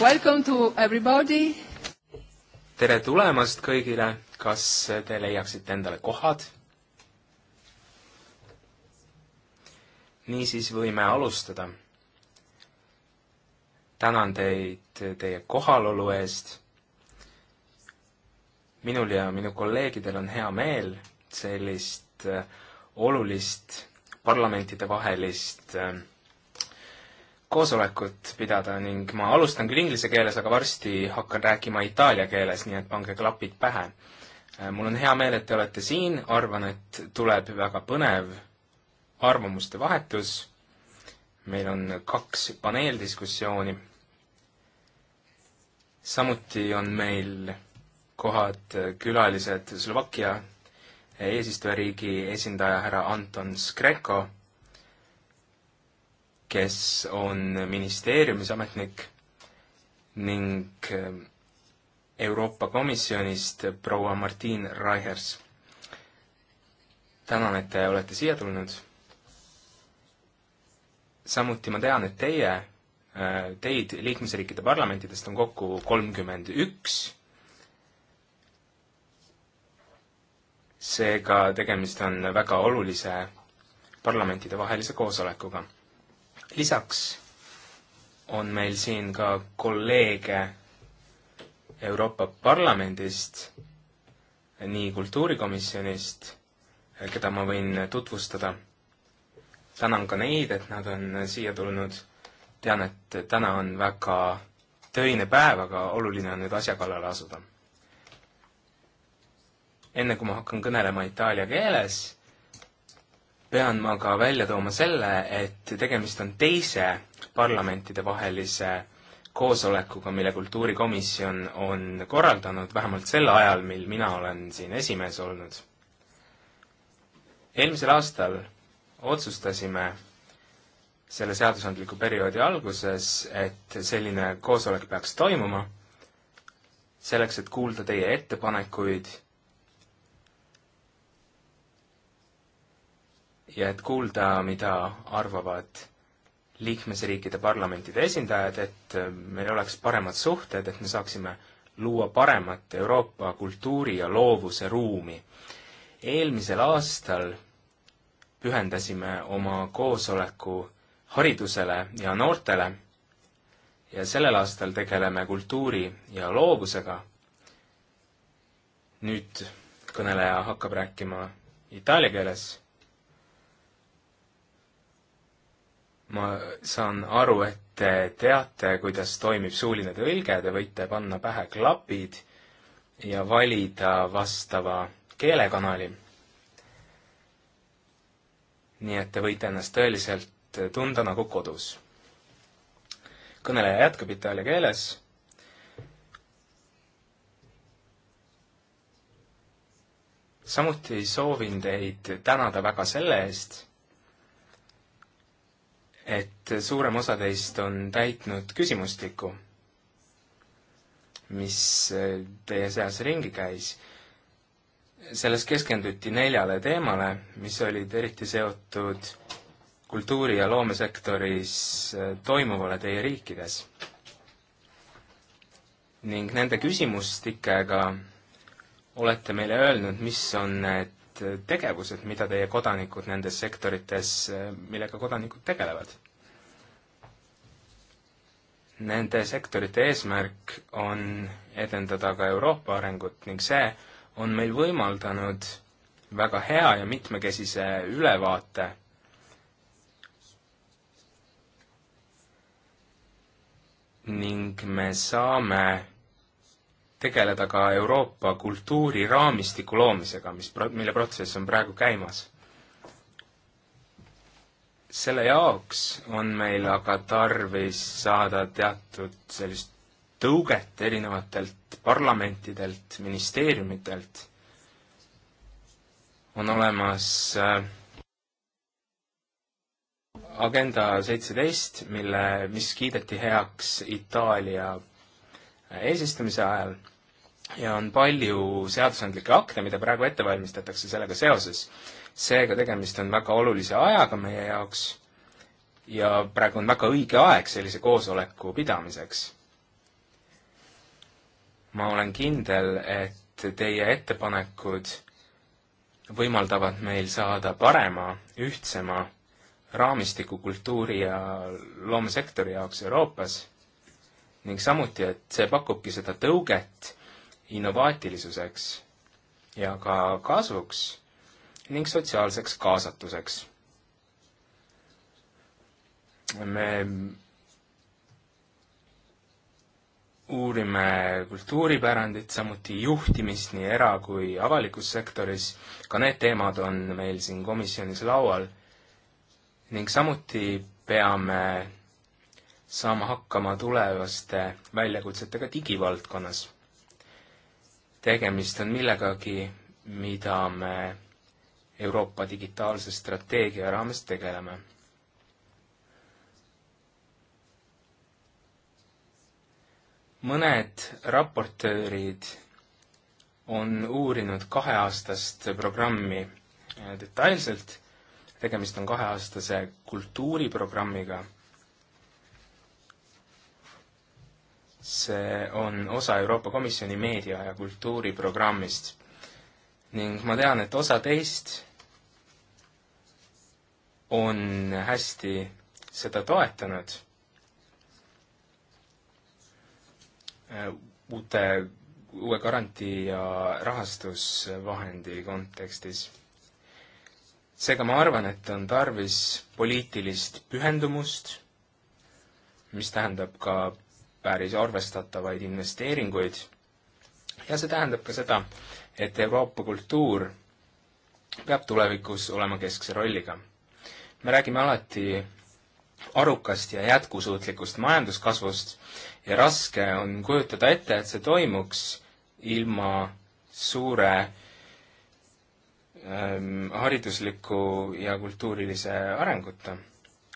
Welcome to everybody! tere tulemast kõigile, kas te leiaksite endale kohad? niisiis võime alustada. tänan teid teie kohalolu eest. minul ja minu kolleegidel on hea meel sellist äh, olulist parlamentidevahelist äh, koosolekut pidada ning ma alustan küll inglise keeles, aga varsti hakkan rääkima itaalia keeles, nii et pange klapid pähe. Äh, mul on hea meel, et te olete siin, arvan, et tuleb väga põnev arvamuste vahetus. meil on kaks paneeldiskussiooni. samuti on meil kohad külalised Slovakkia eesistujariigi esindaja härra Anton Skreko kes on ministeeriumis ametnik ning eh, Euroopa Komisjonist proua Martin Raihers. tänan, et te olete siia tulnud. samuti ma tean, et teie, eh, teid liikmesriikide parlamentidest on kokku kolmkümmend üks. seega tegemist on väga olulise parlamentidevahelise koosolekuga lisaks on meil siin ka kolleege Euroopa Parlamendist, nii kultuurikomisjonist, keda ma võin tutvustada. tänan ka neid, et nad on siia tulnud. tean, et täna on väga töine päev, aga oluline on nüüd asja kallale asuda. enne kui ma hakkan kõnelema itaalia keeles pean ma ka välja tooma selle, et tegemist on teise parlamentidevahelise koosolekuga, mille kultuurikomisjon on korraldanud vähemalt sel ajal, mil mina olen siin esimees olnud. eelmisel aastal otsustasime selle seadusandliku perioodi alguses, et selline koosolek peaks toimuma, selleks, et kuulda teie ettepanekuid ja et kuulda, mida arvavad liikmesriikide parlamentide esindajad, et äh, meil oleks paremad suhted, et me saaksime luua paremat Euroopa kultuuri ja loovuse ruumi. eelmisel aastal pühendasime oma koosoleku haridusele ja noortele ja sellel aastal tegeleme kultuuri ja loovusega. nüüd kõneleja hakkab rääkima itaalia keeles ma saan aru, et te teate, kuidas toimib suuline tõlge, te võite panna pähe klapid ja valida vastava keelekanali. nii et te võite ennast tõeliselt tunda nagu kodus. kõneleja jätkab itaalia keeles. samuti soovin teid tänada väga selle eest et suurem osa teist on täitnud küsimustikku, mis äh, teie seas ringi käis. selles keskenduti neljale teemale, mis olid eriti seotud kultuuri- ja loomesektoris äh, toimuvale teie riikides. ning nende küsimustikega olete meile öelnud, mis on need need tegevused, mida teie kodanikud nendes sektorites, millega kodanikud tegelevad? Nende sektorite eesmärk on edendada ka Euroopa arengut ning see on meil võimaldanud väga hea ja mitmekesise ülevaate ning me saame tegeleda ka Euroopa kultuuriraamistiku loomisega, mis, mille protsess on praegu käimas. selle jaoks on meil aga tarvis saada teatud sellist tõuget erinevatelt parlamentidelt, ministeeriumitelt. on olemas äh, Agenda seitseteist, mille, mis kiideti heaks Itaalia eesistumise ajal ja on palju seadusandlikke akte, mida praegu ette valmistatakse sellega seoses. seega tegemist on väga olulise ajaga meie jaoks ja praegu on väga õige aeg sellise koosoleku pidamiseks. ma olen kindel, et teie ettepanekud võimaldavad meil saada parema, ühtsema raamistiku kultuuri ja loomesektori jaoks Euroopas ning samuti, et see pakubki seda tõuget innovaatilisuseks ja ka kasvuks ning sotsiaalseks kaasatuseks. me uurime kultuuripärandit, samuti juhtimist nii era- kui avalikus sektoris, ka need teemad on meil siin komisjonis laual ning samuti peame saama hakkama tulevaste väljakutsetega digivaldkonnas. tegemist on millegagi, mida me Euroopa digitaalse strateegia raames tegeleme. mõned raportöörid on uurinud kaheaastast programmi detailselt, tegemist on kaheaastase kultuuriprogrammiga see on osa Euroopa Komisjoni meedia- ja kultuuriprogrammist. ning ma tean, et osa teist on hästi seda toetanud äh, uute, uue garantii ja rahastusvahendi kontekstis. seega ma arvan, et on tarvis poliitilist pühendumust, mis tähendab ka päris arvestatavaid investeeringuid ja see tähendab ka seda, et Euroopa kultuur peab tulevikus olema keskse rolliga. me räägime alati arukast ja jätkusuutlikust majanduskasvust ja raske on kujutada ette, et see toimuks ilma suure ähm, haridusliku ja kultuurilise arenguta.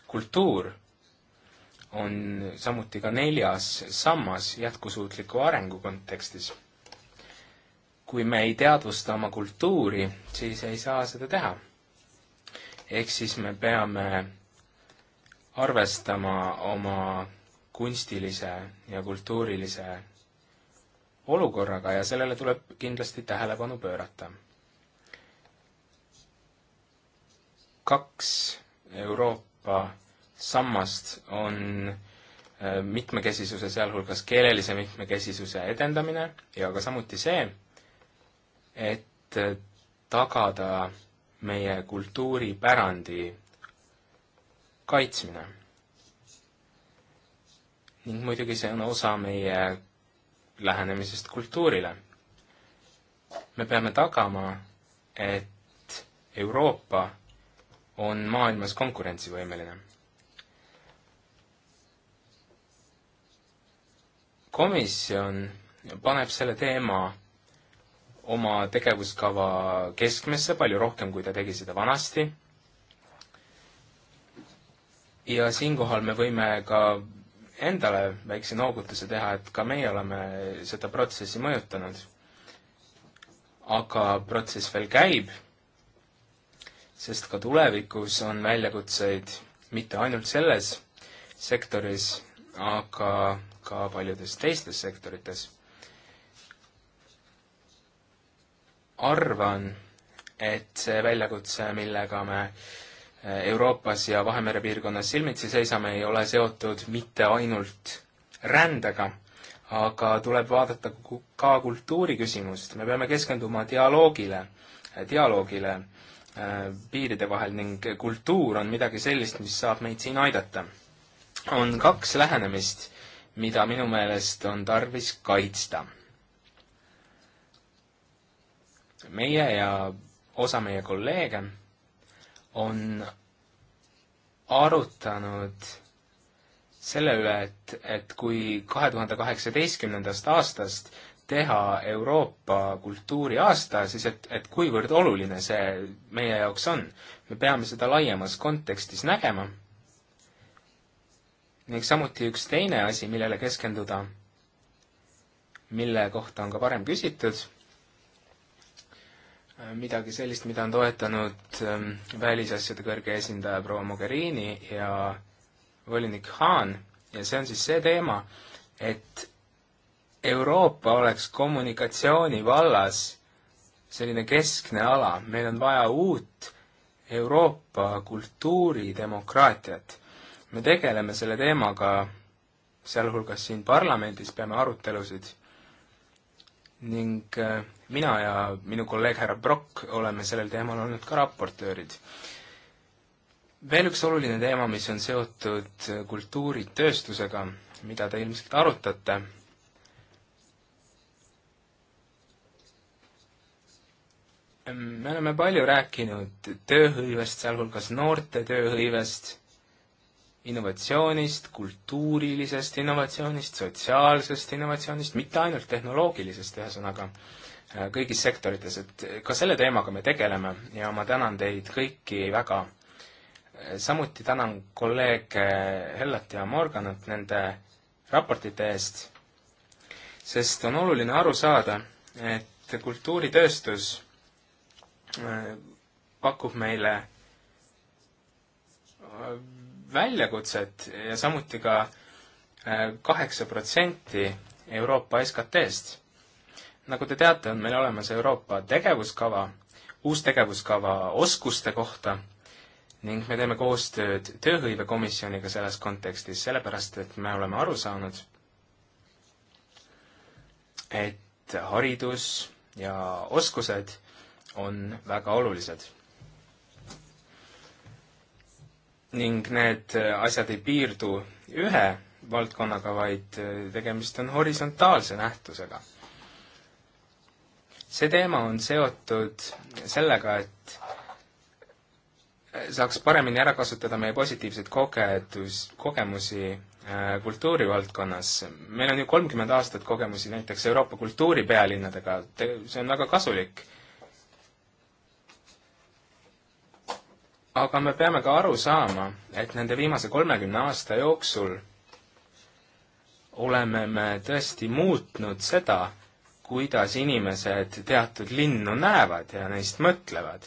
kultuur on samuti ka neljas sammas jätkusuutliku arengu kontekstis. kui me ei teadvusta oma kultuuri, siis ei saa seda teha. ehk siis me peame arvestama oma kunstilise ja kultuurilise olukorraga ja sellele tuleb kindlasti tähelepanu pöörata. kaks Euroopa sammast on äh, mitmekesisuse, sealhulgas keelelise mitmekesisuse edendamine ja ka samuti see, et äh, tagada meie kultuuripärandi kaitsmine. ning muidugi see on osa meie lähenemisest kultuurile. me peame tagama, et Euroopa on maailmas konkurentsivõimeline komisjon paneb selle teema oma tegevuskava keskmesse palju rohkem, kui ta tegi seda vanasti. ja siinkohal me võime ka endale väikse noogutuse teha, et ka meie oleme seda protsessi mõjutanud. aga protsess veel käib, sest ka tulevikus on väljakutseid mitte ainult selles sektoris, aga ka paljudes teistes sektorites. arvan, et see väljakutse, millega me eh, Euroopas ja Vahemere piirkonnas silmitsi seisame, ei ole seotud mitte ainult rändega, aga tuleb vaadata ka kultuuriküsimust. me peame keskenduma dialoogile, eh, dialoogile eh, piiride vahel ning kultuur on midagi sellist, mis saab meid siin aidata. on kaks lähenemist mida minu meelest on tarvis kaitsta. meie ja osa meie kolleege on arutanud selle üle, et, et kui kahe tuhande kaheksateistkümnendast aastast teha Euroopa kultuuriaasta, siis et, et kuivõrd oluline see meie jaoks on. me peame seda laiemas kontekstis nägema ning samuti üks teine asi, millele keskenduda, mille kohta on ka varem küsitud, midagi sellist, mida on toetanud ähm, välisasjade kõrge esindaja proua Mogherini ja volinik Haan ja see on siis see teema, et Euroopa oleks kommunikatsiooni vallas selline keskne ala, meil on vaja uut Euroopa kultuuridemokraatiat me tegeleme selle teemaga, sealhulgas siin parlamendis peame arutelusid ning äh, mina ja minu kolleeg härra Brock oleme sellel teemal olnud ka raportöörid. veel üks oluline teema, mis on seotud äh, kultuuritööstusega, mida te ilmselt arutate me oleme palju rääkinud tööhõivest, sealhulgas noorte tööhõivest, innovatsioonist, kultuurilisest innovatsioonist, sotsiaalsest innovatsioonist, mitte ainult tehnoloogilisest, ühesõnaga äh, kõigis sektorites, et ka selle teemaga me tegeleme ja ma tänan teid kõiki väga. Äh, samuti tänan kolleeg äh, Hellat ja Morganat nende raportite eest, sest on oluline aru saada, et kultuuritööstus pakub meile väljakutset ja samuti ka äh, kaheksa protsenti Euroopa SKT-st. nagu te teate, on meil olemas Euroopa tegevuskava, uus tegevuskava oskuste kohta ning me teeme koostööd Tööhõivekomisjoniga selles kontekstis, sellepärast et me oleme aru saanud, et haridus ja oskused on väga olulised ning need äh, asjad ei piirdu ühe valdkonnaga, vaid äh, tegemist on horisontaalse nähtusega. see teema on seotud sellega, et äh, saaks paremini ära kasutada meie positiivseid kogedus, kogemusi kultuurivaldkonnas. meil on ju kolmkümmend aastat kogemusi näiteks Euroopa kultuuripealinnadega, see on väga kasulik aga me peame ka aru saama, et nende viimase kolmekümne aasta jooksul oleme me tõesti muutnud seda, kuidas inimesed teatud linnu näevad ja neist mõtlevad.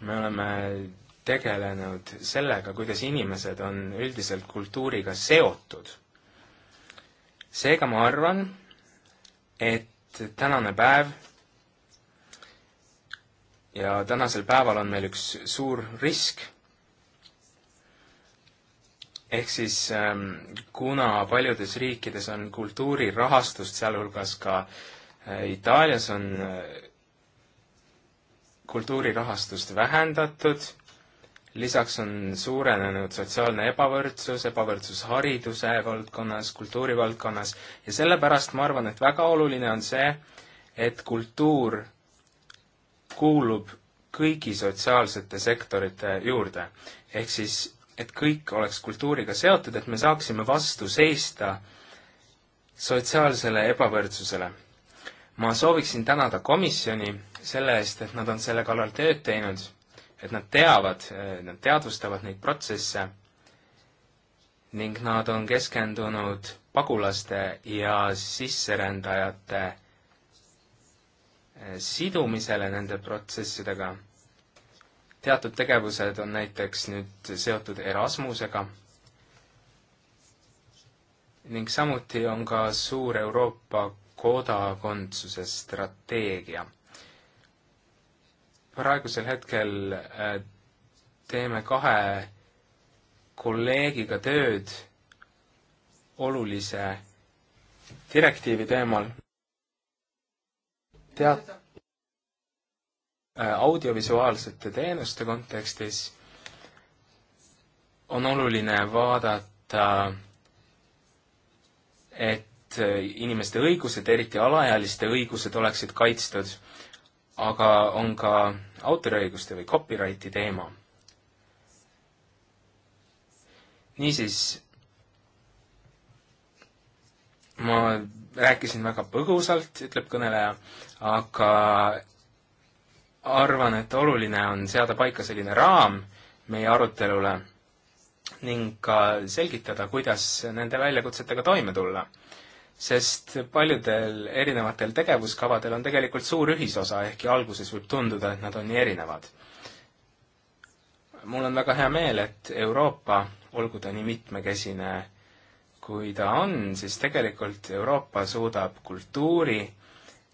me oleme tegelenud sellega, kuidas inimesed on üldiselt kultuuriga seotud. seega ma arvan, et tänane päev ja tänasel päeval on meil üks suur risk. ehk siis ähm, kuna paljudes riikides on kultuurirahastust, sealhulgas ka äh, Itaalias on äh, kultuurirahastust vähendatud, lisaks on suurenenud sotsiaalne ebavõrdsus, ebavõrdsus hariduse valdkonnas, kultuurivaldkonnas ja sellepärast ma arvan, et väga oluline on see, et kultuur kuulub kõigi sotsiaalsete sektorite juurde. ehk siis, et kõik oleks kultuuriga seotud, et me saaksime vastu seista sotsiaalsele ebavõrdsusele. ma sooviksin tänada komisjoni selle eest, et nad on selle kallal tööd teinud, et nad teavad, nad teadvustavad neid protsesse ning nad on keskendunud pagulaste ja sisserändajate Eh, sidumisele nende protsessidega. teatud tegevused on näiteks nüüd seotud Erasmusega ning samuti on ka suur Euroopa kodakondsuse strateegia. praegusel hetkel eh, teeme kahe kolleegiga tööd olulise direktiivi teemal, tead-, äh, audiovisuaalsete teenuste kontekstis on oluline vaadata, et äh, inimeste õigused, eriti alaealiste õigused, oleksid kaitstud, aga on ka autoriõiguste või copyrighti teema. niisiis, ma rääkisin väga põgusalt, ütleb kõneleja, aga arvan, et oluline on seada paika selline raam meie arutelule ning ka selgitada, kuidas nende väljakutsetega toime tulla. sest paljudel erinevatel tegevuskavadel on tegelikult suur ühisosa, ehkki alguses võib tunduda, et nad on nii erinevad. mul on väga hea meel, et Euroopa, olgu ta nii mitmekesine kui ta on, siis tegelikult Euroopa suudab kultuuri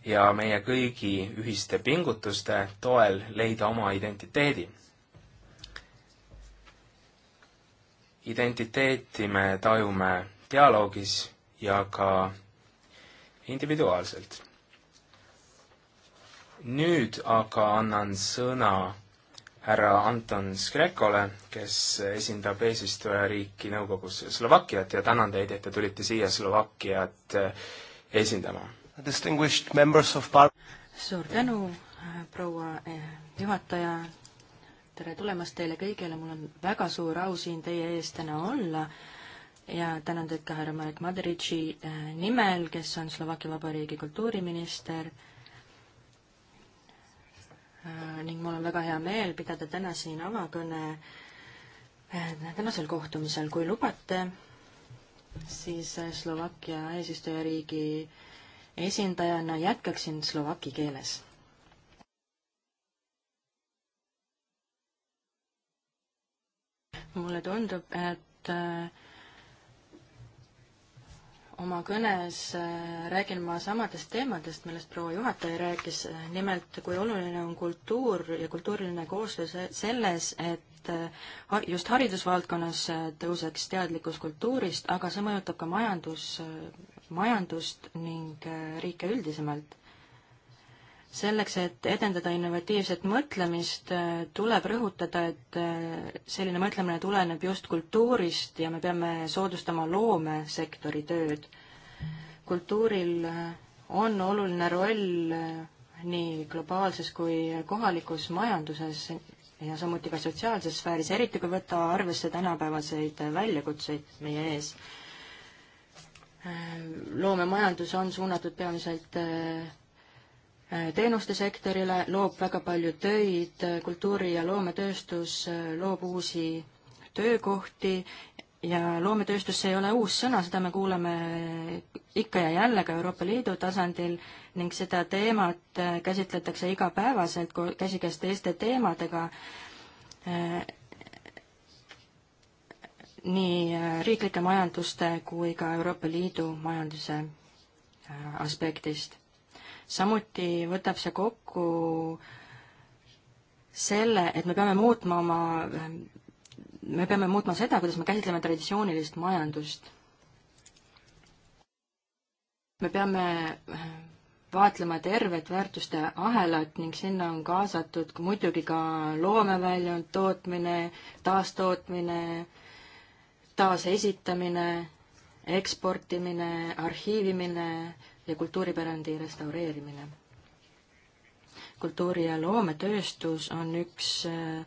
ja meie kõigi ühiste pingutuste toel leida oma identiteedi. identiteeti me tajume dialoogis ja ka individuaalselt. nüüd aga annan sõna härra Anton Skrekole, kes esindab eesistujariiki nõukogus Slovakkiat ja tänan teid, et te tulite siia Slovakkiat eh, esindama. suur tänu, eh, proua eh, juhataja, tere tulemast teile kõigile, mul on väga suur au siin teie ees täna olla ja tänan teid ka härra Marek Madritši nimel, kes on Slovakkia Vabariigi kultuuriminister Äh, ning mul on väga hea meel pidada täna siin avakõne äh, tänasel kohtumisel, kui lubate, siis äh, Slovakkia eesistujariigi esindajana jätkaksin slovaki keeles. mulle tundub, et äh, oma kõnes äh, räägin ma samadest teemadest, millest proua juhataja rääkis, nimelt kui oluline on kultuur ja kultuuriline koostöö selles, et äh, just haridusvaldkonnas äh, tõuseks teadlikkus kultuurist, aga see mõjutab ka majandus, majandust ning riike üldisemalt selleks, et edendada innovatiivset mõtlemist, äh, tuleb rõhutada, et äh, selline mõtlemine tuleneb just kultuurist ja me peame soodustama loomesektori tööd. kultuuril äh, on oluline roll nii globaalses kui kohalikus majanduses ja samuti ka sotsiaalses sfääris, eriti kui võtta arvesse tänapäevaseid väljakutseid meie ees. loomemajandus on suunatud peamiselt Äh, teenuste sektorile, loob väga palju töid, äh, kultuuri- ja loometööstus äh, loob uusi töökohti ja loometööstus, see ei ole uus sõna, seda me kuuleme ikka ja jälle ka Euroopa Liidu tasandil ning seda teemat käsitletakse igapäevaselt käsikäes teiste teemadega, nii riiklike majanduste kui ka Euroopa Liidu majanduse aspektist samuti võtab see kokku selle, et me peame muutma oma, me peame muutma seda, kuidas me käsitleme traditsioonilist majandust. me peame äh, vaatlema tervet väärtuste ahelat ning sinna on kaasatud muidugi ka loomeväljund, tootmine, taastootmine, taasesitamine, eksportimine, arhiivimine, ja kultuuripärandi restaureerimine. kultuuri- ja loometööstus on üks äh,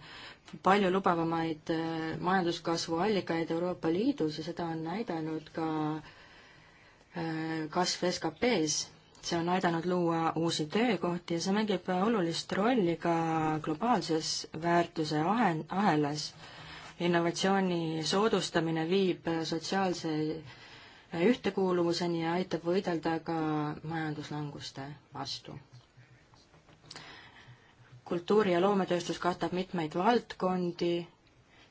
palju lubavamaid äh, majanduskasvu allikaid Euroopa Liidus ja seda on näidanud ka äh, kasv SKP-s. see on aidanud luua uusi töökohti ja see mängib olulist rolli ka globaalses väärtuse ahen-, ahelas. innovatsiooni soodustamine viib sotsiaalse ühtekuuluvuseni ja aitab võidelda ka majanduslanguste vastu. kultuuri- ja loometööstus katab mitmeid valdkondi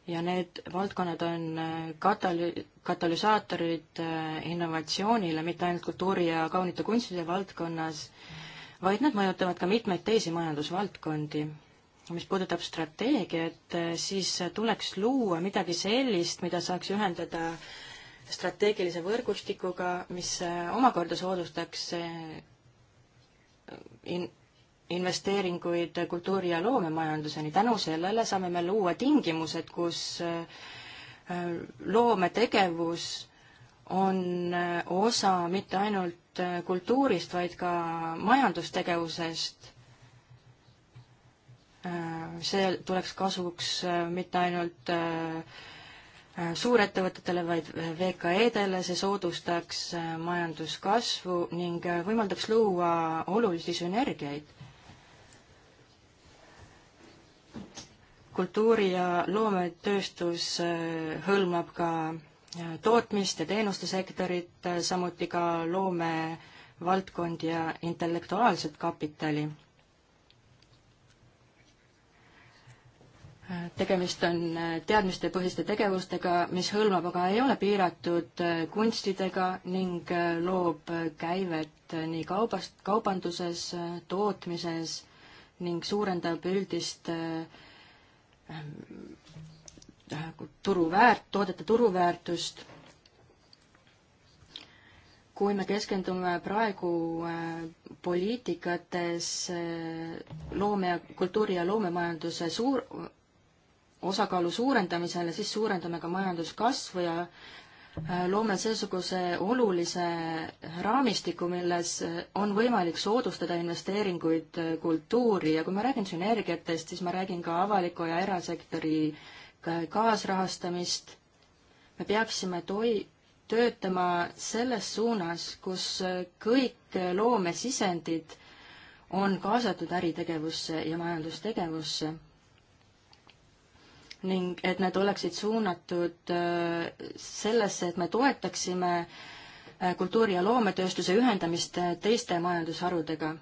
ja need valdkonnad on äh, katalü-, katalüsaatorid äh, innovatsioonile mitte ainult kultuuri ja kaunite kunstide valdkonnas, vaid nad mõjutavad ka mitmeid teisi majandusvaldkondi. mis puudutab strateegiat, äh, siis tuleks luua midagi sellist, mida saaks ühendada äh, strateegilise võrgustikuga, mis äh, omakorda soodustaks äh, in-, investeeringuid kultuuri- ja loomemajanduseni. tänu sellele saame me luua tingimused, kus äh, loometegevus on osa mitte ainult kultuurist, vaid ka majandustegevusest see tuleks kasuks mitte ainult äh, suurettevõtetele, vaid VKE-dele, see soodustaks äh, majanduskasvu ning äh, võimaldaks luua olulisi sünergiaid. kultuuri- ja loometööstus äh, hõlmab ka tootmist ja teenuste sektorit, samuti ka loomevaldkond ja intellektuaalset kapitali tegemist on äh, teadmistepõhiste tegevustega, mis hõlmab, aga ei ole piiratud äh, kunstidega ning äh, loob käivet nii kaubast, kaubanduses, tootmises ning suurendab üldist ähm, turuväärt, toodete turuväärtust. kui me keskendume praegu poliitikates loome, kultuuri- ja loomemajanduse suur, osakaalu suurendamisele, siis suurendame ka majanduskasvu ja äh, loome seesuguse olulise raamistiku, milles äh, on võimalik soodustada investeeringuid äh, kultuuri ja kui ma räägin sünergiatest, siis ma räägin ka avaliku ja erasektori kaasrahastamist. me peaksime toi-, töötama selles suunas, kus kõik loomesisendid on kaasatud äritegevusse ja majandustegevusse ning et need oleksid suunatud äh, sellesse, et me toetaksime äh, kultuuri- ja loometööstuse ühendamist äh, teiste majandusharudega.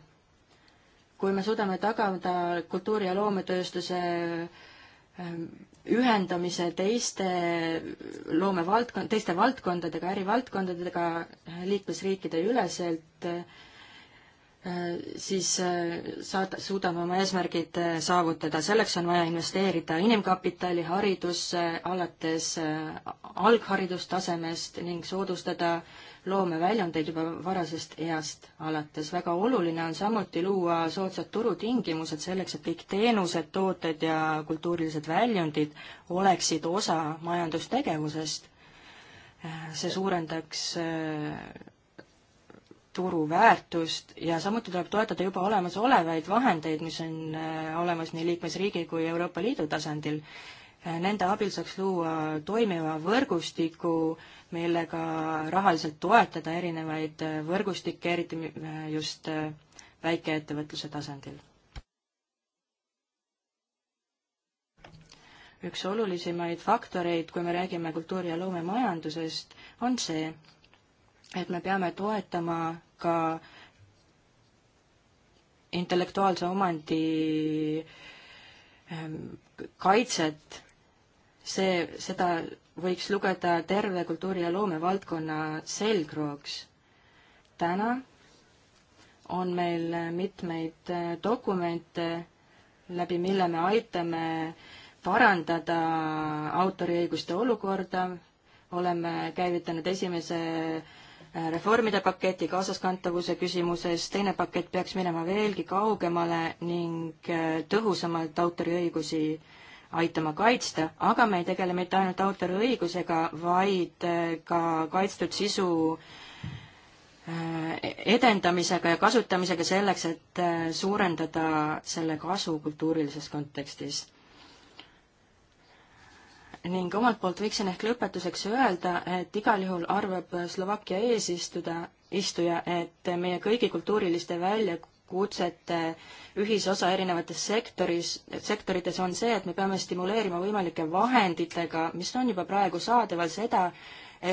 kui me suudame tagada kultuuri- ja loometööstuse ühendamise teiste loomevaldkond, teiste valdkondadega, ärivaldkondadega liikmesriikide üleselt, Äh, siis äh, saad, suudame oma eesmärgid äh, saavutada. selleks on vaja investeerida inimkapitali, haridusse, alates algharidustasemest ning soodustada loomeväljundeid juba varasest east alates. väga oluline on samuti luua soodsad turutingimused selleks, et kõik teenused, tooted ja kultuurilised väljundid oleksid osa majandustegevusest. see suurendaks turuväärtust ja samuti tuleb toetada juba olemasolevaid vahendeid, mis on äh, olemas nii liikmesriigi kui Euroopa Liidu tasandil. Äh, nende abil saaks luua toimiva võrgustiku, millega rahaliselt toetada erinevaid äh, võrgustikke, eriti just väikeettevõtluse tasandil. üks olulisemaid faktoreid, kui me räägime kultuuri- ja loomemajandusest, on see, et me peame toetama ka intellektuaalse omandi ähm, kaitset, see, seda võiks lugeda terve kultuuri- ja loomevaldkonna selgrooks. täna on meil mitmeid äh, dokumente, läbi mille me aitame parandada autoriõiguste olukorda, oleme käivitanud esimese äh, reformide paketi kaasaskantavuse küsimuses, teine pakett peaks minema veelgi kaugemale ning äh, tõhusamalt autoriõigusi aitama kaitsta, aga me ei tegele mitte ainult autoriõigusega, vaid äh, ka kaitstud sisu äh, edendamisega ja kasutamisega selleks, et suurendada selle kasu kultuurilises kontekstis ning omalt poolt võiksin ehk lõpetuseks öelda, et igal juhul arvab Slovakkia eesistuda, istuja, et meie kõigi kultuuriliste väljakutsete ühisosa erinevates sektoris, sektorites on see, et me peame stimuleerima võimalike vahenditega, mis on juba praegu saadaval, seda,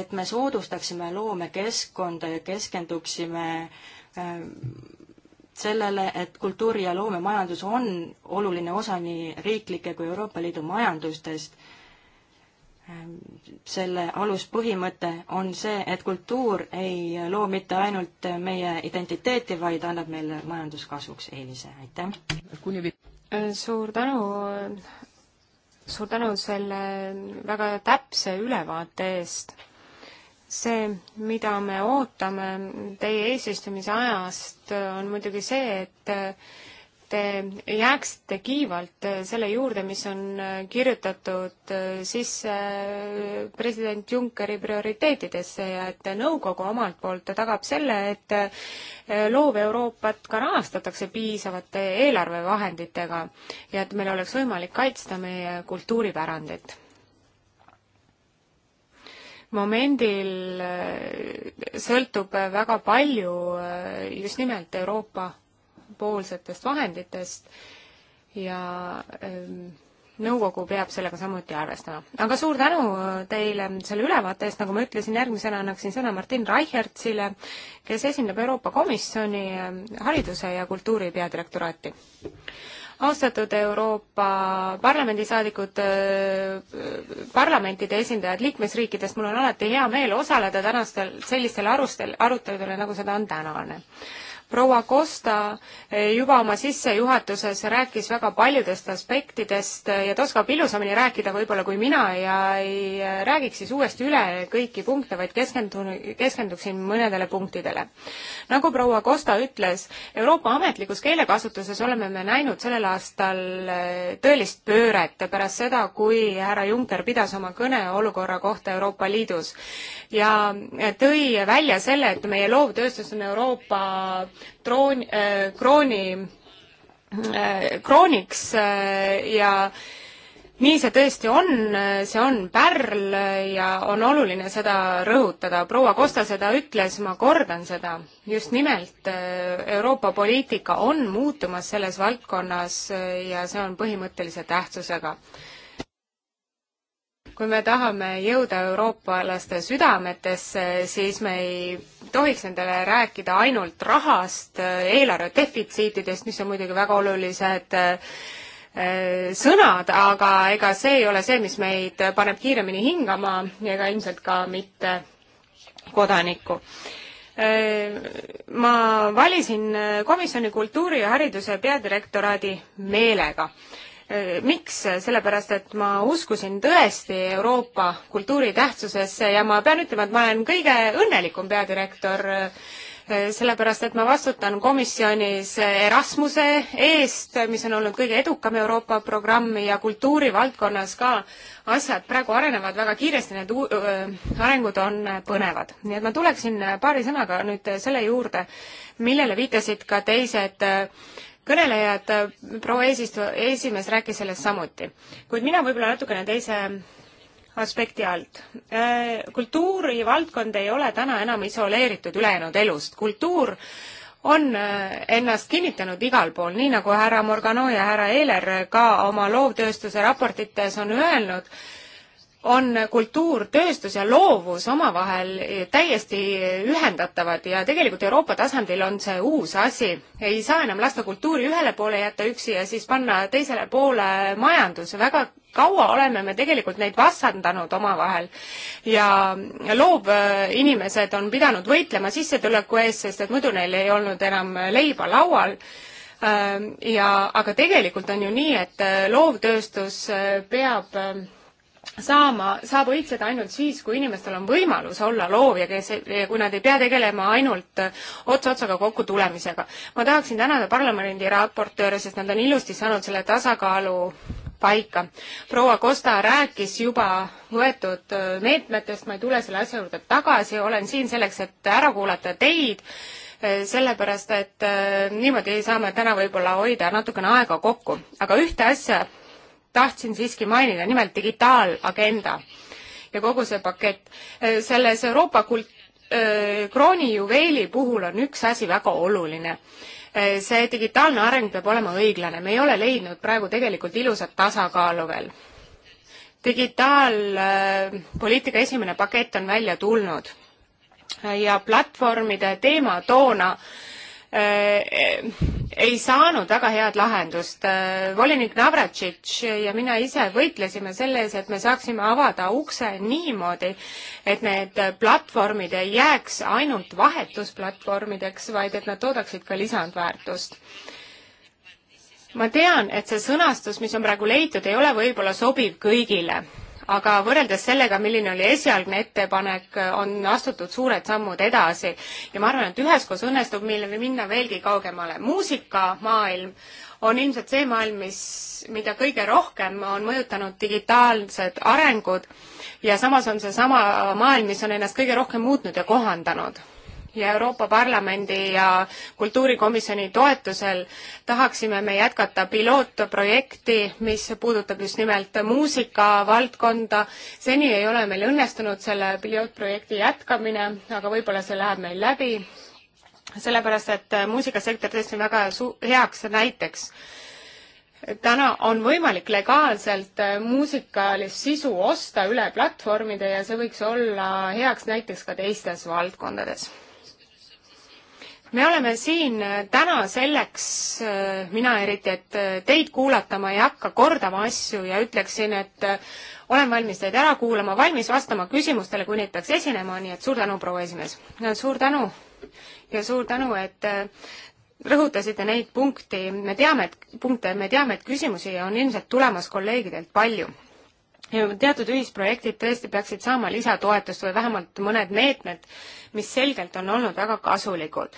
et me soodustaksime loomekeskkonda ja keskenduksime äh, sellele, et kultuuri- ja loomemajandus on oluline osa nii riiklike kui Euroopa Liidu majandustest Ähm, selle aluspõhimõte on see, et kultuur ei loo mitte ainult meie identiteeti, vaid annab meile majanduskasvuks eelise, aitäh! Äh, suur tänu, suur tänu selle väga täpse ülevaate eest. see, mida me ootame teie eesistumise ajast, on muidugi see, et te jääksite kiivalt äh, selle juurde, mis on äh, kirjutatud äh, sisse president Junckeri prioriteetidesse ja et nõukogu omalt poolt tagab selle, et loov Euroopat ka rahastatakse piisavate eelarvevahenditega ja et meil oleks võimalik kaitsta meie kultuuripärandit momendil sõltub väga palju just nimelt Euroopa poolsetest vahenditest ja ähm, nõukogu peab sellega samuti arvestama. aga suur tänu äh, teile selle ülevaate eest, nagu ma ütlesin, järgmisena annaksin sõna Martin Reichertsile, kes esindab Euroopa Komisjoni ähm, hariduse ja kultuuri peadirektoraati. austatud Euroopa Parlamendi saadikud, äh, parlamentide esindajad liikmesriikidest, mul on alati hea meel osaleda tänastel sellistel arustel, aruteludel, nagu seda on tänane proua Costa eh, juba oma sissejuhatuses rääkis väga paljudest aspektidest eh, ja ta oskab ilusamini rääkida võib-olla kui mina ja ei eh, räägiks siis uuesti üle kõiki punkte, vaid keskendun, keskenduksin mõnedele punktidele. nagu proua Costa ütles, Euroopa ametlikus keelekasutuses oleme me näinud sellel aastal tõelist pööret pärast seda, kui härra Juncker pidas oma kõne olukorra kohta Euroopa Liidus ja tõi välja selle, et meie loovtööstus on Euroopa troon, krooni, krooniks äh, ja nii see tõesti on, see on pärl ja on oluline seda rõhutada. proua Kosta seda ütles, ma kordan seda. just nimelt äh, Euroopa poliitika on muutumas selles valdkonnas äh, ja see on põhimõttelise tähtsusega kui me tahame jõuda eurooplaste südametesse, siis me ei tohiks nendele rääkida ainult rahast, eelarve defitsiitidest, mis on muidugi väga olulised eh, sõnad, aga ega see ei ole see, mis meid paneb kiiremini hingama ega ilmselt ka mitte kodanikku eh, ma valisin komisjoni kultuuri ja hariduse peadirektoraadi meelega, miks? sellepärast, et ma uskusin tõesti Euroopa kultuuri tähtsusesse ja ma pean ütlema, et ma olen kõige õnnelikum peadirektor, sellepärast et ma vastutan komisjonis Erasmuse eest, mis on olnud kõige edukam Euroopa programm ja kultuurivaldkonnas ka asjad praegu arenevad väga kiiresti, need arengud on põnevad. nii et ma tuleksin paari sõnaga nüüd selle juurde, millele viitasid ka teised äh, kõnelejad, proua eesistuja, esimees rääkis sellest samuti, kuid mina võib-olla natukene teise aspekti alt. Äh, kultuurivaldkond ei ole täna enam isoleeritud ülejäänud elust. kultuur on äh, ennast kinnitanud igal pool, nii nagu härra Morgano ja härra Eeler ka oma loovtööstuse raportites on öelnud on kultuur, tööstus ja loovus omavahel täiesti ühendatavad ja tegelikult Euroopa tasandil on see uus asi. ei saa enam lasta kultuuri ühele poole jätta üksi ja siis panna teisele poole majandus. väga kaua oleme me tegelikult neid vastandanud omavahel ja loovinimesed äh, on pidanud võitlema sissetuleku eest, sest et muidu neil ei olnud enam leiba laual ähm, ja aga tegelikult on ju nii, et äh, loovtööstus äh, peab ähm, saama, saab õitseda ainult siis, kui inimestel on võimalus olla loov ja kes, kui nad ei pea tegelema ainult ots otsaga kokku tulemisega. ma tahaksin tänada parlamendi raportööre, sest nad on ilusti saanud selle tasakaalu paika. proua Kosta rääkis juba võetud äh, meetmetest, ma ei tule selle asja juurde tagasi, olen siin selleks, et ära kuulata teid, äh, sellepärast et äh, niimoodi saame täna võib-olla hoida natukene aega kokku, aga ühte asja tahtsin siiski mainida, nimelt digitaalagenda ja kogu see pakett. selles Euroopa kult-, äh, kroonijuveeli puhul on üks asi väga oluline. Äh, see digitaalne areng peab olema õiglane, me ei ole leidnud praegu tegelikult ilusat tasakaalu veel. digitaalpoliitika äh, esimene pakett on välja tulnud ja platvormide teema toona äh, Äh, ei saanud väga head lahendust. Äh, volinik Navratšitš ja mina ise võitlesime selle ees, et me saaksime avada ukse niimoodi, et need platvormid ei jääks ainult vahetusplatvormideks, vaid et nad toodaksid ka lisandväärtust ma tean, et see sõnastus, mis on praegu leitud, ei ole võib-olla sobiv kõigile aga võrreldes sellega, milline oli esialgne ettepanek, on astutud suured sammud edasi ja ma arvan, et üheskoos õnnestub meil minna veelgi kaugemale. muusikamaailm on ilmselt see maailm, mis, mida kõige rohkem on mõjutanud digitaalsed arengud ja samas on seesama maailm, mis on ennast kõige rohkem muutnud ja kohandanud ja Euroopa Parlamendi ja Kultuurikomisjoni toetusel tahaksime me jätkata pilootprojekti, mis puudutab just nimelt muusikavaldkonda. seni ei ole meil õnnestunud selle pilootprojekti jätkamine, aga võib-olla see läheb meil läbi, sellepärast et muusikasektor tõesti on väga su-, heaks näiteks täna on võimalik legaalselt muusikalist sisu osta üle platvormide ja see võiks olla heaks näiteks ka teistes valdkondades me oleme siin äh, täna selleks, äh, mina eriti, et äh, teid kuulata ma ei hakka kordama asju ja ütleksin, et olen valmis teid ära kuulama, valmis vastama küsimustele, kui neid peaks esinema, nii et suur tänu, proua esimees. suur tänu ja suur tänu, et rõhutasite neid punkti, me teame, et punkte, me teame, et küsimusi on ilmselt tulemas kolleegidelt palju teatud ühisprojektid tõesti peaksid saama lisatoetust või vähemalt mõned meetmed, mis selgelt on olnud väga kasulikud.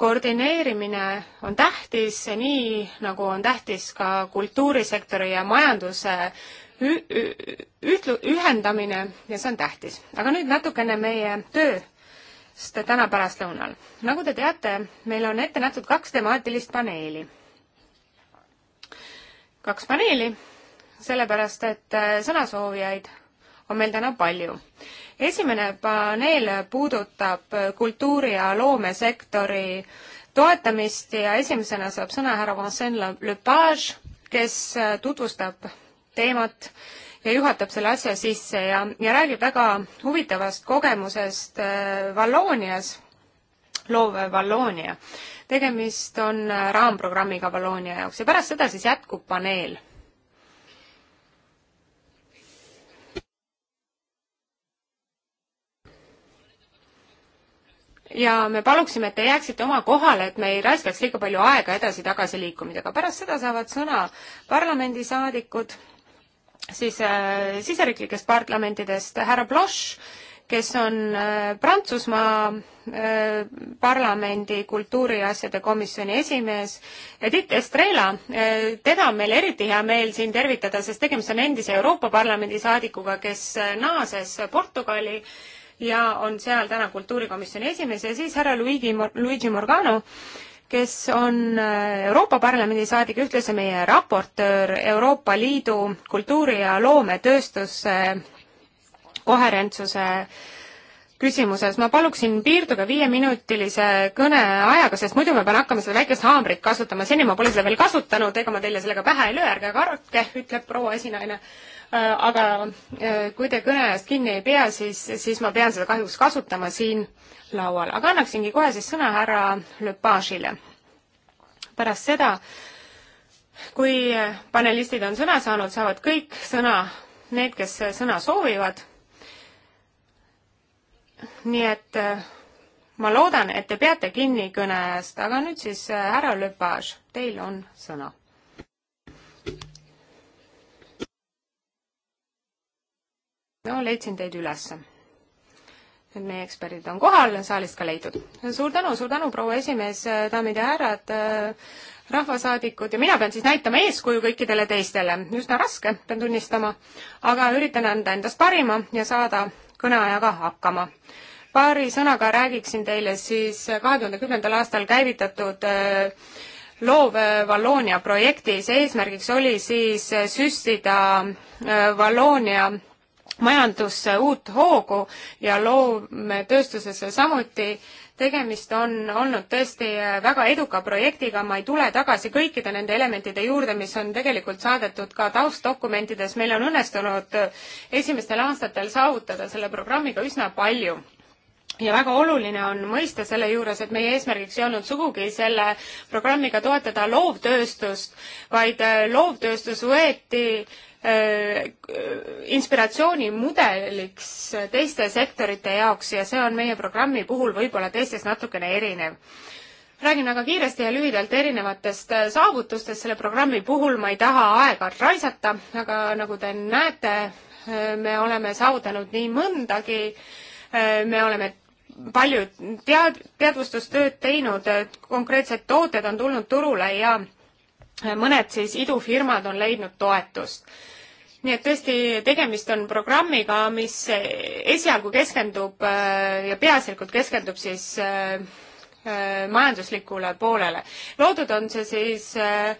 koordineerimine on tähtis, nii nagu on tähtis ka kultuurisektori ja majanduse ühtlu-, ühendamine ja see on tähtis. aga nüüd natukene meie tööst täna pärastlõunal. nagu te teate, meil on ette nähtud kaks temaatilist paneeli. kaks paneeli sellepärast et äh, sõnasoovijaid on meil täna palju. esimene paneel puudutab äh, kultuuri- ja loomesektori toetamist ja esimesena saab sõna härra Vincent Lepage, kes äh, tutvustab teemat ja juhatab selle asja sisse ja, ja räägib väga huvitavast kogemusest Valloonias loov Valloonia. tegemist on raamprogrammiga Valloonia jaoks ja pärast seda siis jätkub paneel. ja me paluksime, et te jääksite oma kohale, et me ei raiskaks liiga palju aega edasi-tagasi liikumisega. pärast seda saavad sõna parlamendisaadikud siis äh, siseriiklikest parlamentidest härra Bloch, kes on äh, Prantsusmaa äh, parlamendi kultuuriasjade komisjoni esimees ja Tiit Estrela äh,, teda on meil eriti hea meel siin tervitada, sest tegemist on endise Euroopa Parlamendi saadikuga, kes äh, naases Portugali äh, ja on seal täna kultuurikomisjoni esimees ja siis härra Luigi, Luigi Morgano, kes on äh, Euroopa Parlamendi saadik, ühtlasi meie raportöör Euroopa Liidu kultuuri- ja loometööstuse koherentsuse küsimuses. ma paluksin piirduda viieminutilise kõneajaga, sest muidu ma pean hakkama seda väikest haamrit kasutama, seni ma pole seda veel kasutanud, ega ma teile sellega pähe ei löö, ärge kartke, ütleb proua esinaine Äh, aga äh, kui te kõne ajast kinni ei pea, siis, siis ma pean seda kahjuks kasutama siin laual, aga annaksingi kohe siis sõna härra Lepagile. pärast seda, kui panelistid on sõna saanud, saavad kõik sõna, need, kes sõna soovivad. nii et äh, ma loodan, et te peate kinni kõne ajast, aga nüüd siis härra Lepage, teil on sõna no leidsin teid ülesse. nüüd meie eksperdid on kohal, saalist ka leidnud. suur tänu, suur tänu, proua esimees, daamid ja härrad, rahvasaadikud ja mina pean siis näitama eeskuju kõikidele teistele. üsna raske, pean tunnistama, aga üritan anda endast parima ja saada kõneajaga hakkama paari sõnaga räägiksin teile siis kahe tuhande kümnendal aastal käivitatud eh, loov Valloonia projektis, eesmärgiks oli siis süstida Valloonia eh, majandusse uut hoogu ja loome tööstusesse samuti. tegemist on olnud tõesti väga eduka projektiga, ma ei tule tagasi kõikide nende elementide juurde, mis on tegelikult saadetud ka taustdokumentides, meil on õnnestunud esimestel aastatel saavutada selle programmiga üsna palju ja väga oluline on mõista selle juures, et meie eesmärgiks ei olnud sugugi selle programmiga toetada loovtööstust, vaid loovtööstus võeti äh, Äh, inspiratsioonimudeliks teiste sektorite jaoks ja see on meie programmi puhul võib-olla teistest natukene erinev. räägin väga kiiresti ja lühidalt erinevatest äh, saavutustest selle programmi puhul, ma ei taha aega raisata, aga nagu te näete, äh, me oleme saavutanud nii mõndagi, me oleme palju tead-, teadvustustööd teinud, konkreetsed tooted on tulnud turule ja mõned siis idufirmad on leidnud toetust. nii et tõesti, tegemist on programmiga, mis esialgu keskendub äh, ja peaasjalikult keskendub siis äh, äh, majanduslikule poolele. loodud on see siis ähm,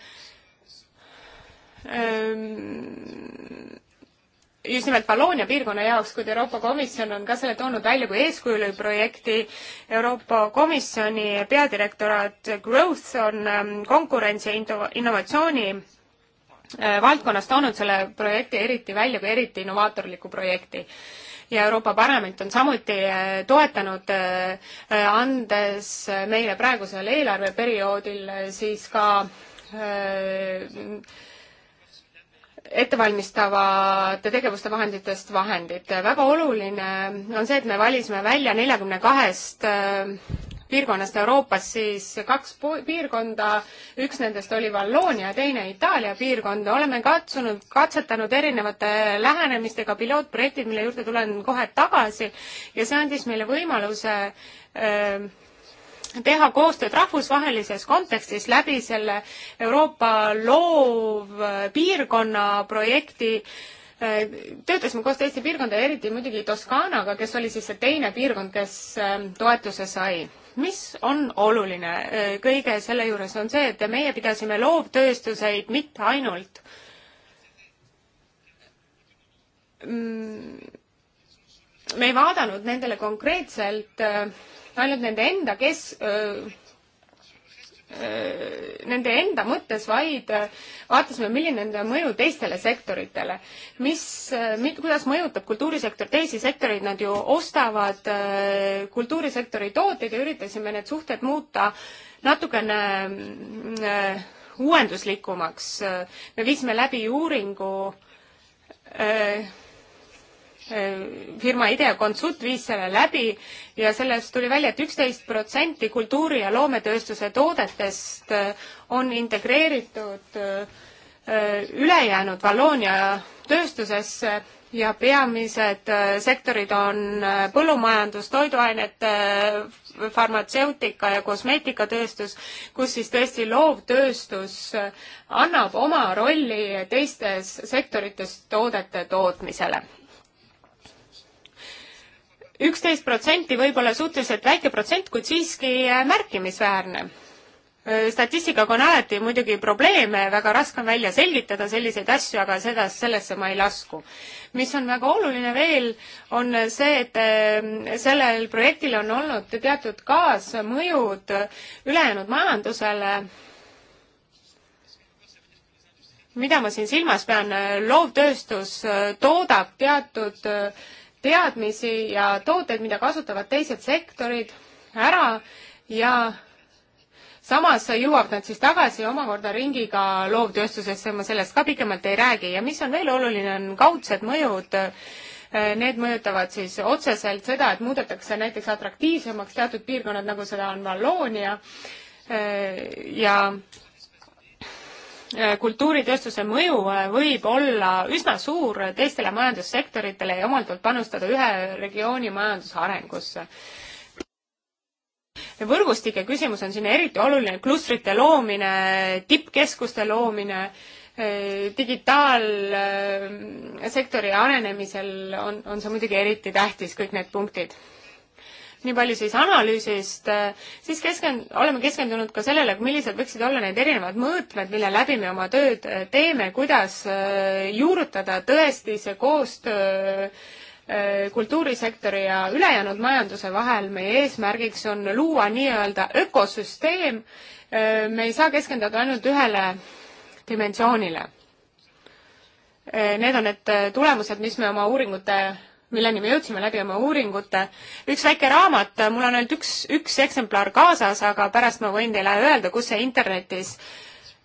just nimelt Valloonia piirkonna jaoks, kuid Euroopa Komisjon on ka selle toonud välja kui eeskujulik projekti. Euroopa Komisjoni peadirektoraat Growth on ähm, konkurentsi ja innovatsiooni äh, valdkonnas toonud selle projekti eriti välja kui eriti innovaatorliku projekti ja Euroopa Parlament on samuti äh, toetanud, äh, andes meile praegusel eelarveperioodil siis ka äh, ettevalmistavate tegevuste vahenditest vahendid. väga oluline on see, et me valisime välja neljakümne kahest äh, piirkonnast Euroopas siis kaks piirkonda, üks nendest oli Valloonia, teine Itaalia piirkond. oleme katsunud, katsetanud erinevate lähenemistega pilootprojektid, mille juurde tulen kohe tagasi ja see andis meile võimaluse öö, äh, teha koostööd rahvusvahelises kontekstis läbi selle Euroopa loovpiirkonna äh, projekti. Äh, töötasime koos teiste piirkondadega, eriti muidugi Toskaanaga, kes oli siis see teine piirkond, kes ähm, toetuse sai. mis on oluline äh, kõige selle juures, on see, et meie pidasime loovtööstuseid mitte ainult mm, me ei vaadanud nendele konkreetselt ainult nende enda kes-, nende enda mõttes, vaid vaatasime, milline on ta mõju teistele sektoritele. mis, kuidas mõjutab kultuurisektor teisi sektoreid, nad ju ostavad kultuurisektori tooteid ja üritasime need suhted muuta natukene uuenduslikumaks. me viisime läbi uuringu firma IDEA Consult viis selle läbi ja sellest tuli välja et, et üksteist protsenti kultuuri- ja loometööstuse toodetest äh, on integreeritud äh, ülejäänud Valloonia tööstusesse ja peamised äh, sektorid on põllumajandus, toiduainete, farmatseutika ja kosmeetikatööstus, kus siis tõesti loovtööstus annab oma rolli teistes sektorites toodete tootmisele üksteist protsenti võib-olla suhteliselt väike protsent, kuid siiski äh, märkimisväärne. Äh, statistikaga on alati muidugi probleeme, väga raske on välja selgitada selliseid asju, aga seda, sellesse ma ei lasku. mis on väga oluline veel, on see, et äh, sellel projektil on olnud teatud kaasmõjud ülejäänud majandusele mida ma siin silmas pean, loovtööstus toodab teatud äh, teadmisi ja tooteid, mida kasutavad teised sektorid, ära ja samas jõuab nad siis tagasi omakorda ringiga loovtööstusesse, ma sellest ka pikemalt ei räägi ja mis on veel oluline, on kaudsed mõjud. Need mõjutavad siis otseselt seda, et muudetakse näiteks atraktiivsemaks teatud piirkonnad, nagu seda on Valloonia ja, ja Äh, kultuuritööstuse mõju äh, võib olla üsna suur teistele majandussektoritele ja omalt poolt panustada ühe regiooni majanduse arengusse. võrgustike küsimus on siin eriti oluline, klustrite loomine, tippkeskuste loomine, äh, digitaalsektori arenemisel on, on see muidugi eriti tähtis, kõik need punktid nii palju siis analüüsist, äh, siis keskend-, oleme keskendunud ka sellele, millised võiksid olla need erinevad mõõtmed, mille läbi me oma tööd äh, teeme, kuidas äh, juurutada tõesti see koostöö kultuurisektori ja ülejäänud majanduse vahel. meie eesmärgiks on luua nii-öelda ökosüsteem, me ei saa keskenduda ainult ühele dimensioonile. Need on need tulemused, mis me oma uuringute milleni me jõudsime läbi oma uuringute. üks väike raamat, mul on ainult üks, üks eksemplar kaasas, aga pärast ma võin teile öelda, kus see internetis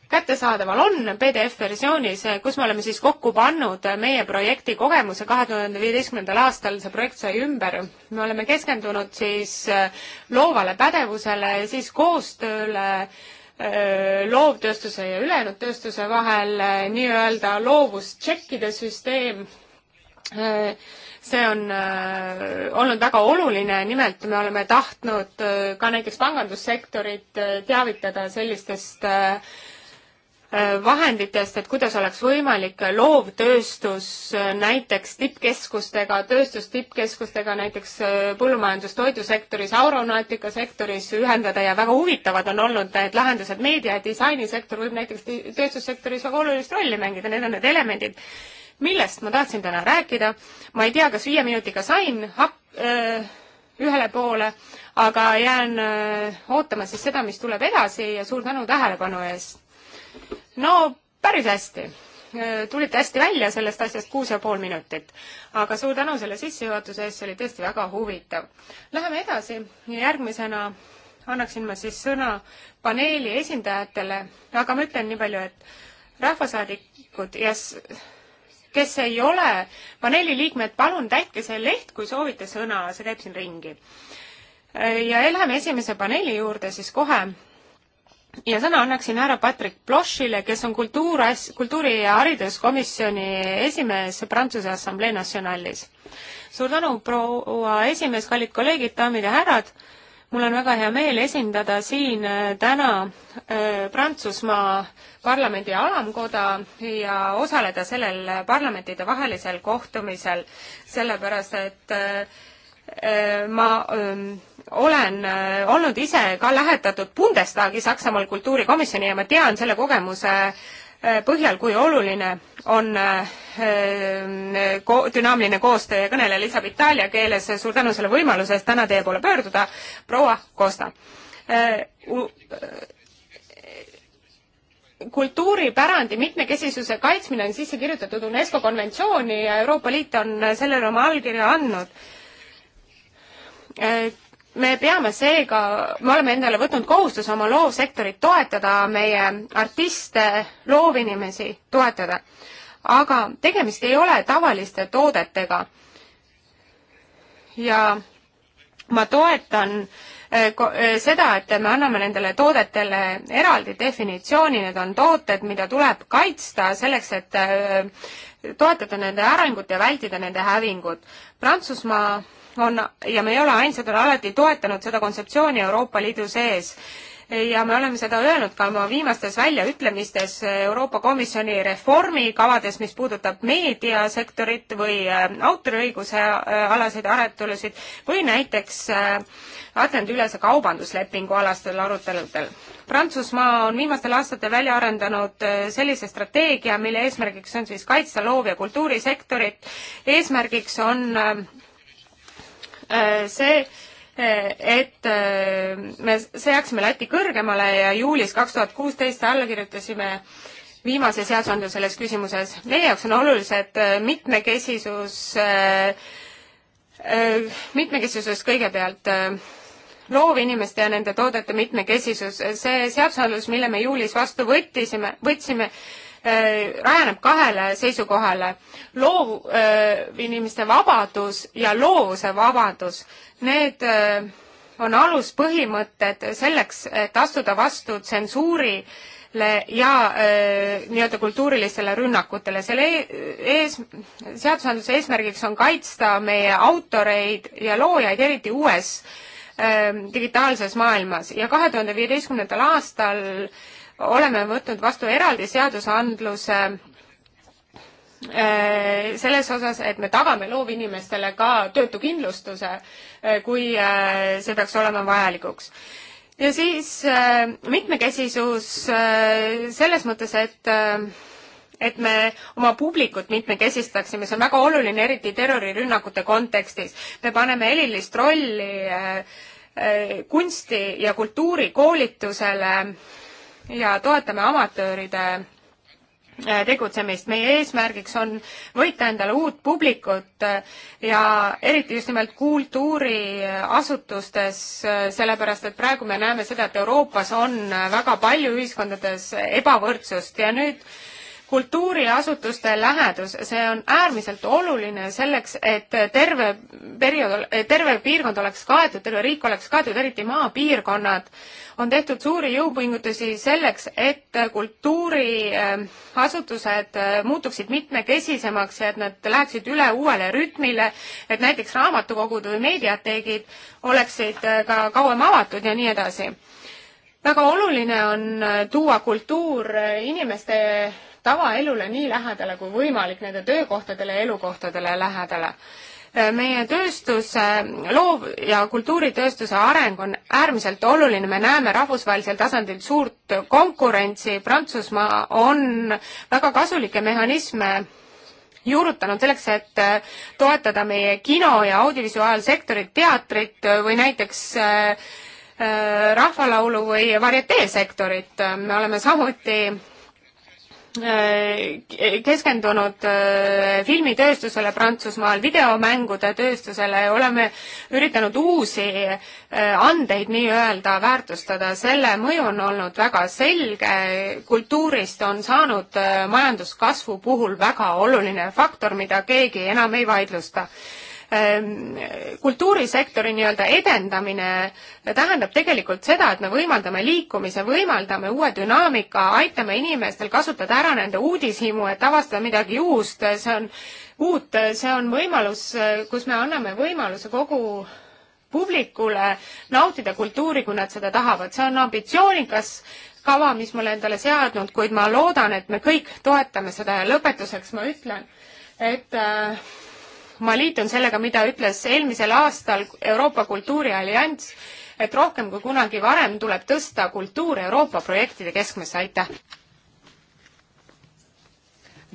kättesaadaval on PDF-versioonis, kus me oleme siis kokku pannud meie projekti kogemuse kahe tuhande viieteistkümnendal aastal, see projekt sai ümber. me oleme keskendunud siis äh, loovale pädevusele, siis koostööle, äh, loovtööstuse ja ülejäänud tööstuse vahel äh, nii-öelda loovustšekkide süsteem see on äh, olnud väga oluline, nimelt me oleme tahtnud äh, ka näiteks pangandussektorit äh, teavitada sellistest vahenditest, et kuidas oleks võimalik loovtööstus näiteks tippkeskustega, tööstus tippkeskustega näiteks põllumajandus-toidusektoris, aeronautika sektoris ühendada ja väga huvitavad on olnud need lahendused. meedia ja disainisektor võib näiteks tööstussektoris väga olulist rolli mängida, need on need elemendid, millest ma tahtsin täna rääkida. ma ei tea, kas viie minutiga sain hap-, öö, äh, ühele poole, aga jään öö, äh, ootama siis seda, mis tuleb edasi ja suur tänu tähelepanu eest. no päris hästi. Äh, tulite hästi välja sellest asjast kuus ja pool minutit. aga suur tänu selle sissejuhatuse eest, see oli tõesti väga huvitav. Läheme edasi ja järgmisena annaksin ma siis sõna paneeli esindajatele, aga ma ütlen nii palju, et rahvasaadikud ja yes, kes ei ole paneeli liikmed, palun täitke see leht, kui soovite sõna, see käib siin ringi. ja läheme esimese paneeli juurde siis kohe ja sõna annaksin härra Patrick Blochile, kes on kultuuras, kultuuri- ja hariduskomisjoni esimees Prantsuse Assamblee Nationalis. suur tänu, proua esimees, kallid kolleegid, daamid ja härrad mul on väga hea meel esindada siin äh, täna äh, Prantsusmaa parlamendi alamkoda ja osaleda sellel parlamentide vahelisel kohtumisel, sellepärast et äh, ma öö, ähm, olen öö, olnud ise ka lähetatud Bundestagi Saksamaal kultuurikomisjoni ja ma tean selle kogemuse Äh, põhjal, kui oluline on äh, äh, ko-, dünaamiline koostöö ja kõneleja lisab itaalia keeles, suur tänu selle võimaluse eest täna teie poole pöörduda, proua Costa. kultuuripärandi mitmekesisuse kaitsmine on sisse kirjutatud UNESCO konventsiooni ja Euroopa Liit on sellele oma allkirja andnud me peame seega, me oleme endale võtnud kohustuse oma loovsektorit toetada, meie artiste, loovinimesi toetada. aga tegemist ei ole tavaliste toodetega. ja ma toetan eh, eh, seda, et me anname nendele toodetele eraldi definitsiooni, need on tooted, mida tuleb kaitsta selleks, et eh, toetada nende arengut ja vältida nende hävingut. Prantsusmaa on ja me ei ole ainsad, on alati toetanud seda kontseptsiooni Euroopa Liidu sees ja me oleme seda öelnud ka oma viimastes väljaütlemistes Euroopa Komisjoni reformikavades, mis puudutab meediasektorit või äh, autoriõiguse äh, alaseid aretelusid või näiteks äh, Atlandi-ülese kaubanduslepingu alastel aruteludel. Prantsusmaa on viimastel aastatel välja arendanud sellise strateegia, mille eesmärgiks on siis kaitsta loov- ja kultuurisektorit. eesmärgiks on Äh, see, äh, et äh, me seaksime lati kõrgemale ja juulis kaks tuhat kuusteist alla kirjutasime viimase seadusandluse selles küsimuses. meie jaoks on olulised mitmekesisus, mitmekesisus kõigepealt loovinimeste ja nende toodete mitmekesisus, see seadusandlus, mille me juulis vastu võttisime, võtsime, võtsime, Äh, rajaneb kahele seisukohale. loov äh, inimeste vabadus ja loovuse vabadus, need äh, on aluspõhimõtted selleks, et astuda vastu tsensuuri rünnakutele ja nii-öelda kultuurilistele rünnakutele. selle e-, ees, seadusandluse eesmärgiks on kaitsta meie autoreid ja loojaid, eriti uues öö, digitaalses maailmas ja kahe tuhande viieteistkümnendal aastal oleme võtnud vastu eraldi seadusandluse äh, selles osas, et me tagame loovinimestele ka töötukindlustuse, äh, kui äh, see peaks olema vajalikuks. ja siis mitmekesisus selles mõttes, et et me oma publikut mitmekesistaksime, see on väga oluline, eriti terrorirünnakute kontekstis. me paneme erilist rolli kunsti ja kultuuri koolitusele äh, ja toetame amatööride äh, tegutsemist. meie eesmärgiks on võita endale uut publikut äh, ja eriti just nimelt kultuuriasutustes, äh, sellepärast et praegu me näeme seda, et Euroopas on väga palju ühiskondades ebavõrdsust ja nüüd äh, kultuuriasutuste lähedus, see on äärmiselt oluline selleks, et terve periood, terve piirkond oleks kaetud, terve riik oleks kaetud, eriti maapiirkonnad. on tehtud suuri jõupingutusi selleks, et kultuuriasutused ähm, äh, muutuksid mitmekesisemaks ja et nad läheksid üle uuele rütmile, et näiteks raamatukogud või meediateegid oleksid äh, ka kauem avatud ja nii edasi väga oluline on äh, tuua kultuur inimeste tavaelule nii lähedale kui võimalik, nende töökohtadele ja elukohtadele lähedale. meie tööstuse, loov- ja kultuuritööstuse areng on äärmiselt oluline, me näeme rahvusvahelisel tasandil suurt konkurentsi, Prantsusmaa on väga kasulikke mehhanisme juurutanud selleks, et toetada meie kino- ja audiovisuaalsektorit, teatrit või näiteks äh, äh, rahvalaulu või varieteesektorit. me oleme samuti Äh, keskendunud äh, filmitööstusele Prantsusmaal, videomängude tööstusele, oleme üritanud uusi äh, andeid nii-öelda väärtustada, selle mõju on olnud väga selge, kultuurist on saanud majanduskasvu puhul väga oluline faktor, mida keegi enam ei vaidlusta Ehm, kultuurisektori nii-öelda edendamine tähendab tegelikult seda, et me võimaldame liikumise, võimaldame uue dünaamika, aitame inimestel kasutada ära nende uudishimu, et avastada midagi uust, see on uut, see on võimalus, kus me anname võimaluse kogu publikule nautida kultuuri, kui nad seda tahavad, see on ambitsioonikas kava, mis ma olen endale seadnud, kuid ma loodan, et me kõik toetame seda ja lõpetuseks ma ütlen, et äh, ma liitun sellega, mida ütles eelmisel aastal Euroopa Kultuuriallianss, et rohkem kui kunagi varem tuleb tõsta kultuur Euroopa projektide keskmesse, aitäh!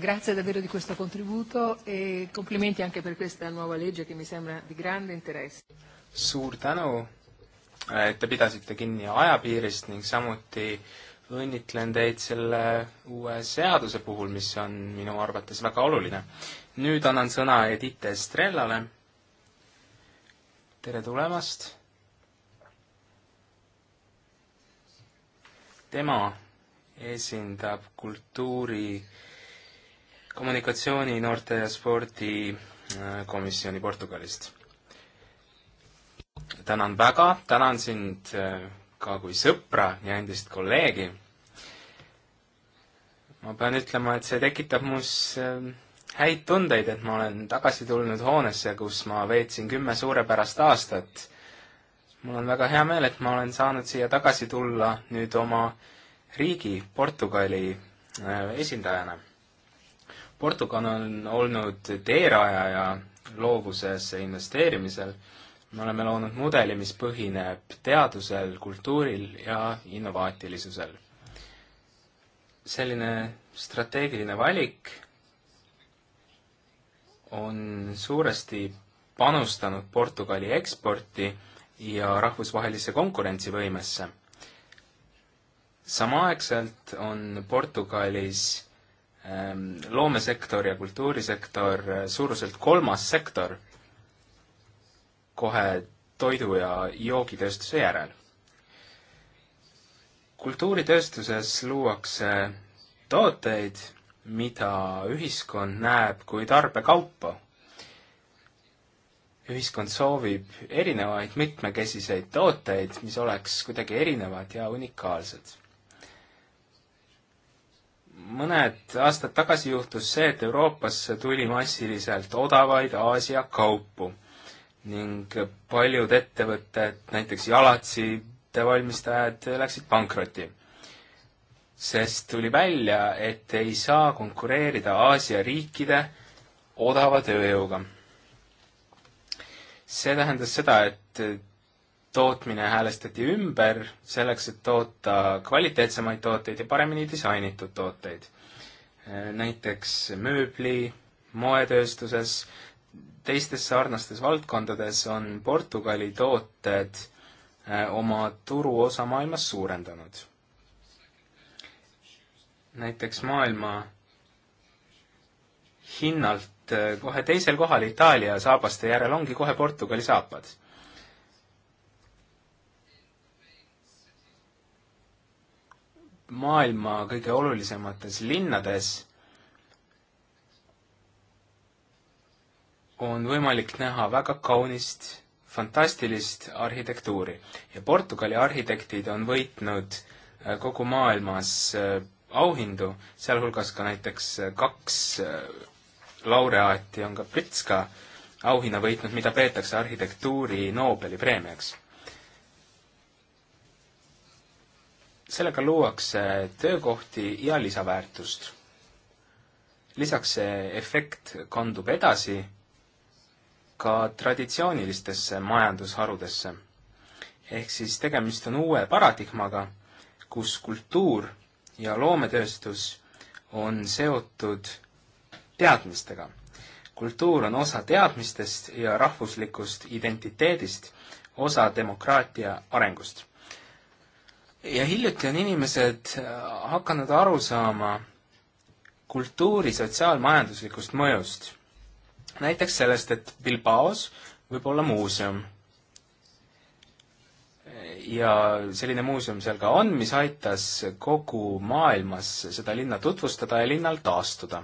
Grazie davvero di questo contributo e complimenti anche per questa nuova legge che mi sembra di grande interesse. Suur tänu, et te pidasite kinni ajapiirist ning samuti õnnitlen teid selle uue seaduse puhul, mis on minu arvates väga oluline nüüd annan sõna Edith Estrellale. tere tulemast. tema esindab kultuuri, kommunikatsiooni, noorte ja spordi äh, komisjoni Portugalist. tänan väga, tänan sind äh, ka kui sõpra ja endist kolleegi. ma pean ütlema, et see tekitab mus äh, häid tundeid, et ma olen tagasi tulnud hoonesse, kus ma veetsin kümme suurepärast aastat. mul on väga hea meel, et ma olen saanud siia tagasi tulla nüüd oma riigi, Portugali äh, esindajana. Portugal on olnud teerajaja loovusesse investeerimisel. me oleme loonud mudeli, mis põhineb teadusel, kultuuril ja innovaatilisusel. selline strateegiline valik on suuresti panustanud Portugali eksporti ja rahvusvahelisse konkurentsivõimesse. samaaegselt on Portugalis ähm, loomesektor ja kultuurisektor äh, suuruselt kolmas sektor kohe toidu- ja joogitööstuse järel. kultuuritööstuses luuakse tooteid, mida ühiskond näeb kui tarbekaupa. ühiskond soovib erinevaid mitmekesiseid tooteid, mis oleks kuidagi erinevad ja unikaalsed. mõned aastad tagasi juhtus see, et Euroopasse tuli massiliselt odavaid Aasia kaupu ning paljud ettevõtted, näiteks jalatsite valmistajad, läksid pankrotti sest tuli välja, et ei saa konkureerida Aasia riikide odava tööjõuga. see tähendas seda, et tootmine häälestati ümber selleks, et toota kvaliteetsemaid tooteid ja paremini disainitud tooteid. näiteks mööbli, moetööstuses, teistes sarnastes valdkondades on Portugali tooted oma turuosa maailmas suurendanud näiteks maailma hinnalt äh, kohe teisel kohal Itaalia saabaste järel ongi kohe Portugali saapad. maailma kõige olulisemates linnades on võimalik näha väga kaunist, fantastilist arhitektuuri ja Portugali arhitektid on võitnud äh, kogu maailmas äh, auhindu, sealhulgas ka näiteks äh, kaks äh, laureaati on ka Pritska auhinna võitnud, mida peetakse arhitektuuri Nobeli preemiaks. sellega luuakse töökohti ja lisaväärtust. lisaks see efekt kandub edasi ka traditsioonilistesse majandusharudesse. ehk siis tegemist on uue paradigmaga, kus kultuur ja loometööstus on seotud teadmistega. kultuur on osa teadmistest ja rahvuslikust identiteedist, osa demokraatia arengust. ja hiljuti on inimesed äh, hakanud aru saama kultuuri sotsiaalmajanduslikust mõjust. näiteks sellest, et Bilbaos võib olla muuseum ja selline muuseum seal ka on, mis aitas kogu maailmas seda linna tutvustada ja linnal taastuda.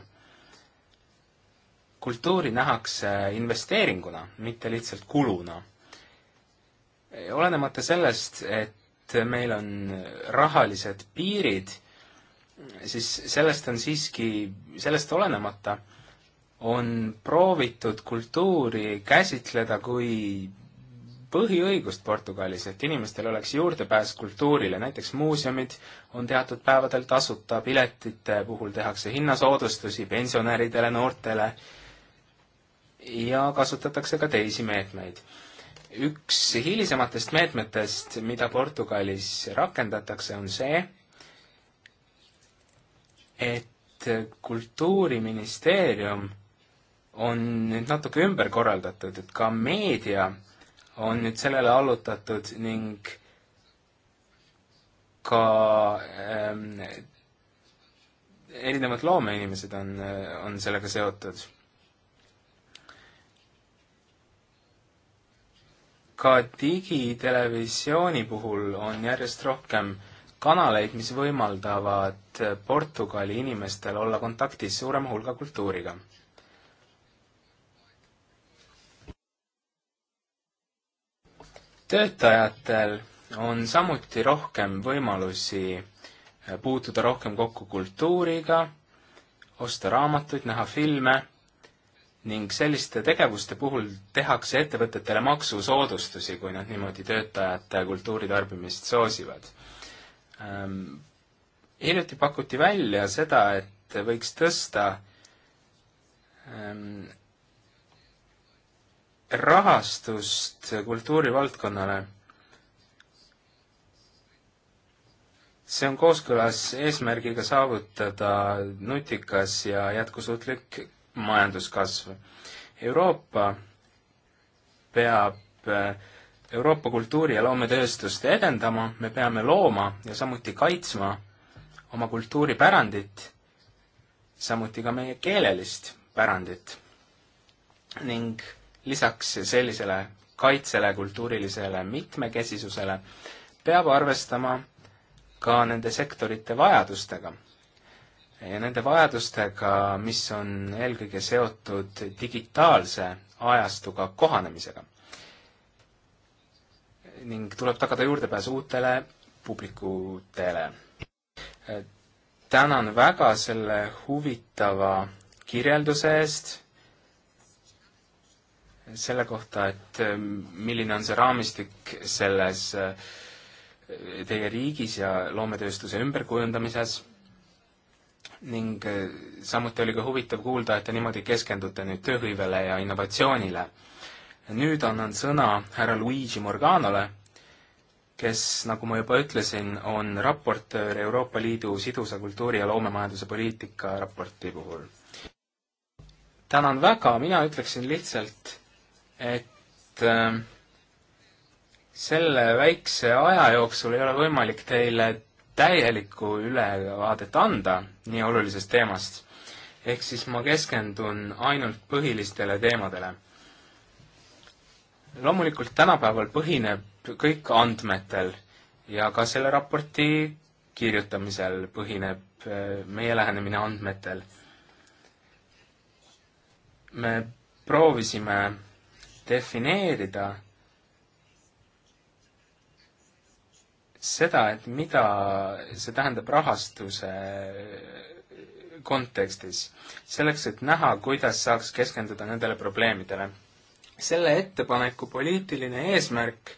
kultuuri nähakse investeeringuna, mitte lihtsalt kuluna. olenemata sellest, et meil on rahalised piirid, siis sellest on siiski, sellest olenemata on proovitud kultuuri käsitleda kui põhiõigust Portugalis, et inimestel oleks juurdepääs kultuurile, näiteks muuseumid on teatud päevadel tasuta, piletite puhul tehakse hinnasoodustusi pensionäridele, noortele ja kasutatakse ka teisi meetmeid. üks hilisematest meetmetest, mida Portugalis rakendatakse, on see, et kultuuriministeerium on nüüd natuke ümber korraldatud, et ka meedia on nüüd sellele allutatud ning ka ähm, erinevad loomeinimesed on, on sellega seotud. ka digitelevisiooni puhul on järjest rohkem kanaleid, mis võimaldavad Portugali inimestel olla kontaktis suurema hulga kultuuriga töötajatel on samuti rohkem võimalusi eh, puutuda rohkem kokku kultuuriga, osta raamatuid, näha filme ning selliste tegevuste puhul tehakse ettevõtetele maksusoodustusi, kui nad niimoodi töötajate kultuuritarbimist soosivad ähm,. hiljuti pakuti välja seda, et võiks tõsta ähm, rahastust kultuurivaldkonnale. see on kooskõlas eesmärgiga saavutada nutikas ja jätkusuutlik majanduskasv. Euroopa peab eh, Euroopa kultuuri- ja loometööstust edendama, me peame looma ja samuti kaitsma oma kultuuripärandit, samuti ka meie keelelist pärandit. ning lisaks sellisele kaitsele, kultuurilisele mitmekesisusele, peab arvestama ka nende sektorite vajadustega. ja nende vajadustega, mis on eelkõige seotud digitaalse ajastuga kohanemisega. ning tuleb tagada juurdepääs uutele publikutele. tänan väga selle huvitava kirjelduse eest selle kohta, et ähm, milline on see raamistik selles äh, teie riigis ja loometööstuse ümberkujundamises ning äh, samuti oli ka huvitav kuulda, et te niimoodi keskendute nüüd tööhõivele ja innovatsioonile. nüüd annan sõna härra Luigi Morganole, kes, nagu ma juba ütlesin, on raportöör Euroopa Liidu sidusa kultuuri ja loomemajanduse poliitika raporti puhul. tänan väga, mina ütleksin lihtsalt, et ähm, selle väikse aja jooksul ei ole võimalik teile täielikku ülevaadet anda nii olulisest teemast. ehk siis ma keskendun ainult põhilistele teemadele. loomulikult tänapäeval põhineb kõik andmetel ja ka selle raporti kirjutamisel põhineb äh, meie lähenemine andmetel. me proovisime defineerida seda, et mida see tähendab rahastuse kontekstis, selleks, et näha, kuidas saaks keskenduda nendele probleemidele. selle ettepaneku poliitiline eesmärk,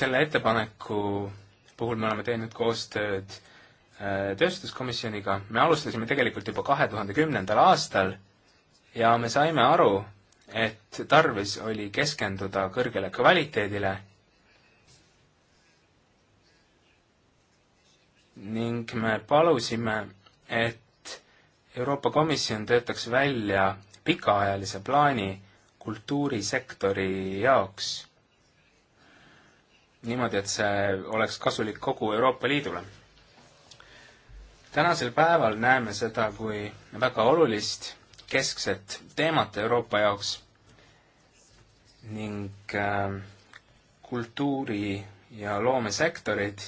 selle ettepaneku puhul me oleme teinud koostööd äh, tööstuskomisjoniga, me alustasime tegelikult juba kahe tuhande kümnendal aastal ja me saime aru, et tarvis oli keskenduda kõrgele kvaliteedile ning me palusime, et Euroopa Komisjon töötaks välja pikaajalise plaani kultuurisektori jaoks niimoodi, et see oleks kasulik kogu Euroopa Liidule. tänasel päeval näeme seda kui väga olulist keskset teemat Euroopa jaoks ning äh, kultuuri- ja loomesektorid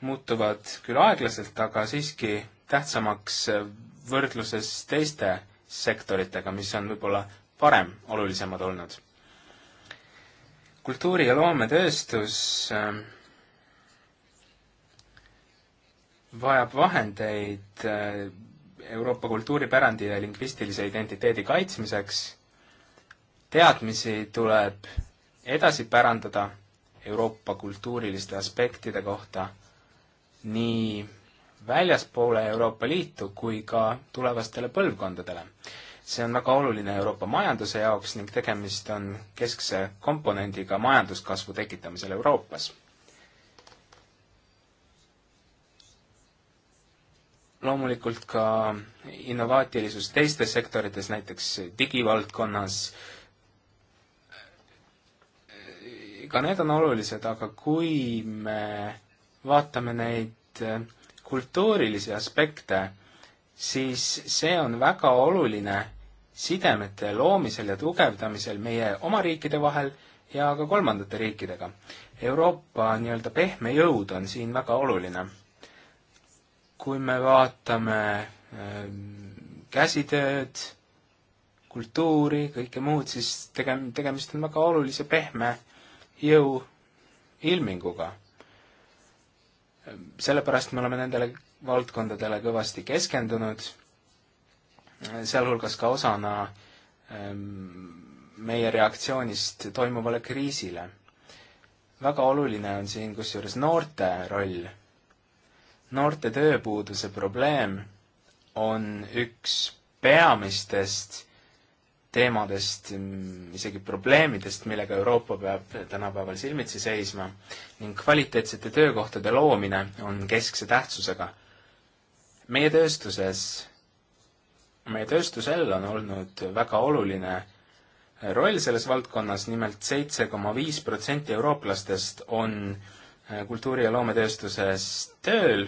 muutuvad küll aeglaselt, aga siiski tähtsamaks võrdluses teiste sektoritega, mis on võib-olla varem olulisemad olnud. kultuuri- ja loometööstus äh, vajab vahendeid äh, Euroopa kultuuripärandi ja lingvistilise identiteedi kaitsmiseks, teadmisi tuleb edasi pärandada Euroopa kultuuriliste aspektide kohta nii väljaspoole Euroopa Liitu kui ka tulevastele põlvkondadele. see on väga oluline Euroopa majanduse jaoks ning tegemist on keskse komponendiga majanduskasvu tekitamisel Euroopas loomulikult ka innovaatilisus teistes sektorites, näiteks digivaldkonnas, ka need on olulised, aga kui me vaatame neid kultuurilisi aspekte, siis see on väga oluline sidemete loomisel ja tugevdamisel meie oma riikide vahel ja ka kolmandate riikidega. Euroopa nii-öelda pehme jõud on siin väga oluline kui me vaatame ähm, käsitööd, kultuuri, kõike muud, siis tegem-, tegemist on väga olulise pehme jõu ilminguga. sellepärast me oleme nendele valdkondadele kõvasti keskendunud, sealhulgas ka osana ähm, meie reaktsioonist toimuvale kriisile. väga oluline on siin kusjuures noorte roll noorte tööpuuduse probleem on üks peamistest teemadest, mm, isegi probleemidest, millega Euroopa peab tänapäeval silmitsi seisma ning kvaliteetsete töökohtade loomine on keskse tähtsusega. meie tööstuses, meie tööstusel on olnud väga oluline roll selles valdkonnas nimelt, nimelt seitse koma viis protsenti eurooplastest on äh, Äh, kultuuri- ja loometööstuses tööl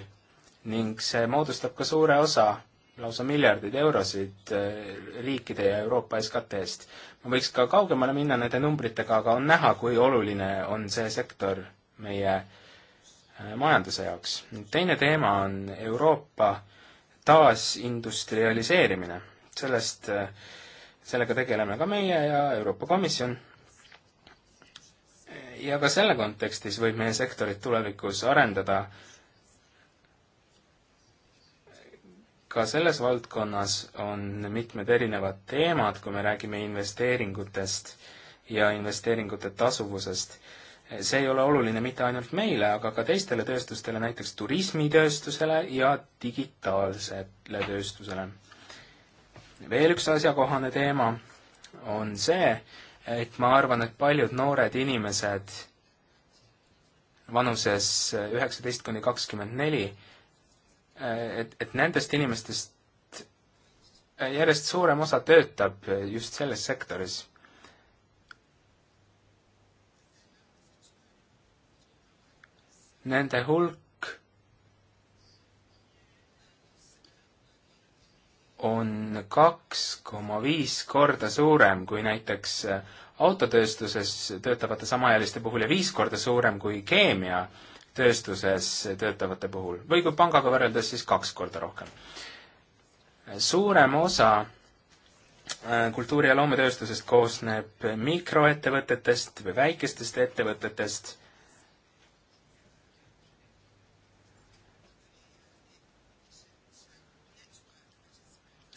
ning see moodustab ka suure osa, lausa miljardeid eurosid äh, riikide ja Euroopa SKT-st. ma võiks ka kaugemale minna nende numbritega, aga on näha, kui oluline on see sektor meie äh, majanduse jaoks. teine teema on Euroopa taasindustrialiseerimine. sellest, sellega tegeleme ka meie ja Euroopa Komisjon ja ka selle kontekstis võib meie sektorit tulevikus arendada ka selles valdkonnas on mitmed erinevad teemad, kui me räägime investeeringutest ja investeeringute tasuvusest. see ei ole oluline mitte ainult meile, aga ka teistele tööstustele, näiteks turismitööstusele ja digitaalsele tööstusele. veel üks asjakohane teema on see, et ma arvan, et paljud noored inimesed vanuses üheksateist kuni kakskümmend neli, et, et nendest inimestest järjest suurem osa töötab just selles sektoris. Nende hulk kaks koma viis korda suurem kui näiteks äh, autotööstuses töötavate samaealiste puhul ja viis korda suurem kui keemiatööstuses töötavate puhul või kui pangaga võrreldes, siis kaks korda rohkem. suurem osa äh, kultuuri- ja loometööstusest koosneb mikroettevõtetest või väikestest ettevõtetest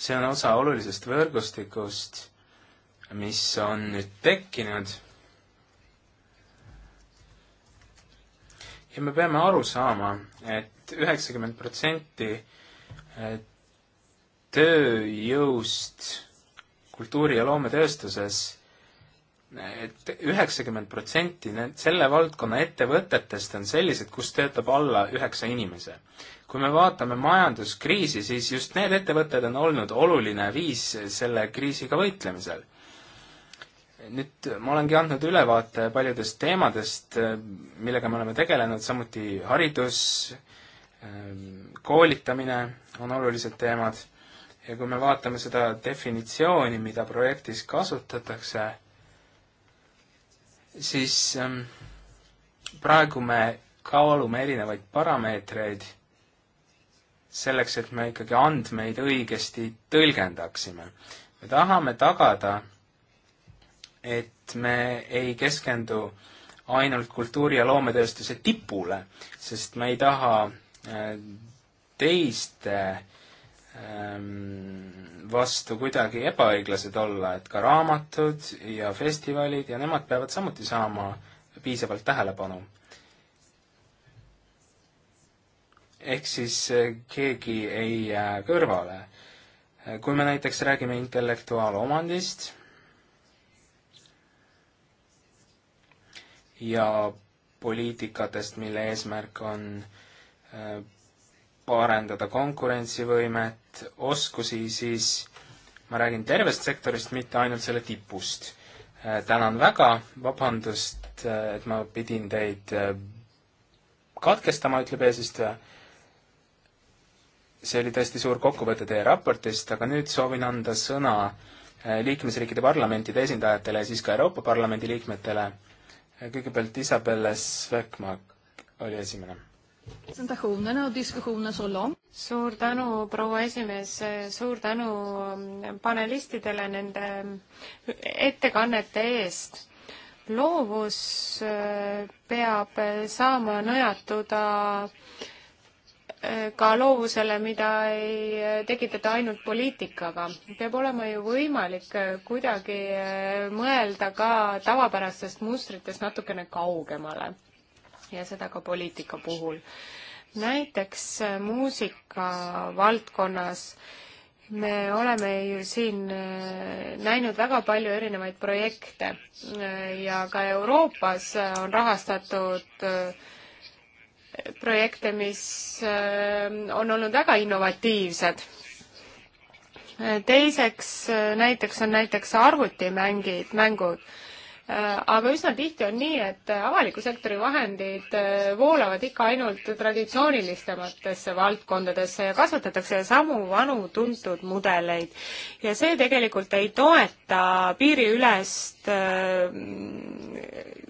see on osa olulisest võrgustikust, mis on nüüd tekkinud. ja me peame aru saama et, et üheksakümmend protsenti tööjõust kultuuri- ja loometööstuses et üheksakümmend protsenti selle valdkonna ettevõtetest on sellised, kus töötab alla üheksa inimese. kui me vaatame majanduskriisi, siis just need ettevõtted on olnud oluline viis selle kriisiga võitlemisel. nüüd ma olengi andnud ülevaate paljudest teemadest, millega me oleme tegelenud, samuti haridus, koolitamine on olulised teemad ja kui me vaatame seda definitsiooni, mida projektis kasutatakse siis ähm, praegu me kaalume erinevaid parameetreid selleks, et me ikkagi andmeid õigesti tõlgendaksime. me tahame tagada, et me ei keskendu ainult kultuuri- ja loometööstuse tipule, sest me ei taha äh, teiste Ähm, vastu kuidagi ebaõiglased olla, et ka raamatud ja festivalid ja nemad peavad samuti saama piisavalt tähelepanu. ehk siis äh, keegi ei jää kõrvale. Äh, kui me näiteks räägime intellektuaalomandist ja poliitikatest, mille eesmärk on äh, parendada konkurentsivõimet, neid oskusi, siis ma räägin tervest sektorist, mitte ainult selle tipust. Äh, tänan väga, vabandust, äh, et ma pidin teid äh, katkestama, ütleb eesistuja. see oli tõesti suur kokkuvõte teie raportist, aga nüüd soovin anda sõna liikmesriikide parlamentide esindajatele ja siis ka Euroopa Parlamendi liikmetele. kõigepealt Isabelle Svekmak oli esimene suur tänu, proua esimees, suur tänu mm, panelistidele nende mm, ettekannete eest. loovus äh, peab äh, saama nõjatuda äh, ka loovusele, mida ei tekitata ainult poliitikaga. peab olema ju võimalik kuidagi mõelda ka tavapärastest mustritest natukene kaugemale ja seda ka poliitika puhul. näiteks äh, muusika valdkonnas me oleme ju siin äh, näinud väga palju erinevaid projekte äh, ja ka Euroopas on rahastatud projekte, mis on olnud väga innovatiivsed. teiseks näiteks on näiteks arvutimängid, mängud Äh, aga üsna tihti on nii, et äh, avaliku sektori vahendid äh, voolavad ikka ainult traditsioonilisematesse valdkondadesse ja kasvatatakse samu vanu tuntud mudeleid. ja see tegelikult ei toeta piiriülest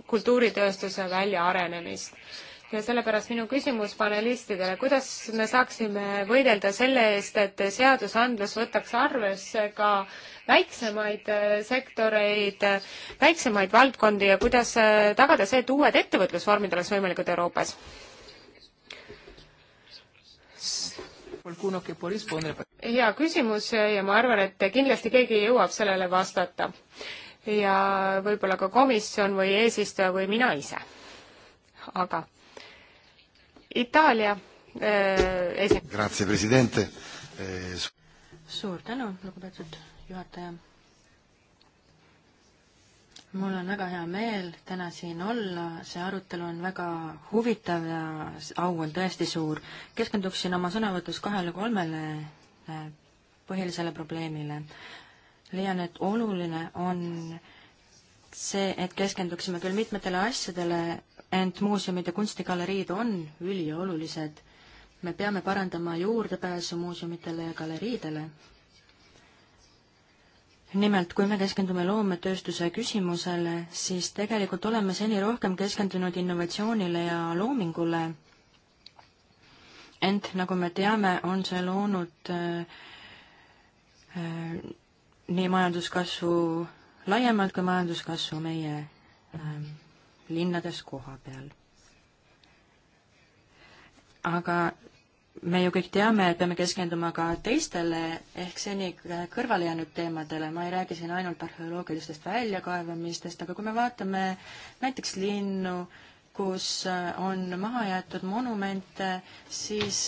kultuuritööstuse väljaarenemist ja sellepärast minu küsimus panelistidele, kuidas me saaksime võidelda selle eest, et seadusandlus võtaks arvesse ka väiksemaid äh, sektoreid, äh, väiksemaid valdkondi ja kuidas äh, tagada see, et uued ettevõtlusvormid oleks võimalikud Euroopas? hea küsimus ja ma arvan, et kindlasti keegi jõuab sellele vastata. ja võib-olla ka komisjon või eesistuja või mina ise. aga Itaalia äh, eh, esindaja. suur tänu, lugupeetud juhataja. mul on väga hea meel täna siin olla, see arutelu on väga huvitav ja au on tõesti suur. keskenduksin oma sõnavõtus kahele-kolmele äh, põhilisele probleemile. leian, et oluline on see, et keskenduksime küll mitmetele asjadele, ent muuseumid ja kunstigaleriid on üliolulised. me peame parandama juurdepääsu muuseumidele ja galeriidele. nimelt, kui me keskendume loometööstuse küsimusele, siis tegelikult oleme seni rohkem keskendunud innovatsioonile ja loomingule, ent nagu me teame, on see loonud äh, äh, nii majanduskasvu laiemalt kui majanduskasvu meie äh, linnades koha peal. aga me ju kõik teame, et peame keskenduma ka teistele ehk seni kõrvale jäänud teemadele, ma ei räägi siin ainult arheoloogilistest väljakaevamistest, aga kui me vaatame näiteks linnu, kus on maha jäetud monumente, siis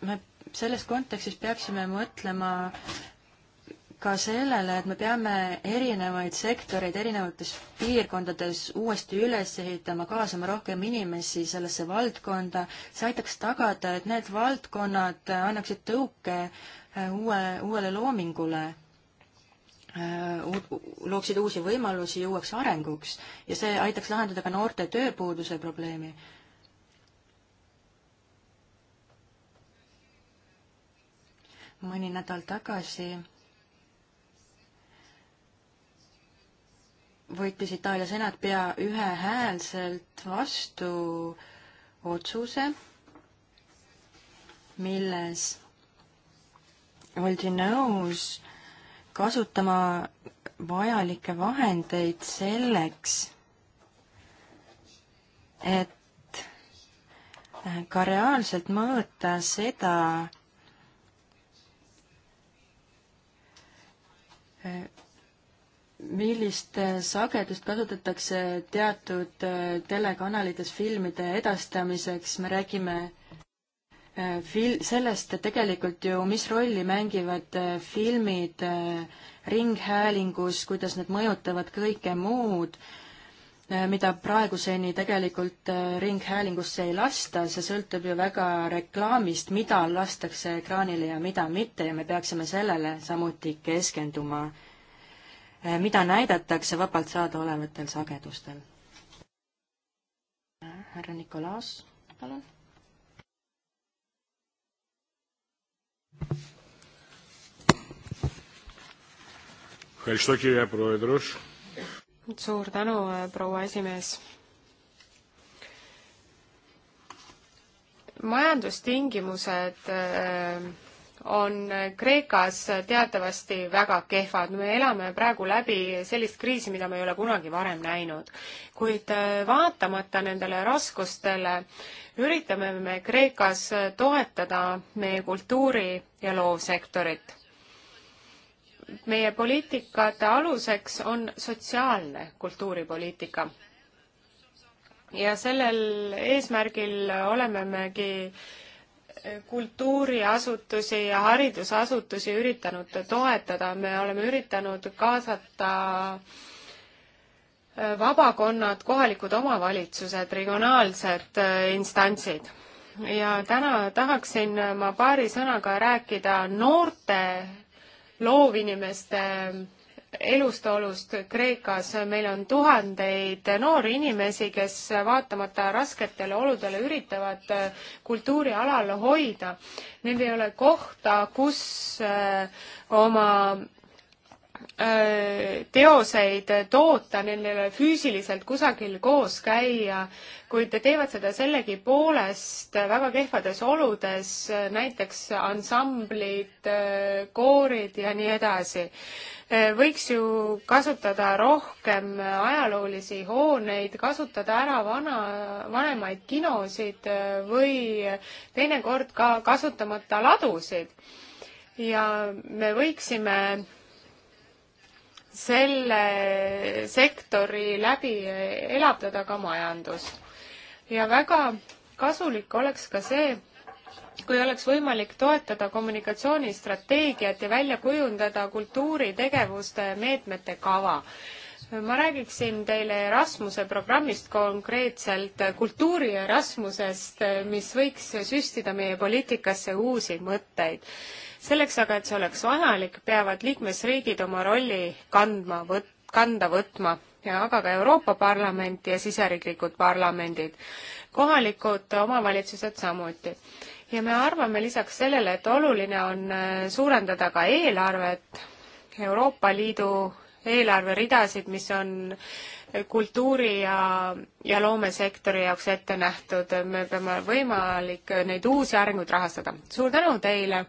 me selles kontekstis peaksime mõtlema äh, ka sellele, et me peame erinevaid sektoreid erinevates piirkondades uuesti üles ehitama, kaasama rohkem inimesi sellesse valdkonda. see aitaks tagada, et need valdkonnad annaksid tõuke äh, uue, uuele loomingule, äh, looksid uusi võimalusi uueks arenguks ja see aitaks lahendada ka noorte tööpuuduse probleemi mõni nädal tagasi võttis Itaalia senat pea ühehäälselt vastu otsuse, milles oldi nõus kasutama vajalikke vahendeid selleks, et ka reaalselt mõõta seda, millist sagedust kasutatakse teatud äh, telekanalites filmide edastamiseks, me räägime äh, fil-, sellest tegelikult ju, mis rolli mängivad äh, filmid ringhäälingus, kuidas need mõjutavad kõike muud, mida praeguseni tegelikult ringhäälingusse ei lasta, see sõltub ju väga reklaamist, mida lastakse ekraanile ja mida mitte ja me peaksime sellele samuti keskenduma Eh, mida näidatakse vabalt saadaolevatel sagedustel. Eh, härra Nikolaas, palun. suur tänu, proua esimees majandustingimused on Kreekas teatavasti väga kehvad. me elame praegu läbi sellist kriisi, mida me ei ole kunagi varem näinud. kuid äh, vaatamata nendele raskustele üritame me Kreekas toetada meie kultuuri- ja loovsektorit. meie poliitikate aluseks on sotsiaalne kultuuripoliitika. ja sellel eesmärgil oleme megi kultuuriasutusi ja haridusasutusi üritanud toetada, me oleme üritanud kaasata äh, vabakonnad, kohalikud omavalitsused, regionaalsed äh, instantsid. ja täna tahaksin ma paari sõnaga rääkida noorte loovinimeste elust olust Kreekas, meil on tuhandeid noori inimesi, kes vaatamata rasketele oludele üritavad äh, kultuuri alal hoida. Neil ei ole kohta, kus äh, oma Äh, teoseid toota, neil ei ole füüsiliselt kusagil koos käia, kuid teevad seda sellegipoolest väga kehvades oludes, näiteks ansamblid, äh, koorid ja nii edasi. Äh, võiks ju kasutada rohkem ajaloolisi hooneid, kasutada ära vana, vanemaid kinosid või teinekord ka kasutamata ladusid. ja me võiksime selle sektori läbi elavdada ka majandust. ja väga kasulik oleks ka see, kui oleks võimalik toetada kommunikatsioonistrateegiat ja välja kujundada kultuuritegevuste meetmete kava. ma räägiksin teile Erasmuse programmist konkreetselt, kultuuri Erasmusest, mis võiks süstida meie poliitikasse uusi mõtteid selleks aga, et see oleks vajalik, peavad liikmesriigid oma rolli kandma, võt-, kanda võtma ja aga ka Euroopa Parlament ja siseriiklikud parlamendid, kohalikud omavalitsused samuti. ja me arvame lisaks sellele, et oluline on äh, suurendada ka eelarvet, Euroopa Liidu eelarveridasid, mis on kultuuri ja, ja loomesektori jaoks ette nähtud, me peame võimalik äh, neid uusi arenguid rahastada. suur tänu teile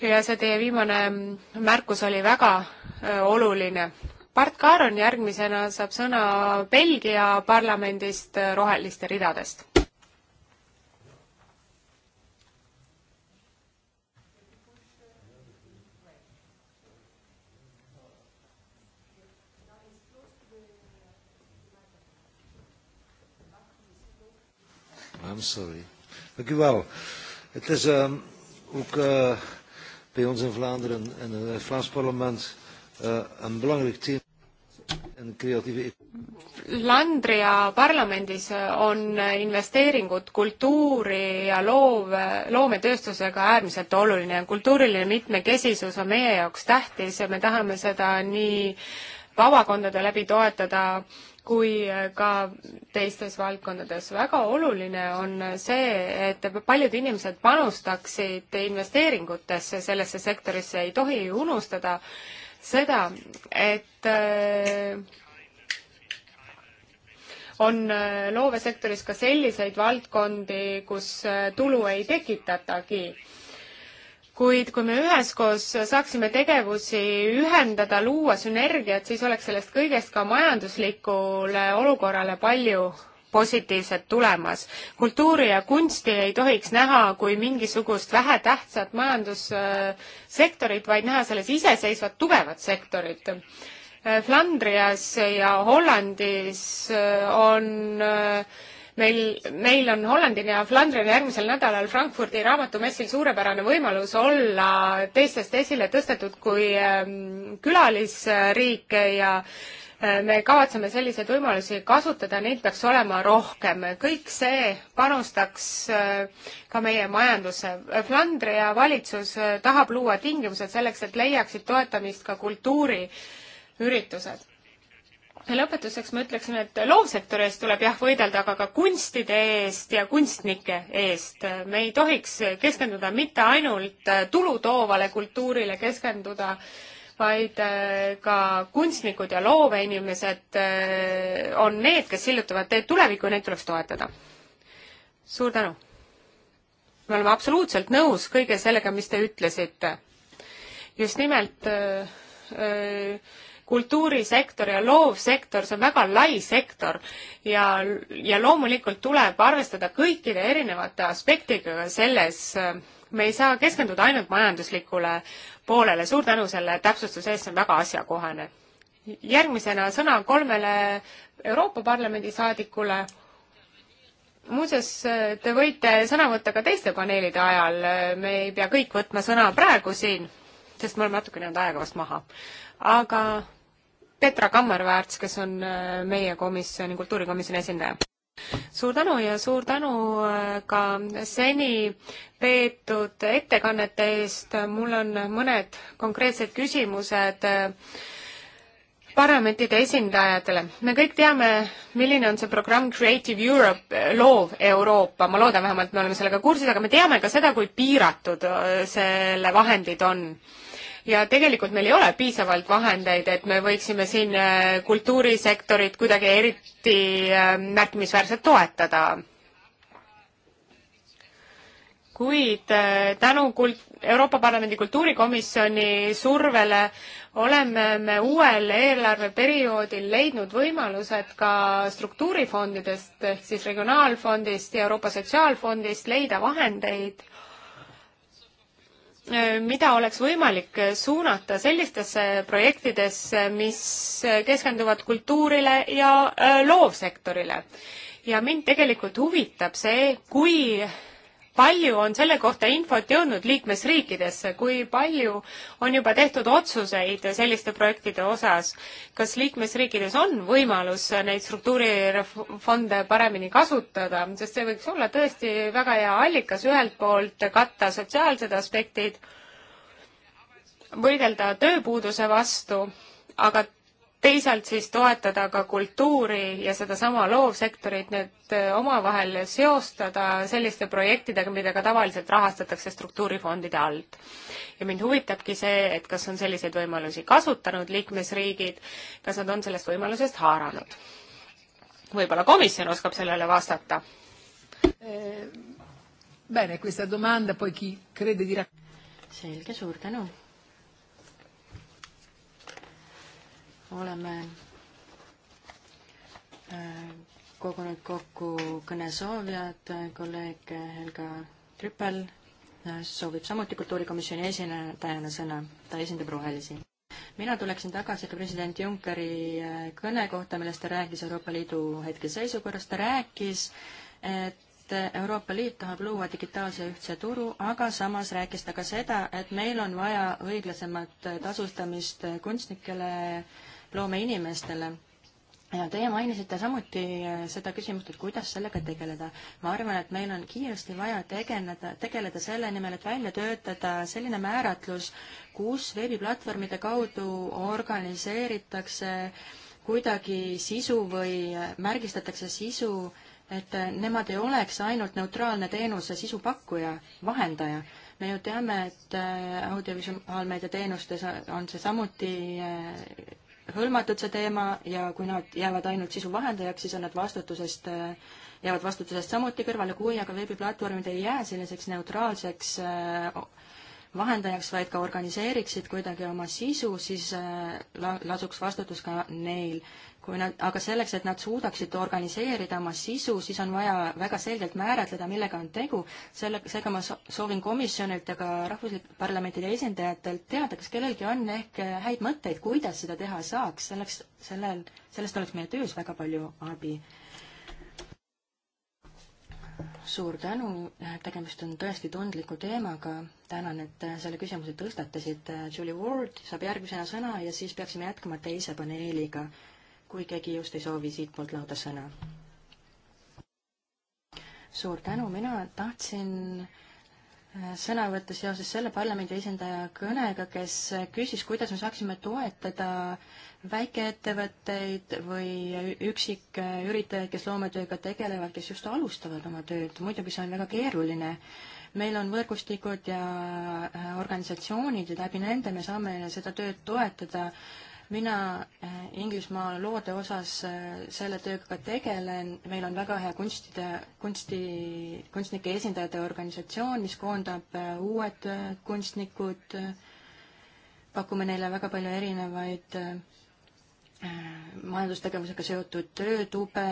ja see teie viimane märkus oli väga äh, oluline. Bart Kaaron järgmisena saab sõna Belgia parlamendist äh, roheliste ridadest. I am sorry. Dank u wel. Het is um, ook uh, bij ons in Vlaanderen en het Vlaams parlement uh, een belangrijk thema. E- Landria parlamendis eh, on eh, investeeringud kultuuri ja loov, loometööstusega äärmiselt oluline. kultuuriline mitmekesisus on meie jaoks tähtis ja me tahame seda nii vabakondade läbi toetada kui ka teistes valdkondades. väga oluline on see, et paljud inimesed panustaksid investeeringutesse sellesse sektorisse, ei tohi unustada seda, et äh, on äh, loovesektoris ka selliseid valdkondi, kus äh, tulu ei tekitatagi kuid kui me üheskoos saaksime tegevusi ühendada, luua sünergiat, siis oleks sellest kõigest ka majanduslikule olukorrale palju positiivset tulemas. kultuuri ja kunsti ei tohiks näha kui mingisugust vähetähtsat majandussektorit, vaid näha selles iseseisvat tugevat sektorit. Flandrias ja Hollandis on äh, meil, neil on Hollandil ja Flandril järgmisel nädalal Frankfurdi raamatumessil suurepärane võimalus olla teistest esile tõstetud kui ähm, külalisriik ja äh, me kavatseme selliseid võimalusi kasutada, neid peaks olema rohkem. kõik see panustaks äh, ka meie majandusse. Flandria valitsus äh, tahab luua tingimused selleks, et leiaksid toetamist ka kultuuriüritused lõpetuseks ma ütleksin, et loovsektori eest tuleb jah võidelda, aga ka kunstide eest ja kunstnike eest. me ei tohiks keskenduda mitte ainult äh, tulu toovale kultuurile keskenduda, vaid äh, ka kunstnikud ja looveinimesed äh, on need, kes sillutavad teed tulevikku ja neid tuleks toetada. suur tänu! me oleme absoluutselt nõus kõige sellega, mis te ütlesite. just nimelt öö, öö, kultuurisektor ja loovsektor, see on väga lai sektor ja, ja loomulikult tuleb arvestada kõikide erinevate aspektidega selles, me ei saa keskenduda ainult majanduslikule poolele, suur tänu selle täpsustuse eest, see on väga asjakohane. järgmisena sõna kolmele Euroopa Parlamendi saadikule muuseas, te võite sõna võtta ka teiste paneelide ajal, me ei pea kõik võtma sõna praegu siin, sest me oleme natukene jäänud aega vast maha. aga Petra Kammerväärts, kes on äh, meie komisjoni, kultuurikomisjoni esindaja. suur tänu ja suur tänu äh, ka seni peetud ettekannete eest. mul on mõned konkreetsed küsimused äh, parlamentide esindajatele. me kõik teame, milline on see programm Creative Europe, loov Euroopa, ma loodan vähemalt, me oleme sellega kursis, aga me teame ka seda, kui piiratud selle vahendid on ja tegelikult meil ei ole piisavalt vahendeid, et me võiksime siin äh, kultuurisektorit kuidagi eriti äh, märkimisväärselt toetada. kuid äh, tänu kult-, Euroopa Parlamendi kultuurikomisjoni survele oleme me uuel eelarveperioodil leidnud võimalused ka struktuurifondidest ehk siis Regionaalfondist ja Euroopa Sotsiaalfondist leida vahendeid Äh, mida oleks võimalik suunata sellistesse projektidesse, mis keskenduvad kultuurile ja äh, loovsektorile. ja mind tegelikult huvitab see, kui palju on selle kohta infot jõudnud liikmesriikidesse, kui palju on juba tehtud otsuseid selliste projektide osas? kas liikmesriikides on võimalus neid struktuurifonde paremini kasutada, sest see võiks olla tõesti väga hea allikas ühelt poolt katta sotsiaalsed aspektid, võidelda tööpuuduse vastu, aga teisalt siis toetada ka kultuuri ja sedasama loovsektorit, need äh, omavahel seostada selliste projektidega, mida ka tavaliselt rahastatakse struktuurifondide alt. ja mind huvitabki see, et kas on selliseid võimalusi kasutanud liikmesriigid, kas nad on sellest võimalusest haaranud? võib-olla komisjon oskab sellele vastata eh,? Bene, questa domanda poi chi crede di rac-. selge, suur tänu oleme äh, kogunud kokku kõnesoovijad, kolleeg Helga Trüppel äh, soovib samuti kultuurikomisjoni esinejana sõna, ta esindab Rohelisi. mina tuleksin tagasi ka president Junckeri äh, kõne kohta, milles ta rääkis Euroopa Liidu hetkeseisukorrast, ta rääkis, et Euroopa Liit tahab luua digitaalse ühtse turu, aga samas rääkis ta ka seda, et meil on vaja õiglasemat tasustamist kunstnikele äh, loomeinimestele ja teie mainisite samuti äh, seda küsimust, et kuidas sellega tegeleda. ma arvan, et meil on kiiresti vaja tegeleda, tegeleda selle nimel, et välja töötada selline määratlus, kus veebiplatvormide kaudu organiseeritakse kuidagi sisu või äh, märgistatakse sisu, et äh, nemad ei oleks ainult neutraalne teenuse sisupakkuja, vahendaja me ju teame, et audiovisuaalmeedia teenustes on see samuti hõlmatud see teema ja kui nad jäävad ainult sisu vahendajaks, siis on nad vastutusest, jäävad vastutusest samuti kõrvale, kui aga veebiplatvormid ei jää selliseks neutraalseks äh, vahendajaks, vaid ka organiseeriksid kuidagi oma sisu, siis äh, la-, lasuks vastutus ka neil kui nad, aga selleks, et nad suudaksid organiseerida oma sisu, siis on vaja väga selgelt määratleda, millega on tegu, selle, seega ma soovin komisjonilt ja ka rahvusparlamentide esindajatelt teada, kas kellelgi on ehk häid mõtteid, kuidas seda teha saaks, selleks, sellel, sellest oleks meie töös väga palju abi. suur tänu, tegemist on tõesti tundliku teemaga, tänan, et selle küsimuse tõstatasite, Julie Ward saab järgmisena sõna ja siis peaksime jätkama teise paneeliga kui keegi just ei soovi siitpoolt lauda sõna. suur tänu, mina tahtsin äh, sõna võtta seoses selle parlamendi esindaja kõnega, kes küsis, kuidas me saaksime toetada väikeettevõtteid või üksiküritajaid, kes loometööga tegelevad, kes just alustavad oma tööd. muidugi see on väga keeruline. meil on võrgustikud ja äh, organisatsioonid ja läbi nende me saame seda tööd toetada mina äh, Inglismaal loode osas äh, selle tööga ka tegelen, meil on väga hea kunstide, kunsti, kunstnike esindajate organisatsioon, mis koondab äh, uued kunstnikud, pakume neile väga palju erinevaid majandustegevusega seotud töötube,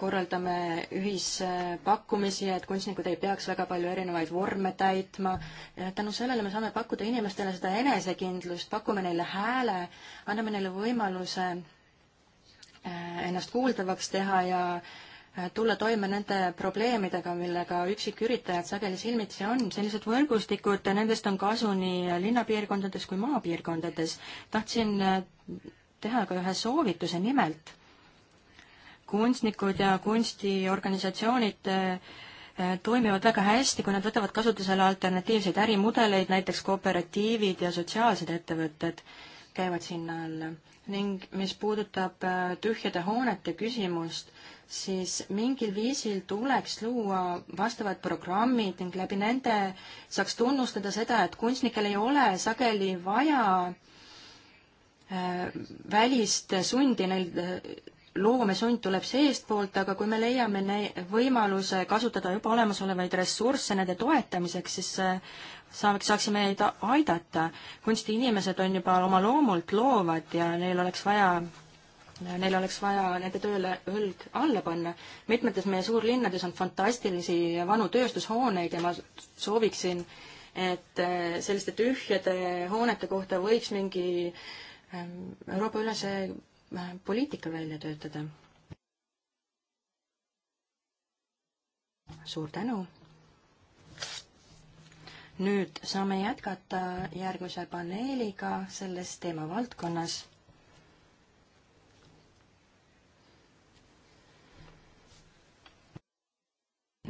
korraldame ühispakkumisi, et kunstnikud ei peaks väga palju erinevaid vorme täitma. tänu sellele me saame pakkuda inimestele seda enesekindlust, pakume neile hääle, anname neile võimaluse äh, ennast kuuldavaks teha ja äh, tulla toime nende probleemidega, millega üksiküritajad sageli silmitsi on. sellised võrgustikud, nendest on kasu nii linnapiirkondades kui maapiirkondades. tahtsin äh, teha ka ühe soovituse, nimelt kunstnikud ja kunstiorganisatsioonid eh, toimivad väga hästi, kui nad võtavad kasutusele alternatiivseid ärimudeleid, näiteks kooperatiivid ja sotsiaalsed ettevõtted käivad sinna alla. ning mis puudutab eh, tühjade hoonete küsimust, siis mingil viisil tuleks luua vastavad programmid ning läbi nende saaks tunnustada seda, et kunstnikel ei ole sageli vaja eh, välist sundi, neil loomesuund tuleb seestpoolt, aga kui me leiame võimaluse kasutada juba olemasolevaid ressursse nende toetamiseks, siis äh, saaks, saaksime neid aidata. kunstiinimesed on juba oma loomult loovad ja neil oleks vaja neil oleks vaja nende tööle õlg alla panna. mitmetes meie suurlinnades on fantastilisi vanu tööstushooneid ja ma sooviksin, et äh, selliste tühjade hoonete kohta võiks mingi ähm, Euroopa ülese poliitika välja töötada. suur tänu! nüüd saame jätkata järgmise paneeliga selles teemavaldkonnas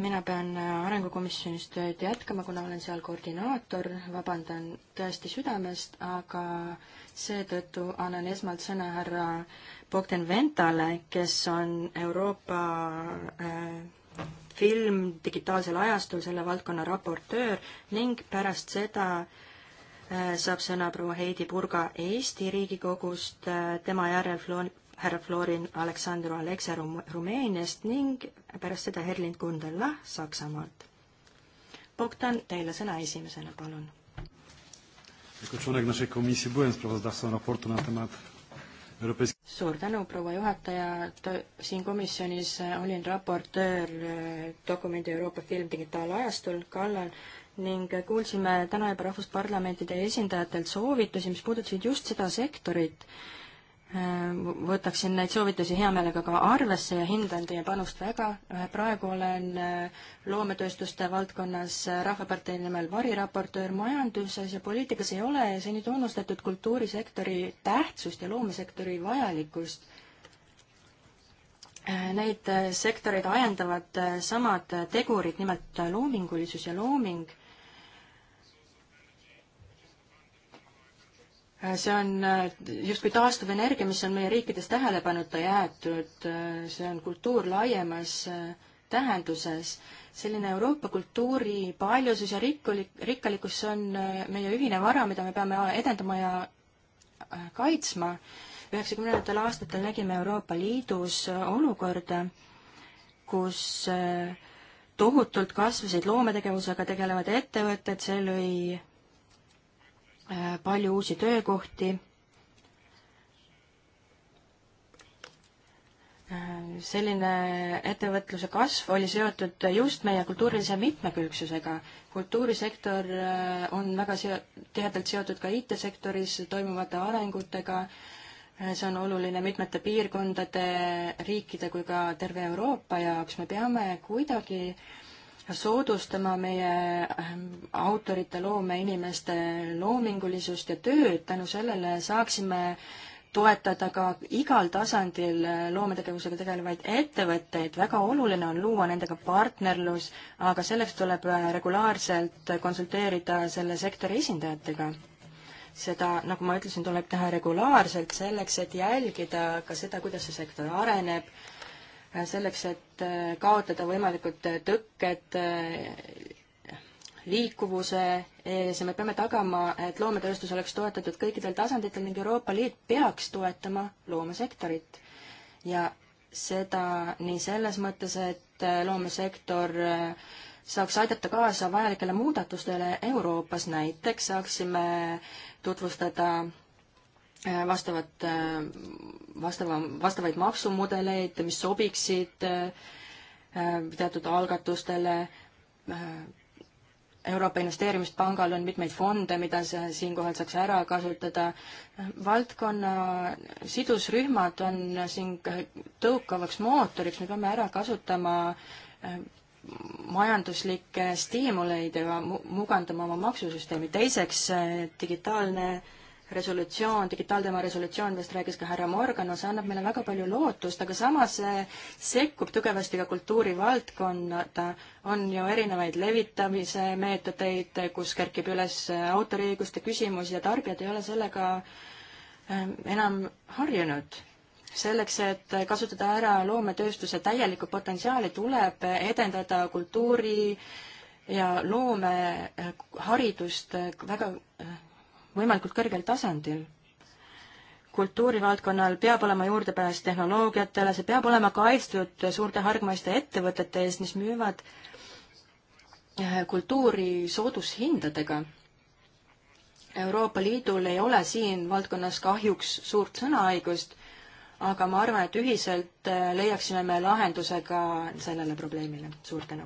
mina pean Arengukomisjonis tööd jätkama, kuna olen seal koordinaator, vabandan tõesti südamest, aga seetõttu annan esmalt sõna härra Bogdan Ventale, kes on Euroopa äh, film digitaalsel ajastul selle valdkonna raportöör ning pärast seda äh, saab sõna proua Heidi Purga Eesti Riigikogust äh,, tema järel Flo-, härra Florin Aleksandru Alekse Rum-, Rumeeniast ning pärast seda Herlind Kundela Saksamaalt. Bogdan, teile sõna esimesena, palun Jako čłonek naszej komisji byłem sprawozdawcą raportu na temat Euroopa suur tänu, proua juhataja, siin komisjonis olin raportöör eh, dokumendi Euroopa film digitaalajastul kallal ning kuulsime täna juba rahvusparlamentide esindajatelt soovitusi, mis puudutasid just seda sektorit Äh, võtaksin neid soovitusi hea meelega ka arvesse ja hindan teie panust väga. Äh, praegu olen äh, loometööstuste valdkonnas Rahvapartei nimel variraportöör majanduses ja poliitikas ei ole seni tunnustatud kultuurisektori tähtsust ja loomesektori vajalikkust. Neid sektoreid ajendavad samad tegurid, nimelt loomingulisus ja looming Äh, see on äh, justkui taastuvenergia, mis on meie riikides tähelepanuta jäetud, äh, see on kultuur laiemas tähenduses. selline Euroopa kultuuri paljusus ja rikkalik, rikkalikkus on meie ühine vara, mida me peame edendama ja kaitsma. üheksakümnendatel aastatel nägime Euroopa Liidus olukorda, kus tohutult kasvasid loometegevusega tegelevad ettevõtted, see lõi Äh, palju uusi töökohti. Äh, selline ettevõtluse kasv oli seotud just meie kultuurilise mitmekülgsusega. kultuurisektor äh, on väga seo-, tihedalt seotud ka IT-sektoris toimuvate arengutega, see on oluline mitmete piirkondade, riikide kui ka terve Euroopa jaoks, me peame kuidagi äh, soodustama meie ähm, autorite, loomeinimeste loomingulisust ja tööd, tänu sellele saaksime toetada ka igal tasandil äh, loometegevusega tegelevaid ettevõtteid, väga oluline on luua nendega partnerlus, aga selleks tuleb äh, regulaarselt konsulteerida selle sektori esindajatega. seda, nagu ma ütlesin, tuleb teha regulaarselt selleks, et jälgida ka seda, kuidas see sektor areneb Äh, selleks, et äh, kaotada võimalikud äh, tõkked liikuvuse ees ja me peame tagama, et loometööstus oleks toetatud kõikidel tasanditel ning Euroopa Liit peaks toetama loomesektorit. ja seda nii selles mõttes, et loomesektor saaks aidata kaasa vajalikele muudatustele Euroopas, näiteks saaksime tutvustada vastavat vastava, vastavaid maksumudeleid, mis sobiksid äh, teatud algatustele. Äh, Euroopa Investeerimispangal on mitmeid fonde, mida siinkohal saaks ära kasutada. valdkonna sidusrühmad on siin tõukavaks mootoriks, me peame ära kasutama äh, majanduslikke stiimuleid ja mugandama oma maksusüsteemi. teiseks, digitaalne äh, resolutsioon, digitaalteema resolutsioon, millest rääkis ka härra Morgano, see annab meile väga palju lootust, aga samas see sekkub tugevasti ka kultuurivaldkonda. on ju erinevaid levitamise meetodeid, kus kerkib üles autoriõiguste küsimusi ja tarbijad ei ole sellega ähm, enam harjunud selleks, et kasutada ära loometööstuse täielikku potentsiaali, tuleb edendada kultuuri ja loomeharidust äh, äh, väga äh, võimalikult kõrgel tasandil. kultuurivaldkonnal peab olema juurdepääs tehnoloogiatele, see peab olema kaitstud suurte hargmaiste ettevõtete eest, mis müüvad eh, kultuuri soodushindadega. Euroopa Liidul ei ole siin valdkonnas kahjuks suurt sõnaõigust, aga ma arvan, et ühiselt eh, leiaksime me lahenduse ka sellele probleemile. suur tänu.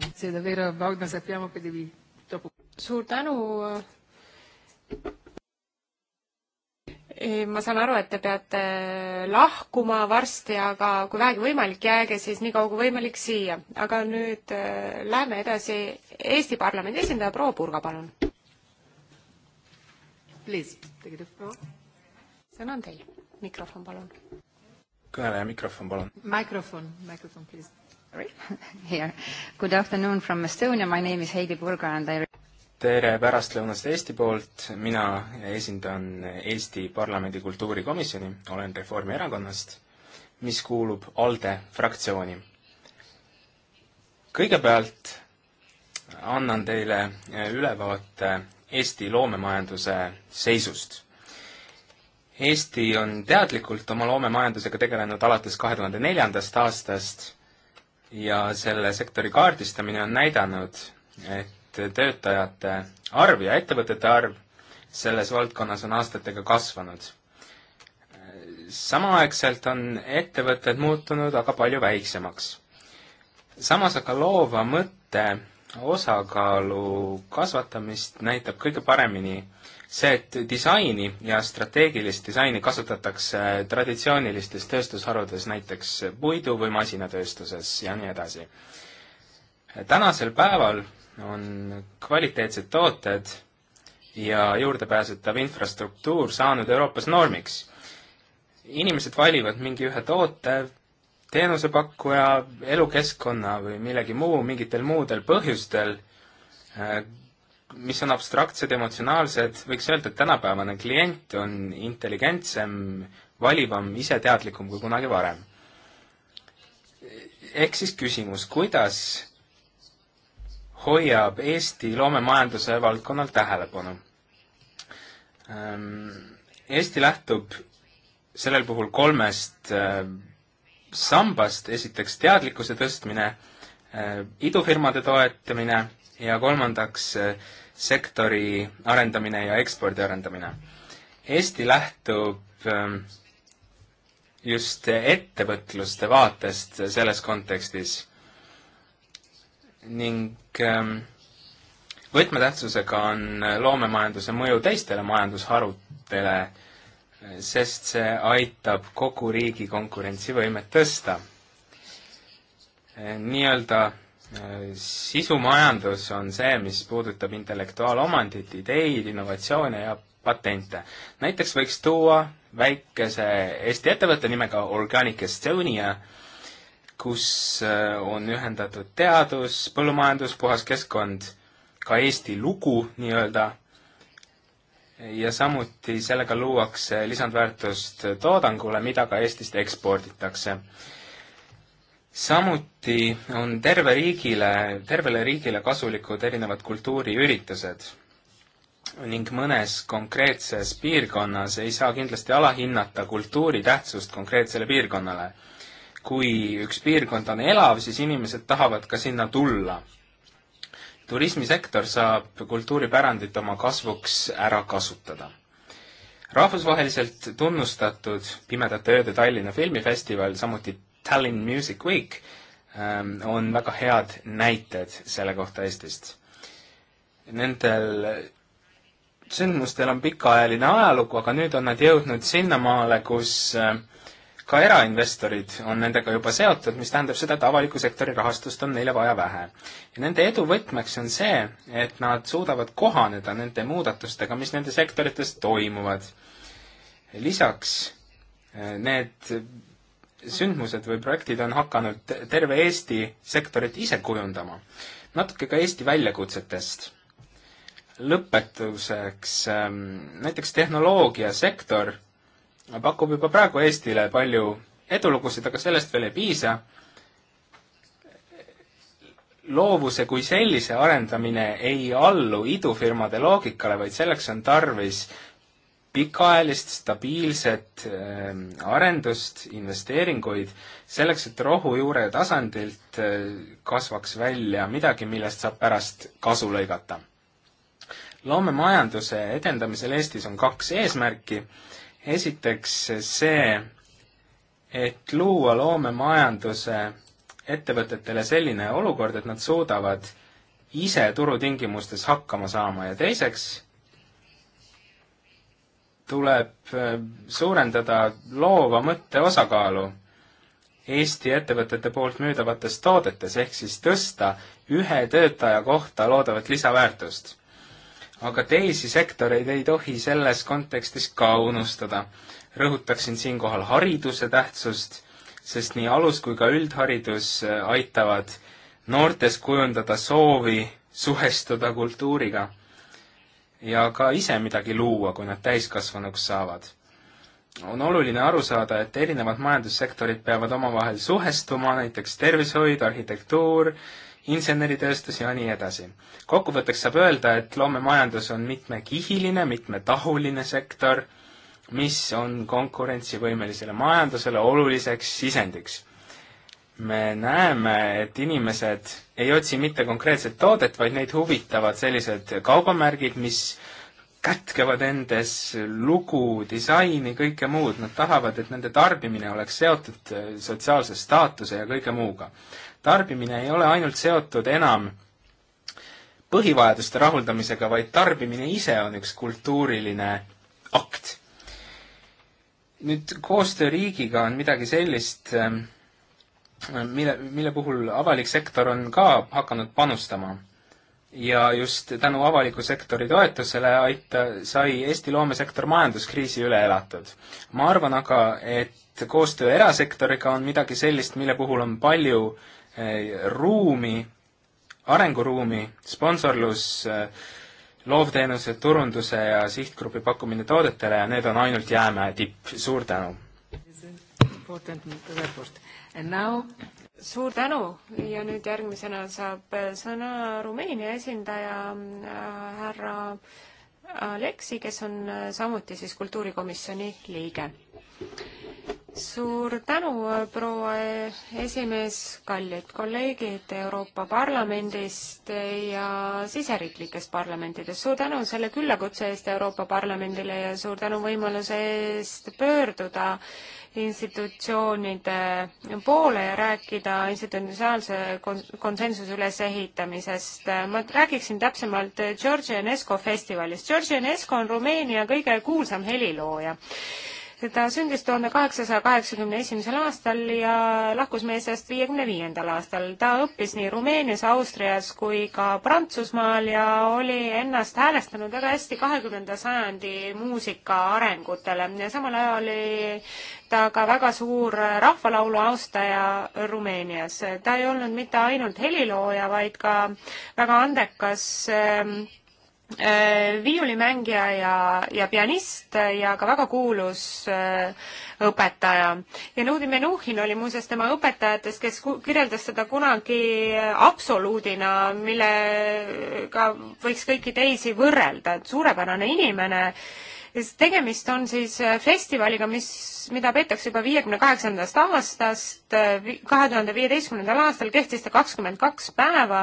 suur tänu ma saan aru, et te peate lahkuma varsti, aga kui vähegi võimalik, jääge siis nii kaua kui võimalik siia. aga nüüd äh, läheme edasi. Eesti Parlamendi esindaja proua Purga, palun. sõna on teil. mikrofon, palun. kõneleja mikrofon, palun. mikrofon, mikrofon, please. Here. Good afternoon from Estonia, my name is Heidi Purga and I tere pärastlõunast Eesti poolt, mina esindan Eesti Parlamendi kultuurikomisjoni, olen Reformierakonnast, mis kuulub ALDE fraktsiooni. kõigepealt annan teile ülevaate Eesti loomemajanduse seisust. Eesti on teadlikult oma loomemajandusega tegelenud alates kahe tuhande neljandast aastast ja selle sektori kaardistamine on näidanud, et et töötajate arv ja ettevõtete arv selles valdkonnas on aastatega kasvanud. samaaegselt on ettevõtted muutunud aga palju väiksemaks. samas aga loova mõtte osakaalu kasvatamist näitab kõige paremini see, et disaini ja strateegilist disaini kasutatakse traditsioonilistes tööstusharudes, näiteks puidu- või masinatööstuses ja nii edasi. tänasel päeval on kvaliteetsed tooted ja juurdepääsetav infrastruktuur saanud Euroopas normiks. inimesed valivad mingi ühe toote, teenusepakkuja, elukeskkonna või millegi muu, mingitel muudel põhjustel, äh, mis on abstraktsed, emotsionaalsed, võiks öelda, et tänapäevane klient on intelligentsem, valivam, iseteadlikum kui kunagi varem. ehk siis küsimus, kuidas hoiab Eesti loomemajanduse valdkonnal tähelepanu. Ehm, Eesti lähtub sellel puhul kolmest ehm, sambast, esiteks teadlikkuse tõstmine, ehm, idufirmade toetamine ja kolmandaks sektori arendamine ja ekspordi arendamine. Eesti lähtub just ettevõtluste vaatest selles kontekstis ning ähm, võtmetähtsusega on äh, loomemajanduse mõju teistele majandusharudele, äh, sest see aitab kogu riigi konkurentsivõimet tõsta. Äh, nii-öelda sisumajandus on see, mis puudutab intellektuaalomandit, ideid, innovatsioone ja patente. näiteks võiks tuua väikese Eesti ettevõtte nimega Organic Estonia, kus äh, on ühendatud teadus, põllumajandus, puhas keskkond, ka Eesti lugu nii-öelda, ja samuti sellega luuakse lisandväärtust toodangule, mida ka Eestist eksporditakse. samuti on terve riigile, tervele riigile kasulikud erinevad kultuuriüritused ning mõnes konkreetses piirkonnas ei saa kindlasti alahinnata kultuuri tähtsust konkreetsele piirkonnale kui üks piirkond on elav, siis inimesed tahavad ka sinna tulla. turismisektor saab kultuuripärandit oma kasvuks ära kasutada. rahvusvaheliselt tunnustatud Pimedate ööde Tallinna filmifestival, samuti Tallinn Music Week ähm, on väga head näited selle kohta Eestist. Nendel sündmustel on pikaajaline ajalugu, aga nüüd on nad jõudnud sinnamaale, kus äh, ka erainvestorid on nendega juba seotud, mis tähendab seda, et avaliku sektori rahastust on neile vaja vähe. ja nende edu võtmeks on see, et nad suudavad kohaneda nende muudatustega, mis nende sektorites toimuvad. lisaks eh, need sündmused või projektid on hakanud terve Eesti sektorit ise kujundama. natuke ka Eesti väljakutsetest. lõpetuseks, ehm, näiteks tehnoloogiasektor pakub juba praegu Eestile palju edulugusid, aga sellest veel ei piisa. loovuse kui sellise arendamine ei allu idufirmade loogikale, vaid selleks on tarvis pikaajalist stabiilset äh, arendust, investeeringuid, selleks, et rohujuure tasandilt äh, kasvaks välja midagi, millest saab pärast kasu lõigata. loomemajanduse edendamisel Eestis on kaks eesmärki äh, esiteks see, et luua loomemajanduse ettevõtetele selline olukord, et nad suudavad ise turutingimustes hakkama saama ja teiseks tuleb äh, suurendada loova mõtte osakaalu Eesti ettevõtete poolt müüdavates toodetes, ehk siis tõsta ühe töötaja kohta loodavat lisaväärtust aga teisi sektoreid ei tohi selles kontekstis ka unustada. rõhutaksin siinkohal hariduse tähtsust, sest nii alus- kui ka üldharidus äh, aitavad noortes kujundada soovi suhestuda kultuuriga ja ka ise midagi luua, kui nad täiskasvanuks saavad. on oluline aru saada, et erinevad majandussektorid peavad omavahel suhestuma, näiteks tervishoid, arhitektuur, inseneritööstus ja nii edasi. kokkuvõtteks saab öelda, et loomemajandus on mitmekihiline, mitmetahuline sektor, mis on konkurentsivõimelisele majandusele oluliseks sisendiks. me näeme, et inimesed ei otsi mitte konkreetset toodet, vaid neid huvitavad sellised kaubamärgid, mis kätkevad endas lugu, disaini, kõike muud, nad tahavad, et nende tarbimine oleks seotud sotsiaalse staatuse ja kõige muuga tarbimine ei ole ainult seotud enam põhivajaduste rahuldamisega, vaid tarbimine ise on üks kultuuriline akt. nüüd koostöö riigiga on midagi sellist, ähm, mille, mille puhul avalik sektor on ka hakanud panustama. ja just tänu avaliku sektori toetusele aita-, sai Eesti loomesektor majanduskriisi üle elatud. ma arvan aga, et koostöö erasektoriga on midagi sellist, mille puhul on palju ruumi, arenguruumi, sponsorlus, äh, loovteenused, turunduse ja sihtgrupi pakkumine toodetele ja need on ainult jäämäe tipp, suur tänu! Now... suur tänu ja nüüd järgmisena saab äh, sõna Rumeenia esindaja äh, härra Aleksi, kes on samuti siis kultuurikomisjoni liige suur tänu, proua esimees, kallid kolleegid Euroopa Parlamendist ja siseriiklikest parlamentidest. suur tänu selle küllakutse eest Euroopa Parlamendile ja suur tänu võimaluse eest pöörduda institutsioonide poole ja rääkida institutsionaalse konsensuse ülesehitamisest. ma räägiksin täpsemalt George Enesco festivalist. George Enesco on Rumeenia kõige kuulsam helilooja ta sündis tuhande kaheksasaja kaheksakümne esimesel aastal ja lahkus meie seast viiekümne viiendal aastal. ta õppis nii Rumeenias, Austrias kui ka Prantsusmaal ja oli ennast häälestanud väga hästi kahekümnenda sajandi muusika arengutele ja samal ajal oli ta ka väga suur rahvalaulu austaja Rumeenias. ta ei olnud mitte ainult helilooja, vaid ka väga andekas äh, Äh, viiulimängija ja, ja pianist ja ka väga kuulus äh, õpetaja. ja Nudi Menuhin oli muuseas tema õpetajatest, kes kirjeldas seda kunagi äh, absoluudina, millega võiks kõiki teisi võrrelda, et suurepärane inimene sest tegemist on siis äh, festivaliga, mis, mida peetakse juba viiekümne kaheksandast aastast, äh, kahe tuhande viieteistkümnendal aastal kehtis ta kakskümmend kaks päeva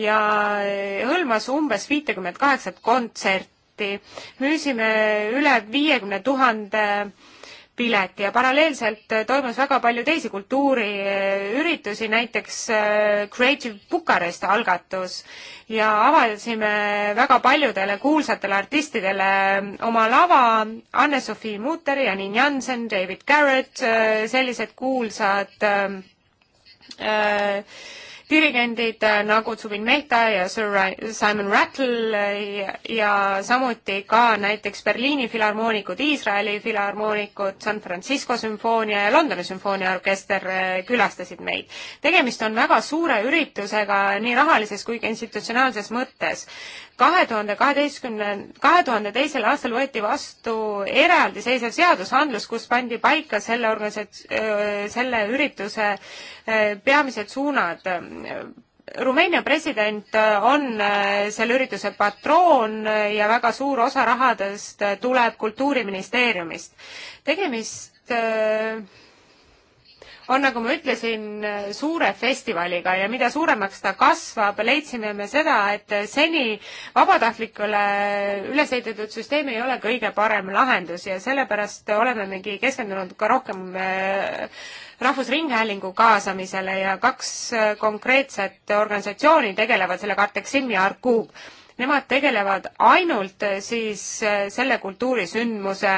ja äh, hõlmas umbes viitekümmet kaheksat kontserti. müüsime üle viiekümne tuhande 000 pileti ja paralleelselt äh, toimus väga palju teisi kultuuriüritusi, näiteks äh, Creative Bucharest algatus ja avaldasime väga paljudele kuulsatele artistidele äh, oma lava, Anne-Sophie Mutter, Janine Jansen, David Garrett, sellised kuulsad äh, dirigendid äh, nagu Zubin Mehta ja Sir Simon Rattle ja, ja samuti ka näiteks Berliini filharmoonikud, Iisraeli filharmoonikud, San Francisco sümfoonia ja Londoni sümfooniaorkester äh, külastasid meid. tegemist on väga suure üritusega nii rahalises kui ka institutsionaalses mõttes kahe tuhande kaheteistkümne, kahe tuhande teisel aastal võeti vastu eraldiseisev seadusandlus, kus pandi paika selle organisats-, äh, selle ürituse Eh, peamised suunad. Rumeenia president eh, on eh, selle ürituse patroon ja väga suur osa rahadest tuleb Kultuuriministeeriumist. tegemist on, nagu ma ütlesin, suure festivaliga ja mida suuremaks ta kasvab, leidsime me seda, et seni vabatahtlikule üles ehitatud süsteem ei ole kõige parem lahendus ja sellepärast olemegi keskendunud ka rohkem äh, Rahvusringhäälingu kaasamisele ja kaks äh, konkreetset organisatsiooni tegelevad sellega, Artexim ja Arcub. Nemad tegelevad ainult äh, siis selle kultuurisündmuse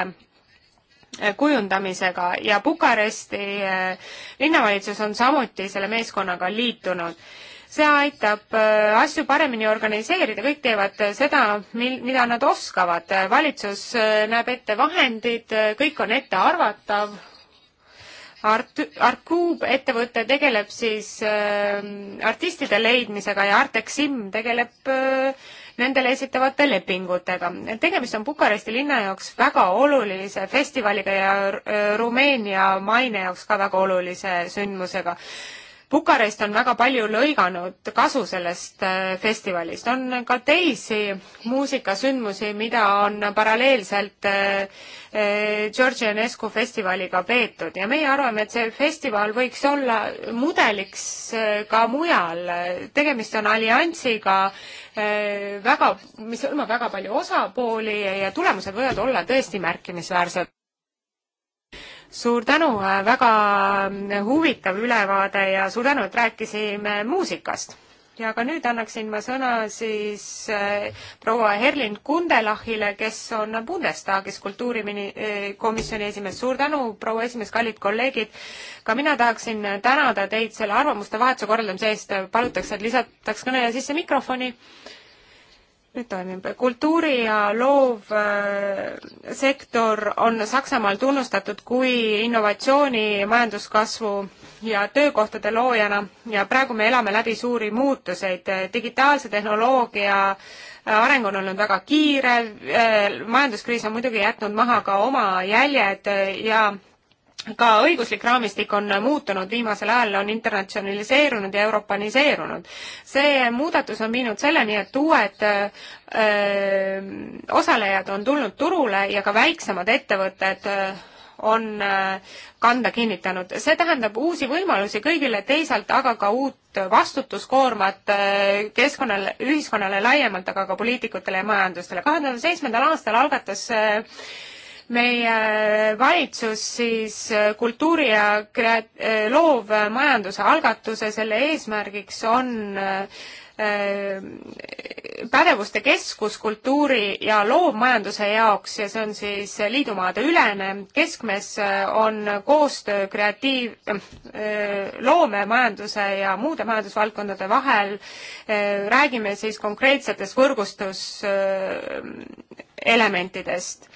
Äh, kujundamisega ja Bukaresti äh, linnavalitsus on samuti selle meeskonnaga liitunud. see aitab äh, asju paremini organiseerida, kõik teevad seda, mil-, mida nad oskavad, valitsus näeb ette vahendid, kõik on ettearvatav, Art-, Artcube ettevõte tegeleb siis äh, artistide leidmisega ja Artexim tegeleb äh, nendele esitavate lepingutega. tegemist on Bukaresti linna jaoks väga olulise festivaliga ja Rumeenia maine jaoks ka väga olulise sündmusega Bukarest on väga palju lõiganud kasu sellest äh, festivalist. on ka teisi muusikasündmusi, mida on paralleelselt äh, äh, George Enescu festivaliga peetud ja meie arvame, et see festival võiks olla mudeliks ka mujal. tegemist on alliansiga väga, mis hõlmab väga palju osapooli ja tulemused võivad olla tõesti märkimisväärsed suur tänu, äh, väga äh, huvitav ülevaade ja suur tänu, et rääkisime muusikast. ja ka nüüd annaksin ma sõna siis äh, proua Herlin Kundelachile, kes on Bundestagis kultuurikomisjoni esimees. suur tänu, proua esimees, kallid kolleegid. ka mina tahaksin tänada teid selle arvamuste vahetuse korraldamise eest. palutakse, et lisataks kõneleja sisse mikrofoni nüüd toimib. kultuuri- ja loovsektor äh, on Saksamaal tunnustatud kui innovatsiooni, majanduskasvu ja töökohtade loojana ja praegu me elame läbi suuri muutuseid. digitaalse tehnoloogia äh, areng on olnud väga kiire, äh, majanduskriis on muidugi jätnud maha ka oma jäljed ja ka õiguslik raamistik on muutunud viimasel ajal, on internatsionaliseerunud ja europaniseerunud. see muudatus on viinud selleni, et uued öö, osalejad on tulnud turule ja ka väiksemad ettevõtted öö, on kanda kinnitanud. see tähendab uusi võimalusi kõigile, teisalt aga ka uut vastutuskoormat keskkonnale, ühiskonnale laiemalt, aga ka poliitikutele ja majandustele. kahe tuhande seitsmendal aastal algatas öö, meie valitsus siis äh, kultuuri ja krea-, äh, loovmajanduse algatuse, selle eesmärgiks on äh, pädevuste keskus kultuuri ja loovmajanduse jaoks ja see on siis liidumaade ülene. keskmes on koostöö kreatiiv, loomemajanduse ja muude majandusvaldkondade vahel. räägime siis konkreetsetest võrgustuselementidest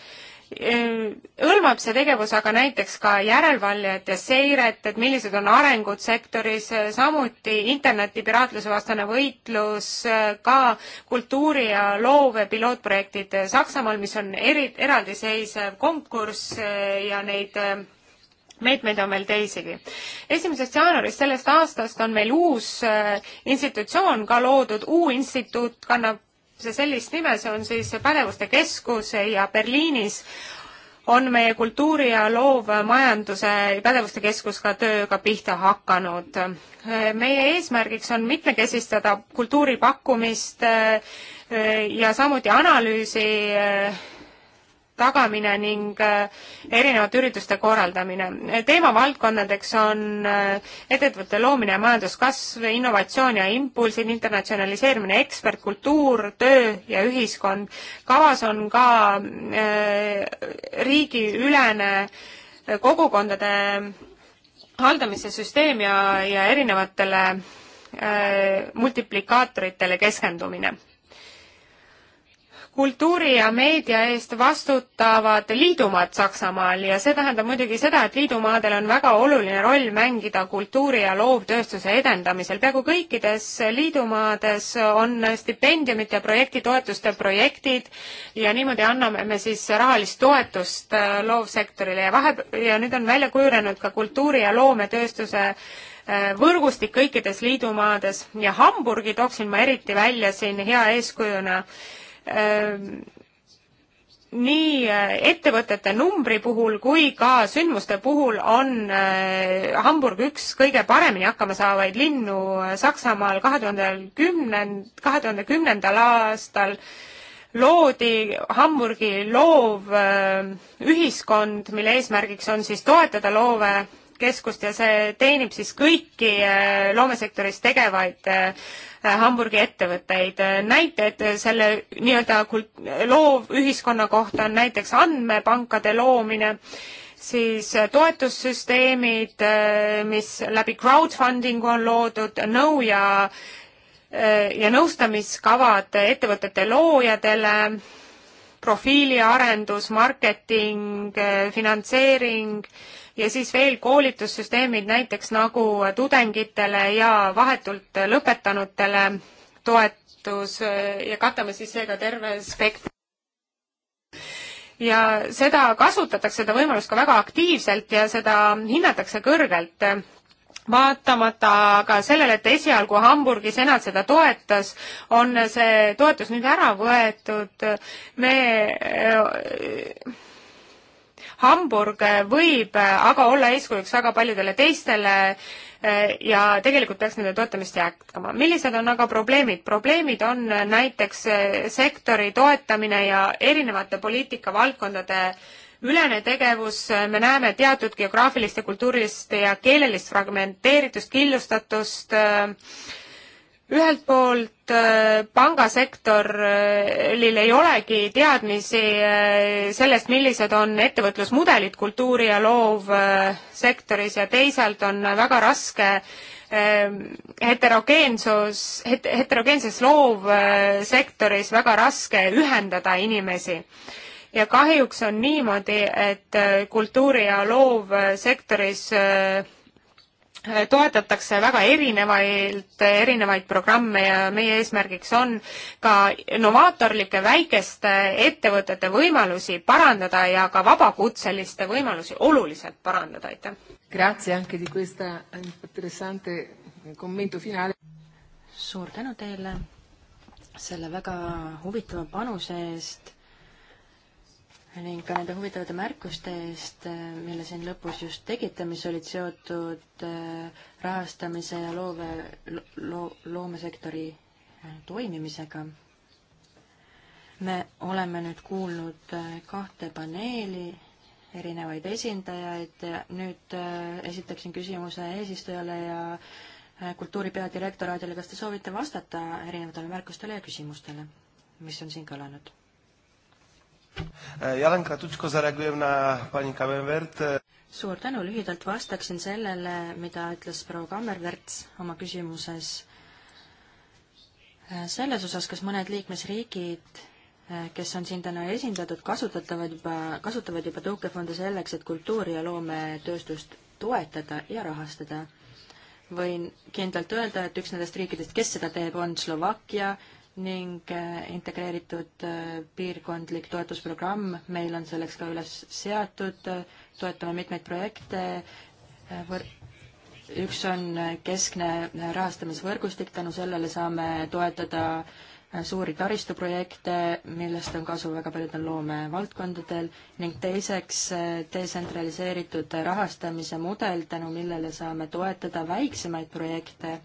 Äh, hõlmab see tegevus aga näiteks ka järelevalvet ja seiret, et millised on arengud sektoris, äh, samuti interneti piraatluse vastane võitlus, äh, ka kultuuri ja loove pilootprojektid Saksamaal, mis on eri, eraldiseisev konkurss ja neid meetmeid on veel teisigi. esimesest jaanuarist sellest aastast on meil uus institutsioon ka loodud, U-instituut kannab sellist nime, see on siis Pädevuste Keskus ja Berliinis on meie kultuuri ja loovmajanduse pädevuste keskus ka tööga pihta hakanud. meie eesmärgiks on mitmekesistada kultuuri pakkumist eh, ja samuti analüüsi eh, tagamine ning äh, erinevate ürituste korraldamine. teemavaldkondadeks on äh, ettevõtte loomine ja majanduskasv, innovatsioon ja impulsid, internatsionaliseerimine, ekspert, kultuur, töö ja ühiskond. kavas on ka äh, riigiülene kogukondade haldamise süsteem ja, ja erinevatele multiplikaatoritele keskendumine kultuuri ja meedia eest vastutavad liidumaad Saksamaal ja see tähendab muidugi seda, et liidumaadel on väga oluline roll mängida kultuuri ja loovtööstuse edendamisel. peaaegu kõikides liidumaades on stipendiumite ja projektitoetuste projektid ja niimoodi anname me siis rahalist toetust äh, loovsektorile ja vahe, ja nüüd on välja kujunenud ka kultuuri ja loometööstuse äh, võrgustik kõikides liidumaades ja Hamburgi tooksin ma eriti välja siin hea eeskujuna Ehm, nii äh, ettevõtete numbri puhul kui ka sündmuste puhul on äh, Hamburg üks kõige paremini hakkama saavaid linnu äh, Saksamaal kahe tuhande kümnend-, kahe tuhande kümnendal aastal loodi Hamburgi loov ühiskond, mille eesmärgiks on siis toetada loovekeskust ja see teenib siis kõiki loomesektoris tegevaid Hamburgi ettevõtteid. näited selle nii-öelda kult-, loovühiskonna kohta on näiteks andmepankade loomine, siis toetussüsteemid, mis läbi crowdfunding'u on loodud, nõu ja ja nõustamiskavad ettevõtete loojadele, profiiliarendus, marketing, finantseering, ja siis veel koolitussüsteemid näiteks nagu tudengitele ja vahetult lõpetanutele toetus eh, ja katame siis seega terve spektri ja seda kasutatakse, seda võimalust ka väga aktiivselt ja seda hinnatakse kõrgelt. vaatamata ka sellele, et esialgu Hamburgi senat seda toetas, on see toetus nüüd ära võetud. me eh, Hamburg võib äh, aga olla eeskujuks väga paljudele teistele äh, ja tegelikult peaks nende toetamist jätkama. millised on aga probleemid? probleemid on äh, näiteks sektori toetamine ja erinevate poliitikavaldkondade ülene tegevus, me näeme teatud geograafilist ja kultuurilist ja keelelist fragmenteeritust, killustatust äh,, ühelt poolt äh, pangasektoril ei olegi teadmisi äh, sellest, millised on ettevõtlusmudelid kultuuri- ja loovsektoris äh, ja teisalt on väga raske heterogeensus, heterogeenses loovsektoris väga raske ühendada inimesi. ja kahjuks on niimoodi, et kultuuri- ja loovsektoris toetatakse väga erinevaid, erinevaid programme ja meie eesmärgiks on ka novaatorlike väikeste ettevõtete võimalusi parandada ja ka vabakutseliste võimalusi oluliselt parandada, aitäh! suur tänu teile selle väga huvitava panuse eest ning ka nende huvitavate märkuste eest, eh, mille siin lõpus just tegite, mis olid seotud eh, rahastamise ja loove lo,, lo, loomesektori eh, toimimisega. me oleme nüüd kuulnud kahte paneeli, erinevaid esindajaid ja nüüd esitaksin küsimuse eesistujale ja kultuuri peadirektoraadile, kas te soovite vastata erinevatele märkustele ja küsimustele, mis on siin kõlanud? Eh, Jelen Katutško, sa reageerid pani Kammerwert. suur tänu, lühidalt vastaksin sellele, mida ütles proua Kammerwert oma küsimuses. Eh, selles osas, kas mõned liikmesriigid, eh, kes on siin täna esindatud, kasutatavad juba, kasutavad juba tõukefonde selleks, et kultuuri ja loometööstust toetada ja rahastada võin kindlalt öelda, et üks nendest riikidest, kes seda teeb, on Slovakkia, ning äh, integreeritud äh, piirkondlik toetusprogramm, meil on selleks ka üles seatud, äh, toetame mitmeid projekte, üks on keskne rahastamisvõrgustik, tänu sellele saame toetada suuri taristuprojekte, millest on kasu väga paljudel loomevaldkondadel, ning teiseks detsentraliseeritud rahastamise mudel, tänu millele saame toetada väiksemaid projekte,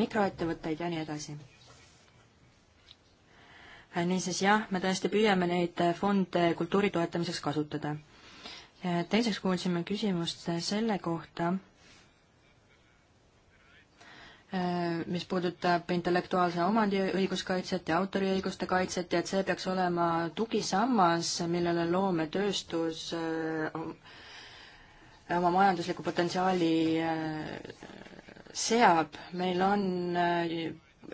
mikroettevõtteid ja nii edasi Äh, niisiis jah, me tõesti püüame neid äh, fonde kultuuri toetamiseks kasutada. teiseks kuulsime küsimust äh, selle kohta, mis puudutab intellektuaalse omandiõiguse kaitset ja autoriõiguste kaitset ja et see peaks olema tugisammas, millele loometööstus oma majandusliku potentsiaali seab. meil on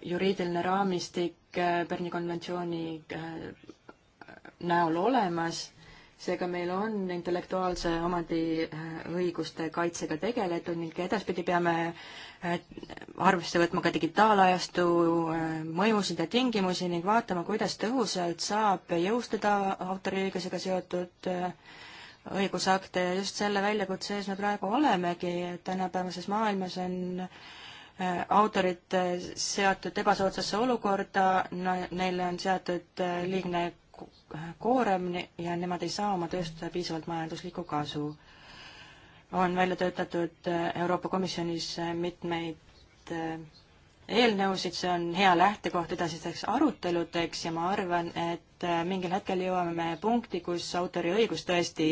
juriidiline raamistik äh, Berni konventsiooni äh, näol olemas, seega meil on intellektuaalse omandi äh, õiguste kaitsega tegeletud ning edaspidi peame arvesse võtma ka digitaalajastu mõjusid ja tingimusi ning vaatama, kuidas tõhusalt saab jõustada autoriõigusega seotud õigusakte ja just selle väljakutse ees me praegu olemegi, et tänapäevases maailmas on Äh, autorid äh, seatud ebasoodsasse olukorda, neile on seatud äh, liigne koorem ja nemad ei saa oma tööst piisavalt majanduslikku kasu. on välja töötatud Euroopa Komisjonis mitmeid eelnõusid, see on hea lähtekoht edasisteks aruteludeks ja ma arvan, et mingil hetkel jõuame me punkti, kus autoriõigus tõesti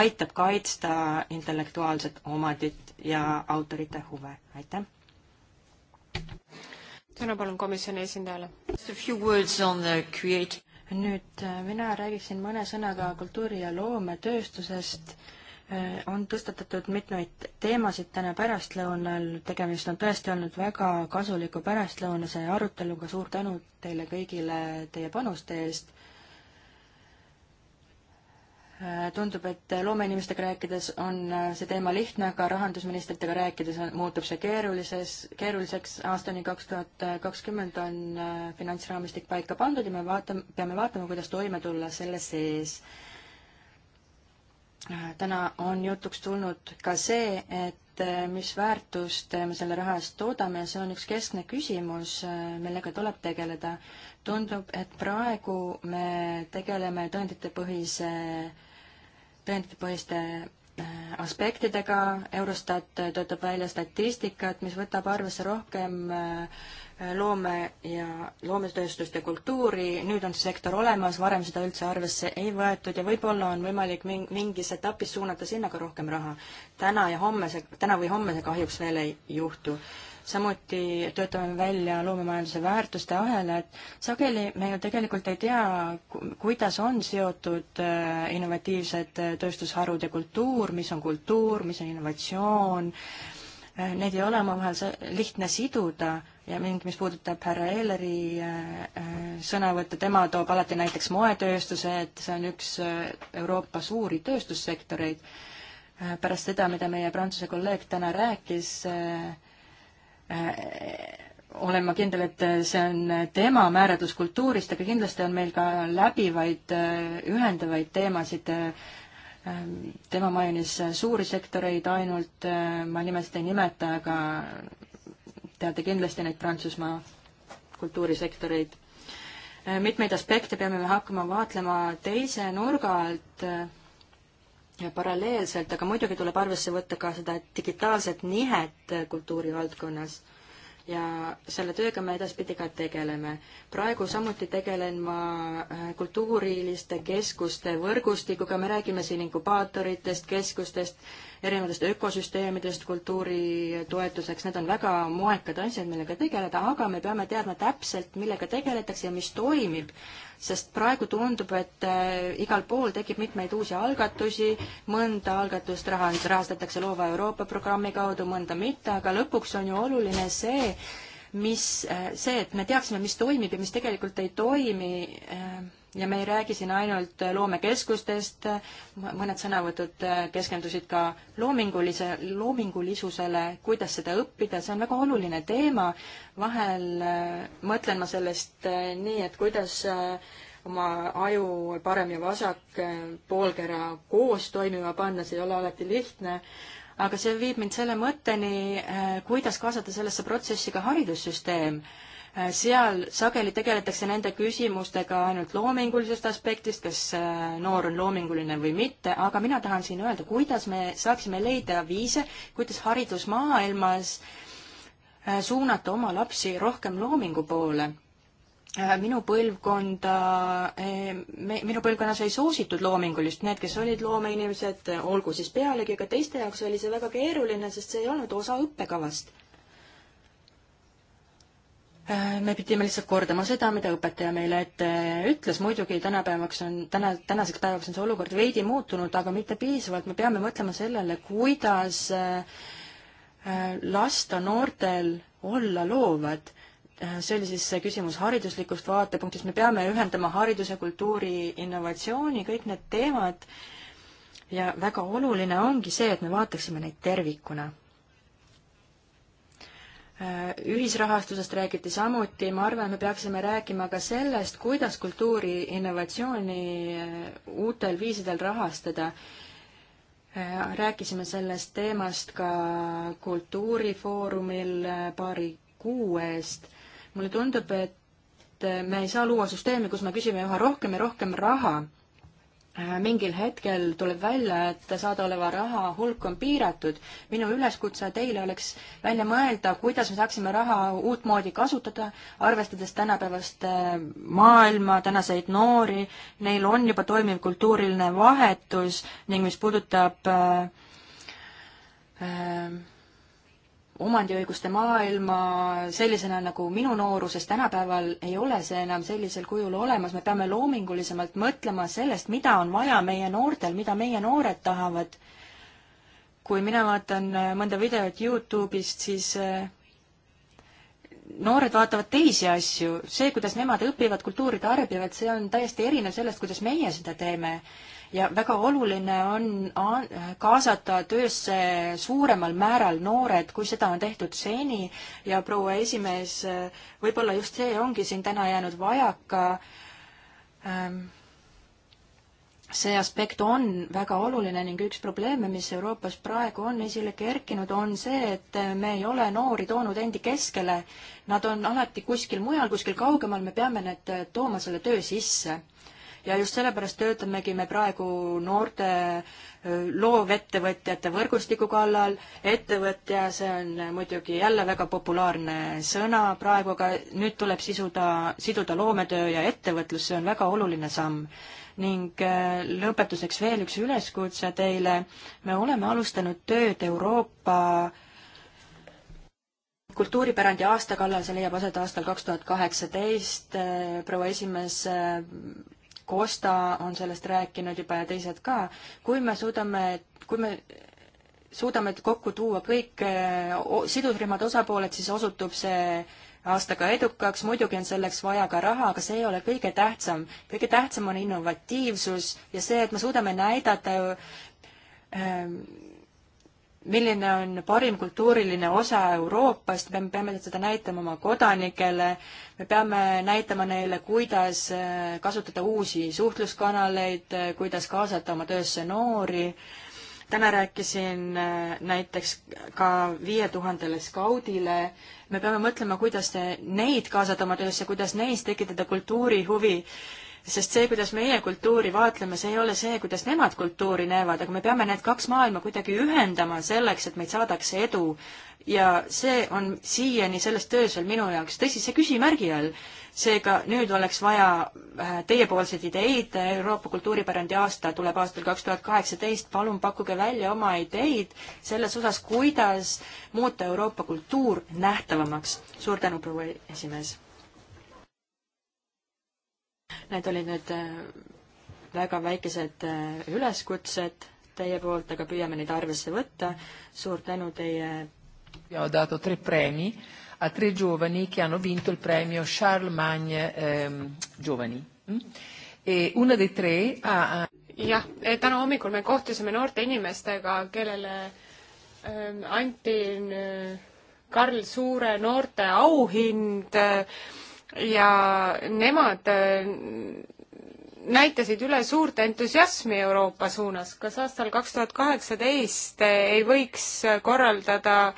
aitab kaitsta intellektuaalset omandit ja autorite huve, aitäh! sõna palun komisjoni esindajale. nüüd äh, mina räägiksin mõne sõnaga kultuuri- ja loometööstusest äh, on tõstatatud mitmeid teemasid täna pärastlõunal, tegemist on tõesti olnud väga kasuliku pärastlõunase aruteluga, suur tänu teile kõigile teie panuste eest. Äh, tundub, et loomeinimestega rääkides on äh, see teema lihtne, aga rahandusministritega rääkides on, muutub see keerulises, keeruliseks. aastani kaks tuhat kakskümmend on äh, finantsraamistik paika pandud ja me vaatame, peame vaatama, kuidas toime tulla selle sees. täna on jutuks tulnud ka see, et mis väärtust me selle raha eest toodame ja see on üks keskne küsimus, millega tuleb tegeleda. tundub, et praegu me tegeleme tõenditepõhise äh, tõenditepõhiste äh, aspektidega, Eurostat äh, töötab välja statistikat, mis võtab arvesse rohkem äh, loome- ja loometööstust ja kultuuri, nüüd on see sektor olemas, varem seda üldse arvesse ei võetud ja võib-olla on võimalik ming-, mingis etapis suunata sinna ka rohkem raha. täna ja homme see, täna või homme see kahjuks veel ei juhtu samuti töötame välja loomemajanduse väärtuste ahela, et sageli me ju tegelikult ei tea, kuidas on seotud äh, innovatiivsed äh, tööstusharud ja kultuur, mis on kultuur, mis on innovatsioon, äh, need ei ole omavahel lihtne siduda ja mind, mis puudutab härra Eeleri sõnavõttu, tema toob alati näiteks moetööstuse, et see on üks Euroopa suuri tööstussektoreid. pärast seda, mida meie Prantsuse kolleeg täna rääkis äh,, Äh, olen ma kindel, et see on tema määratlus kultuurist, aga kindlasti on meil ka läbivaid äh, ühendavaid teemasid. Äh, tema mainis suuri sektoreid ainult, ma nimesid ei nimeta, aga teate kindlasti neid Prantsusmaa kultuurisektoreid. mitmeid aspekte peame me hakkama vaatlema teise nurga alt paralleelselt, aga muidugi tuleb arvesse võtta ka seda digitaalset nihet kultuurivaldkonnas ja selle tööga me edaspidi ka tegeleme. praegu samuti tegelen ma äh, kultuuriliste keskuste võrgustikuga, me räägime siin inkubaatoritest, keskustest, erinevatest ökosüsteemidest kultuuri toetuseks, need on väga moekad asjad, millega tegeleda, aga me peame teadma täpselt, millega tegeletakse ja mis toimib. sest praegu tundub, et äh, igal pool tekib mitmeid uusi algatusi, mõnda algatust rahastatakse Loova Euroopa programmi kaudu, mõnda mitte, aga lõpuks on ju oluline see, mis, äh, see, et me teaksime, mis toimib ja mis tegelikult ei toimi äh, ja me ei räägi siin ainult loomekeskustest, mõned sõnavõtud äh, keskendusid ka loomingulise, loomingulisusele, kuidas seda õppida, see on väga oluline teema. vahel äh, mõtlen ma sellest äh, nii, et kuidas oma aju parem ja vasak poolkera koos toimima panna, see ei ole alati lihtne, aga see viib mind selle mõtteni, kuidas kaasata sellesse protsessi ka haridussüsteem Äh, seal sageli tegeletakse nende küsimustega ainult loomingulisest aspektist, kas äh, noor on loominguline või mitte, aga mina tahan siin öelda, kuidas me saaksime leida viise, kuidas haridusmaailmas äh, suunata oma lapsi rohkem loomingu poole minu põlvkonda, me, minu põlvkonnas ei soositud loomingulist, need, kes olid loomeinimesed, olgu siis pealegi, aga teiste jaoks oli see väga keeruline, sest see ei olnud osa õppekavast. Äh, me pidime lihtsalt kordama seda, mida õpetaja meile ette ütles, muidugi tänapäevaks on, täna, tänaseks päevaks on see olukord veidi muutunud, aga mitte piisavalt, me peame mõtlema sellele, kuidas äh, lasta noortel olla loovad. Äh, see oli siis see küsimus hariduslikust vaatepunktist, me peame ühendama hariduse, kultuuri, innovatsiooni, kõik need teemad ja väga oluline ongi see, et me vaataksime neid tervikuna Äh, ühisrahastusest räägiti samuti, ma arvan, me peaksime rääkima ka sellest, kuidas kultuuri innovatsiooni äh, uutel viisidel rahastada. Äh, rääkisime sellest teemast ka Kultuurifoorumil paari kuu eest. mulle tundub, et me ei saa luua süsteemi, kus me küsime üha rohkem ja rohkem raha Äh, mingil hetkel tuleb välja, et saadaoleva raha hulk on piiratud. minu üleskutse teile oleks välja mõelda, kuidas me saaksime raha uutmoodi kasutada, arvestades tänapäevast äh, maailma, tänaseid noori, neil on juba toimiv kultuuriline vahetus ning mis puudutab äh, äh, omandiõiguste maailma sellisena, nagu minu nooruses tänapäeval ei ole see enam sellisel kujul olemas, me peame loomingulisemalt mõtlema sellest, mida on vaja meie noortel, mida meie noored tahavad. kui mina vaatan äh, mõnda videot Youtube'ist, siis äh, noored vaatavad teisi asju, see, kuidas nemad õpivad, kultuuri tarbivad, see on täiesti erinev sellest, kuidas meie seda teeme ja väga oluline on kaasata töösse suuremal määral noored, kui seda on tehtud seni ja proua esimees, võib-olla just see ongi siin täna jäänud vajaka ähm, see aspekt on väga oluline ning üks probleeme, mis Euroopas praegu on esile kerkinud, on see, et me ei ole noori toonud endi keskele. Nad on alati kuskil mujal, kuskil kaugemal, me peame need äh, tooma selle töö sisse ja just sellepärast töötamegi me praegu noorte loovettevõtjate võrgustiku kallal. ettevõtja, see on muidugi jälle väga populaarne sõna praegu, aga nüüd tuleb sisuda, siduda loometöö ja ettevõtlus, see on väga oluline samm ning lõpetuseks veel üks üleskutse teile. me oleme alustanud tööd Euroopa kultuuripärandi aasta kallal, see leiab aset aastal kaks tuhat kaheksateist. proua esimees Costa on sellest rääkinud juba ja teised ka, kui me suudame, kui me suudame kokku tuua kõik eh, sidusrühmad, osapooled, siis osutub see aastaga edukaks, muidugi on selleks vaja ka raha, aga see ei ole kõige tähtsam. kõige tähtsam on innovatiivsus ja see, et me suudame näidata ähm, milline on parim kultuuriline osa Euroopast, me peame seda näitama oma kodanikele, me peame näitama neile, kuidas äh, kasutada uusi suhtluskanaleid, äh, kuidas kaasata oma töösse noori. täna rääkisin äh, näiteks ka viie tuhandele skaudile, me peame mõtlema, kuidas neid kaasata oma töösse, kuidas neis tekitada kultuurihuvi sest see, kuidas meie kultuuri vaatleme, see ei ole see, kuidas nemad kultuuri näevad, aga me peame need kaks maailma kuidagi ühendama selleks, et meid saadakse edu. ja see on siiani selles töös veel minu jaoks tõsise küsimärgi all. seega nüüd oleks vaja äh, teiepoolseid ideid, Euroopa kultuuripärandi aasta tuleb aastal kaks tuhat kaheksateist, palun pakkuge välja oma ideid selles osas, kuidas muuta Euroopa kultuur nähtavamaks. suur tänu, proua esimees! Need olid nüüd äh, väga väikesed äh, üleskutsed teie poolt, aga püüame neid arvesse võtta. suur tänu teie. ja dato tre premi a tre giovani che hanno vinto il premio Charlemagne ehm, Giovani mm?. E una dei tre ha... jah, e täna hommikul me kohtusime noorte inimestega, kellele ähm, anti Karl Suure noorte auhind äh, ja nemad äh, näitasid üle suurt entusiasmi Euroopa suunas. kas aastal kaks tuhat kaheksateist äh, ei võiks korraldada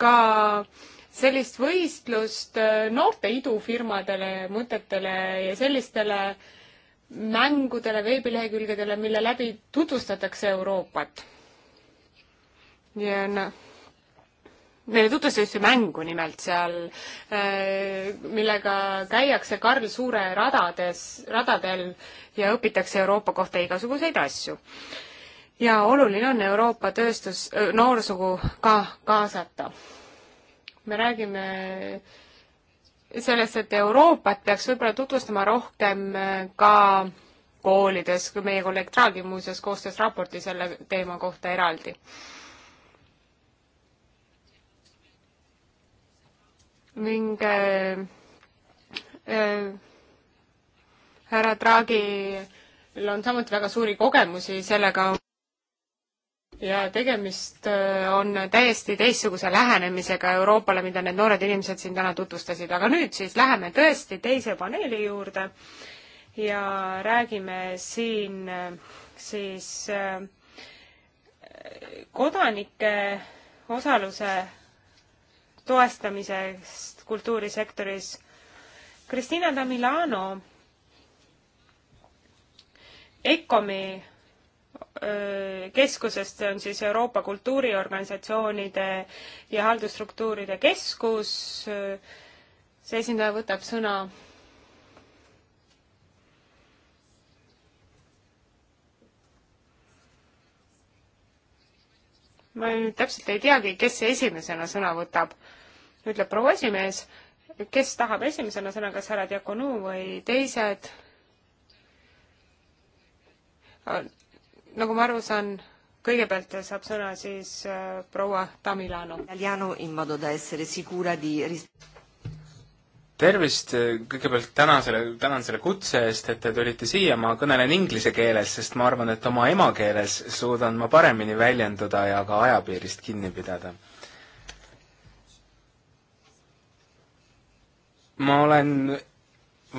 ka sellist võistlust äh, noorte idufirmadele, mõtetele ja sellistele mängudele, veebilehekülgedele, mille läbi tutvustatakse Euroopat? ja noh tutvustasite mängu nimelt seal, äh, millega käiakse Karl Suure radades, radadel ja õpitakse Euroopa kohta igasuguseid asju. ja oluline on Euroopa tööstus, äh, noorsugu ka kaasata. me räägime sellest, et Euroopat peaks võib-olla tutvustama rohkem äh, ka koolides, kui meie kolleeg Draagi muuseas koostas raporti selle teema kohta eraldi ning äh, äh, härra Draagil on samuti väga suuri kogemusi sellega ja tegemist äh, on täiesti teistsuguse lähenemisega Euroopale, mida need noored inimesed siin täna tutvustasid, aga nüüd siis läheme tõesti teise paneeli juurde ja räägime siin äh, siis äh, kodanike osaluse toestamisest kultuurisektoris. Kristina Damilano ECOMi keskusest, see on siis Euroopa Kultuuriorganisatsioonide ja Haldusstruktuuride Keskus. see esindaja võtab sõna. ma nüüd täpselt ei teagi, kes esimesena sõna võtab ütleb proua esimees, kes tahab esimesena sõna, kas härra Diakonu või teised? nagu ma aru saan, kõigepealt saab sõna siis äh, proua Tamilano. tervist, äh, kõigepealt tänan selle, tänan selle kutse eest, et te tulite siia, ma kõnelen inglise keeles, sest ma arvan, et oma emakeeles suudan ma paremini väljenduda ja ka ajapiirist kinni pidada ma olen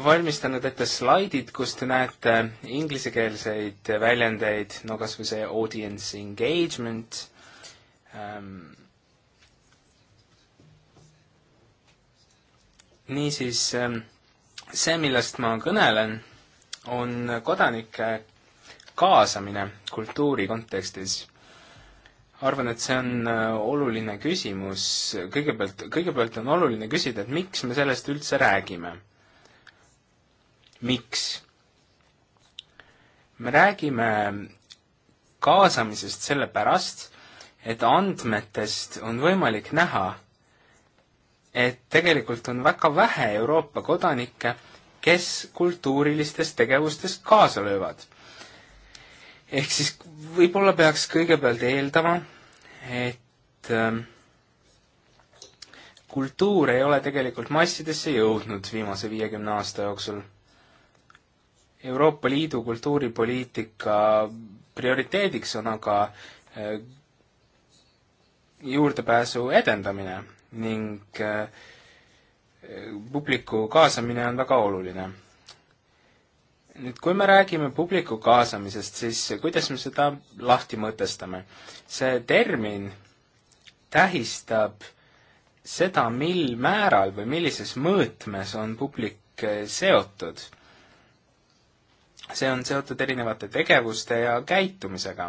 valmistanud ette slaidid, kus te näete inglisekeelseid väljendeid, no kas või see audience engagement ähm,. niisiis ähm,, see, millest ma kõnelen, on kodanike kaasamine kultuuri kontekstis arvan, et see on äh, oluline küsimus, kõigepealt, kõigepealt on oluline küsida, et miks me sellest üldse räägime. miks? me räägime kaasamisest sellepärast, et andmetest on võimalik näha, et tegelikult on väga vähe Euroopa kodanikke, kes kultuurilistes tegevustes kaasa löövad ehk siis võib-olla peaks kõigepealt eeldama, et ähm, kultuur ei ole tegelikult massidesse jõudnud viimase viiekümne aasta jooksul. Euroopa Liidu kultuuripoliitika prioriteediks on aga äh, juurdepääsu edendamine ning äh, publiku kaasamine on väga oluline nüüd, kui me räägime publiku kaasamisest, siis kuidas me seda lahti mõtestame? see termin tähistab seda, mil määral või millises mõõtmes on publik eh, seotud. see on seotud erinevate tegevuste ja käitumisega.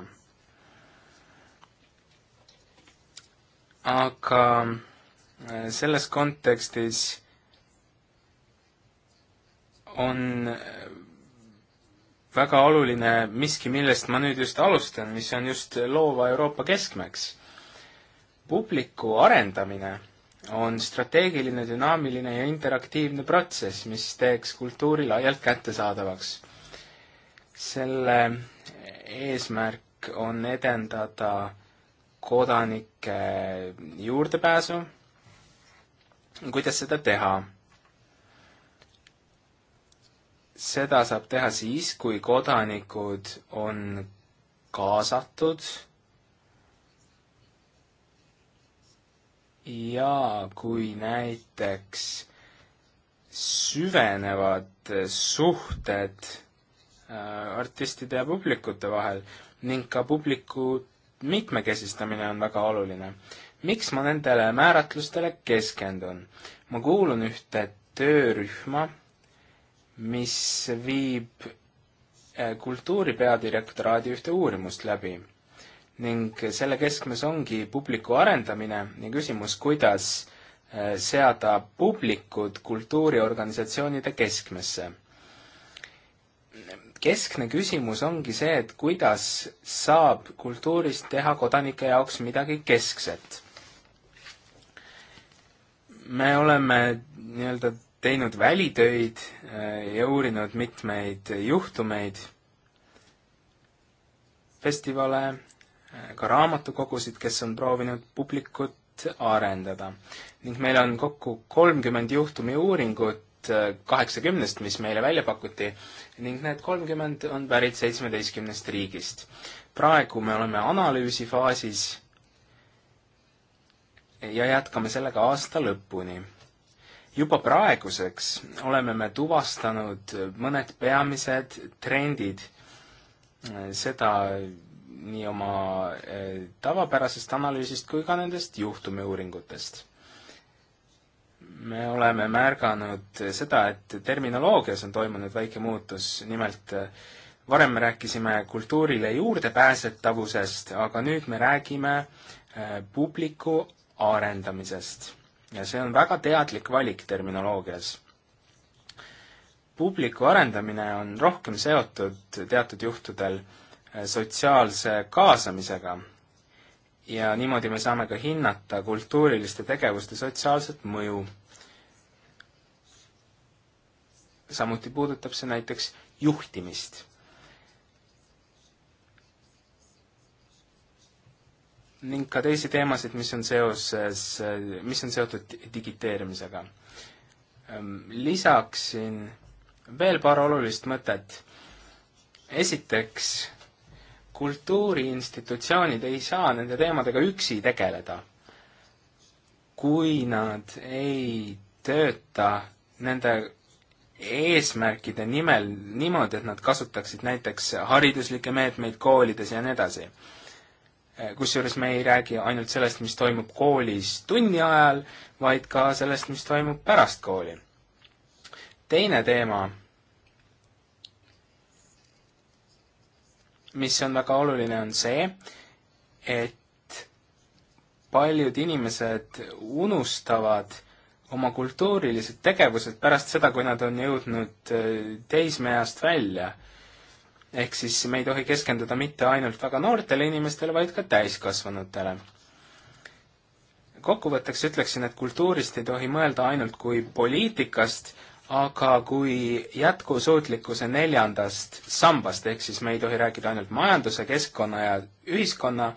aga eh, selles kontekstis on eh, väga oluline miski, millest ma nüüd just alustan, mis on just loova Euroopa keskmeks. publiku arendamine on strateegiline, dünaamiline ja interaktiivne protsess, mis teeks kultuuri laialt kättesaadavaks. selle eesmärk on edendada kodanike juurdepääsu, kuidas seda teha seda saab teha siis, kui kodanikud on kaasatud ja kui näiteks süvenevad suhted äh, artistide ja publikute vahel ning ka publiku mitmekesistamine on väga oluline. miks ma nendele määratlustele keskendun? ma kuulun ühte töörühma mis viib äh, kultuuri peadirektoraadi ühte uurimust läbi ning selle keskmes ongi publiku arendamine ja küsimus, kuidas äh, seada publikud kultuuriorganisatsioonide keskmesse. keskne küsimus ongi see, et kuidas saab kultuurist teha kodanike jaoks midagi keskset. me oleme nii-öelda teinud välitöid äh, ja uurinud mitmeid juhtumeid, festivale, äh, ka raamatukogusid, kes on proovinud publikut arendada. ning meil on kokku kolmkümmend juhtumi uuringut äh, kaheksakümnest, mis meile välja pakuti, ning need kolmkümmend on pärit seitsmeteistkümnest riigist. praegu me oleme analüüsi faasis ja jätkame sellega aasta lõpuni juba praeguseks oleme me tuvastanud mõned peamised trendid, seda nii oma eh, tavapärasest analüüsist kui ka nendest juhtumiuuringutest. me oleme märganud seda, et terminoloogias on toimunud väike muutus, nimelt varem me rääkisime kultuurile juurdepääsetavusest, aga nüüd me räägime eh, publiku arendamisest ja see on väga teadlik valik terminoloogias. publiku arendamine on rohkem seotud teatud juhtudel eh, sotsiaalse kaasamisega ja niimoodi me saame ka hinnata kultuuriliste tegevuste sotsiaalset mõju. samuti puudutab see näiteks juhtimist ning ka teisi teemasid, mis on seoses, mis on seotud digiteerimisega. Ehm, lisaksin veel paar olulist mõtet. esiteks, kultuuriinstitutsioonid ei saa nende teemadega üksi tegeleda, kui nad ei tööta nende eesmärkide nimel niimoodi, et nad kasutaksid näiteks hariduslikke meetmeid koolides ja nii edasi kusjuures me ei räägi ainult sellest, mis toimub koolis tunni ajal, vaid ka sellest, mis toimub pärast kooli. teine teema, mis on väga oluline, on see, et paljud inimesed unustavad oma kultuurilised tegevused pärast seda, kui nad on jõudnud äh, teismeeast välja ehk siis me ei tohi keskenduda mitte ainult väga noortele inimestele, vaid ka täiskasvanutele. kokkuvõtteks ütleksin, et kultuurist ei tohi mõelda ainult kui poliitikast, aga kui jätkusuutlikkuse neljandast sambast, ehk siis me ei tohi rääkida ainult majanduse, keskkonna ja ühiskonna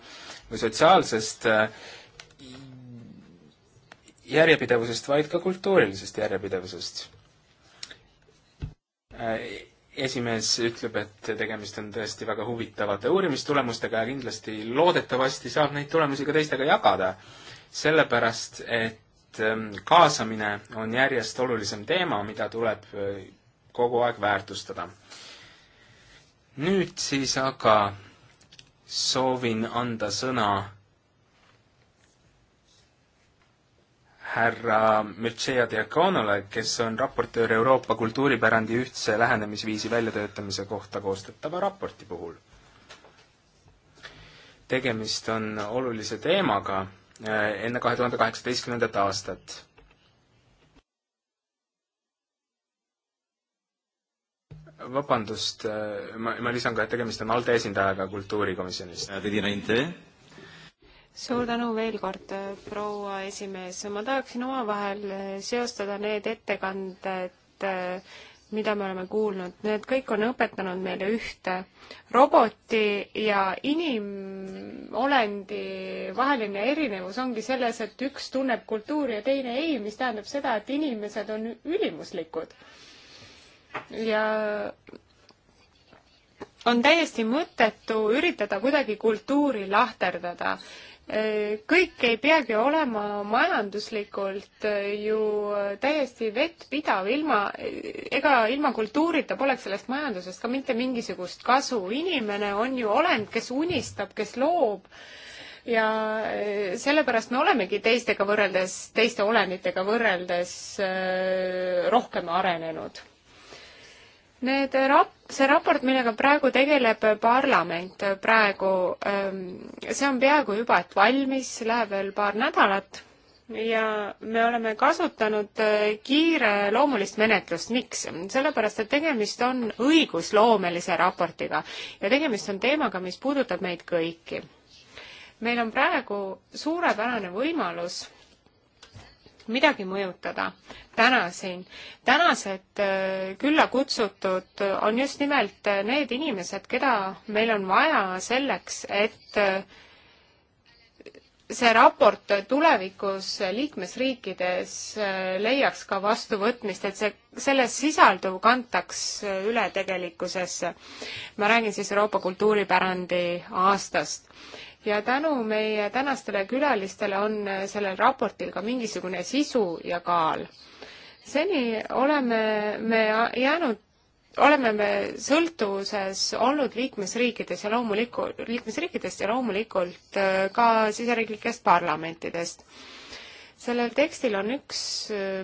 või sotsiaalsest äh, järjepidevusest, vaid ka kultuurilisest järjepidevusest äh, esimees ütleb, et tegemist on tõesti väga huvitavate uurimistulemustega ja kindlasti loodetavasti saab neid tulemusi ka teistega jagada. sellepärast, et ähm, kaasamine on järjest olulisem teema, mida tuleb äh, kogu aeg väärtustada. nüüd siis aga soovin anda sõna härra Mircea Diakonole, kes on raportöör Euroopa kultuuripärandi ühtse lähenemisviisi väljatöötamise kohta koostatava raporti puhul. tegemist on olulise teemaga äh, enne kahe tuhande kaheksateistkümnendat aastat. vabandust, äh, ma, ma lisan ka, et tegemist on ALDE esindajaga kultuurikomisjonis. Äh, suur tänu veel kord, äh, proua esimees, ma tahaksin omavahel äh, seostada need ettekanded, äh, mida me oleme kuulnud, need kõik on õpetanud meile ühte. roboti ja inimolendi vaheline erinevus ongi selles, et üks tunneb kultuuri ja teine ei, mis tähendab seda, et inimesed on ülimuslikud. ja on täiesti mõttetu üritada kuidagi kultuuri lahterdada kõik ei peagi olema majanduslikult äh, ju äh, täiesti vettpidav, ilma, ega ilma kultuurita poleks sellest majandusest ka mitte mingisugust kasu. inimene on ju olend, kes unistab, kes loob ja äh, sellepärast me olemegi teistega võrreldes, teiste olenditega võrreldes rohkem arenenud. Need rap-, see raport, millega praegu tegeleb parlament äh, praegu, ähm, see on peaaegu juba et valmis, läheb veel paar nädalat ja me oleme kasutanud äh, kiireloomulist menetlust, miks? sellepärast, et tegemist on õigusloomelise raportiga ja tegemist on teemaga, mis puudutab meid kõiki. meil on praegu suurepärane võimalus midagi mõjutada täna siin. tänased äh, külla kutsutud on just nimelt äh, need inimesed, keda meil on vaja selleks, et äh, see raport tulevikus liikmesriikides leiaks ka vastuvõtmist, et see, selles sisalduv kantaks üle tegelikkusesse. ma räägin siis Euroopa kultuuripärandi aastast ja tänu meie tänastele külalistele on sellel raportil ka mingisugune sisu ja kaal. seni oleme me jäänud oleme me sõltuvuses olnud liikmesriikides ja loomulikult, liikmesriikidest ja loomulikult äh, ka siseriiklikest parlamentidest. sellel tekstil on üks,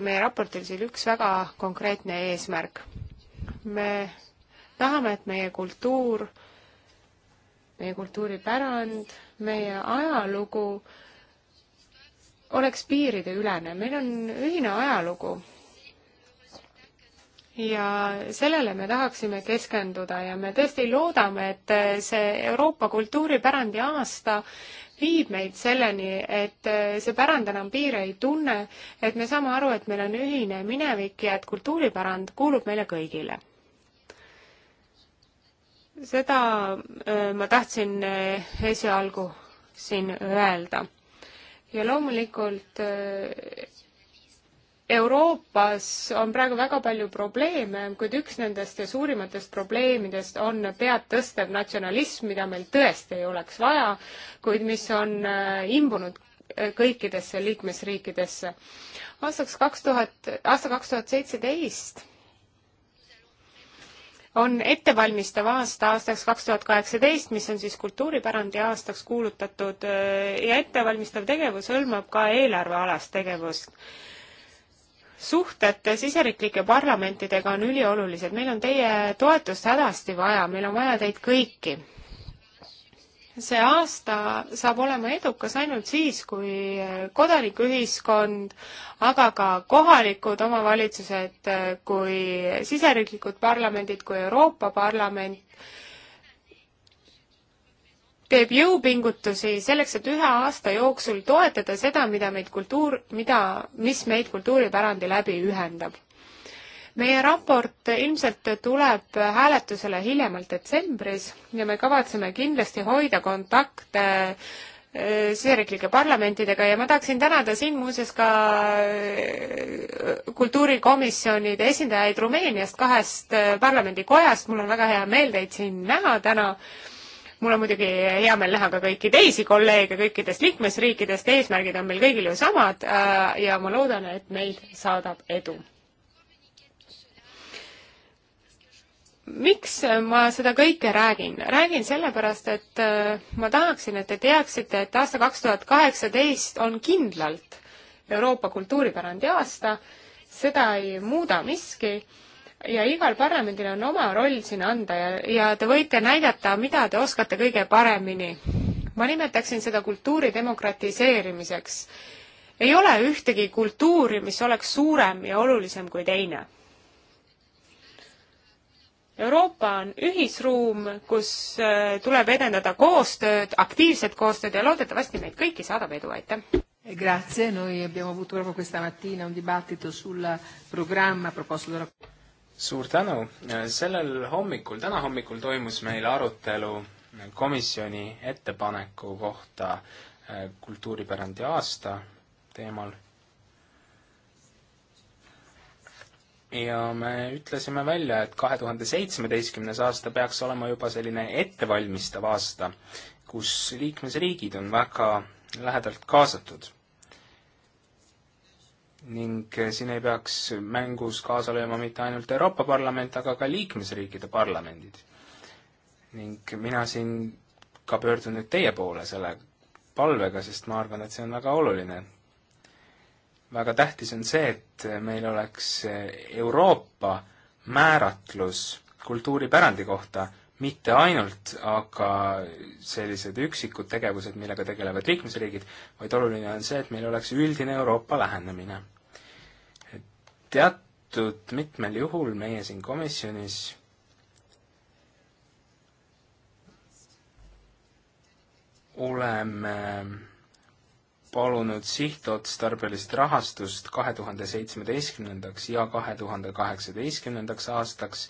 meie raportil siin üks väga konkreetne eesmärk. me tahame, et meie kultuur, meie kultuuripärand meie ajalugu oleks piirideülene, meil on ühine ajalugu. ja sellele me tahaksime keskenduda ja me tõesti loodame, et see Euroopa kultuuripärandi aasta viib meid selleni, et see pärand enam piire ei tunne, et me saame aru, et meil on ühine minevik ja et kultuuripärand kuulub meile kõigile seda äh, ma tahtsin äh, esialgu siin öelda. ja loomulikult äh, Euroopas on praegu väga palju probleeme, kuid üks nendest ja suurimatest probleemidest on pead tõstev natsionalism, mida meil tõesti ei oleks vaja, kuid mis on imbunud kõikidesse liikmesriikidesse. aastaks kaks tuhat, aasta kaks tuhat seitseteist on ettevalmistav aasta aastaks kaks tuhat kaheksateist, mis on siis kultuuripärandi aastaks kuulutatud äh, ja ettevalmistav tegevus hõlmab ka eelarvealast tegevust. suhted siseriiklike parlamentidega on üliolulised, meil on teie toetust hädasti vaja, meil on vaja teid kõiki see aasta saab olema edukas ainult siis, kui kodanikuühiskond, aga ka kohalikud omavalitsused, kui siseriiklikud parlamendid, kui Euroopa Parlament teeb jõupingutusi selleks, et ühe aasta jooksul toetada seda, mida meid kultuur, mida, mis meid kultuuripärandi läbi ühendab meie raport ilmselt tuleb hääletusele hiljemalt detsembris ja me kavatseme kindlasti hoida kontakte äh, siseriiklike parlamentidega ja ma tahaksin tänada siin muuseas ka äh, kultuurikomisjonide esindajaid Rumeeniast kahest äh, parlamendikojast, mul on väga hea meel teid siin näha täna. mul on muidugi hea meel näha ka kõiki teisi kolleege kõikidest liikmesriikidest, eesmärgid on meil kõigil ju samad ja ma loodan, et meid saadab edu miks ma seda kõike räägin? räägin sellepärast, et äh, ma tahaksin, et te teaksite, et aasta kaks tuhat kaheksateist on kindlalt Euroopa kultuuripärandi aasta, seda ei muuda miski ja igal parlamendil on oma roll siin anda ja, ja te võite näidata, mida te oskate kõige paremini. ma nimetaksin seda kultuuri demokratiseerimiseks. ei ole ühtegi kultuuri, mis oleks suurem ja olulisem kui teine Euroopa on ühisruum, kus äh, tuleb edendada koostööd, aktiivset koostööd ja loodetavasti meid kõiki saadab edu, aitäh! Eh, grazie, noi abbiamo avuto proprio questa mattina un dibattito sul programma proposto dalla suur tänu, eh, sellel hommikul, täna hommikul toimus meil arutelu komisjoni ettepaneku kohta eh, kultuuripärandi aasta teemal ja me ütlesime välja, et kahe tuhande seitsmeteistkümnes aasta peaks olema juba selline ettevalmistav aasta, kus liikmesriigid on väga lähedalt kaasatud. ning siin ei peaks mängus kaasa lööma mitte ainult Euroopa Parlament, aga ka liikmesriikide parlamendid. ning mina siin ka pöördun nüüd teie poole selle palvega, sest ma arvan, et see on väga oluline väga tähtis on see, et meil oleks Euroopa määratlus kultuuripärandi kohta, mitte ainult aga sellised üksikud tegevused, millega tegelevad liikmesriigid, vaid oluline on see, et meil oleks üldine Euroopa lähenemine. teatud mitmel juhul meie siin komisjonis oleme palunud sihtotstarbelist rahastust kahe tuhande seitsmeteistkümnendaks ja kahe tuhande kaheksateistkümnendaks aastaks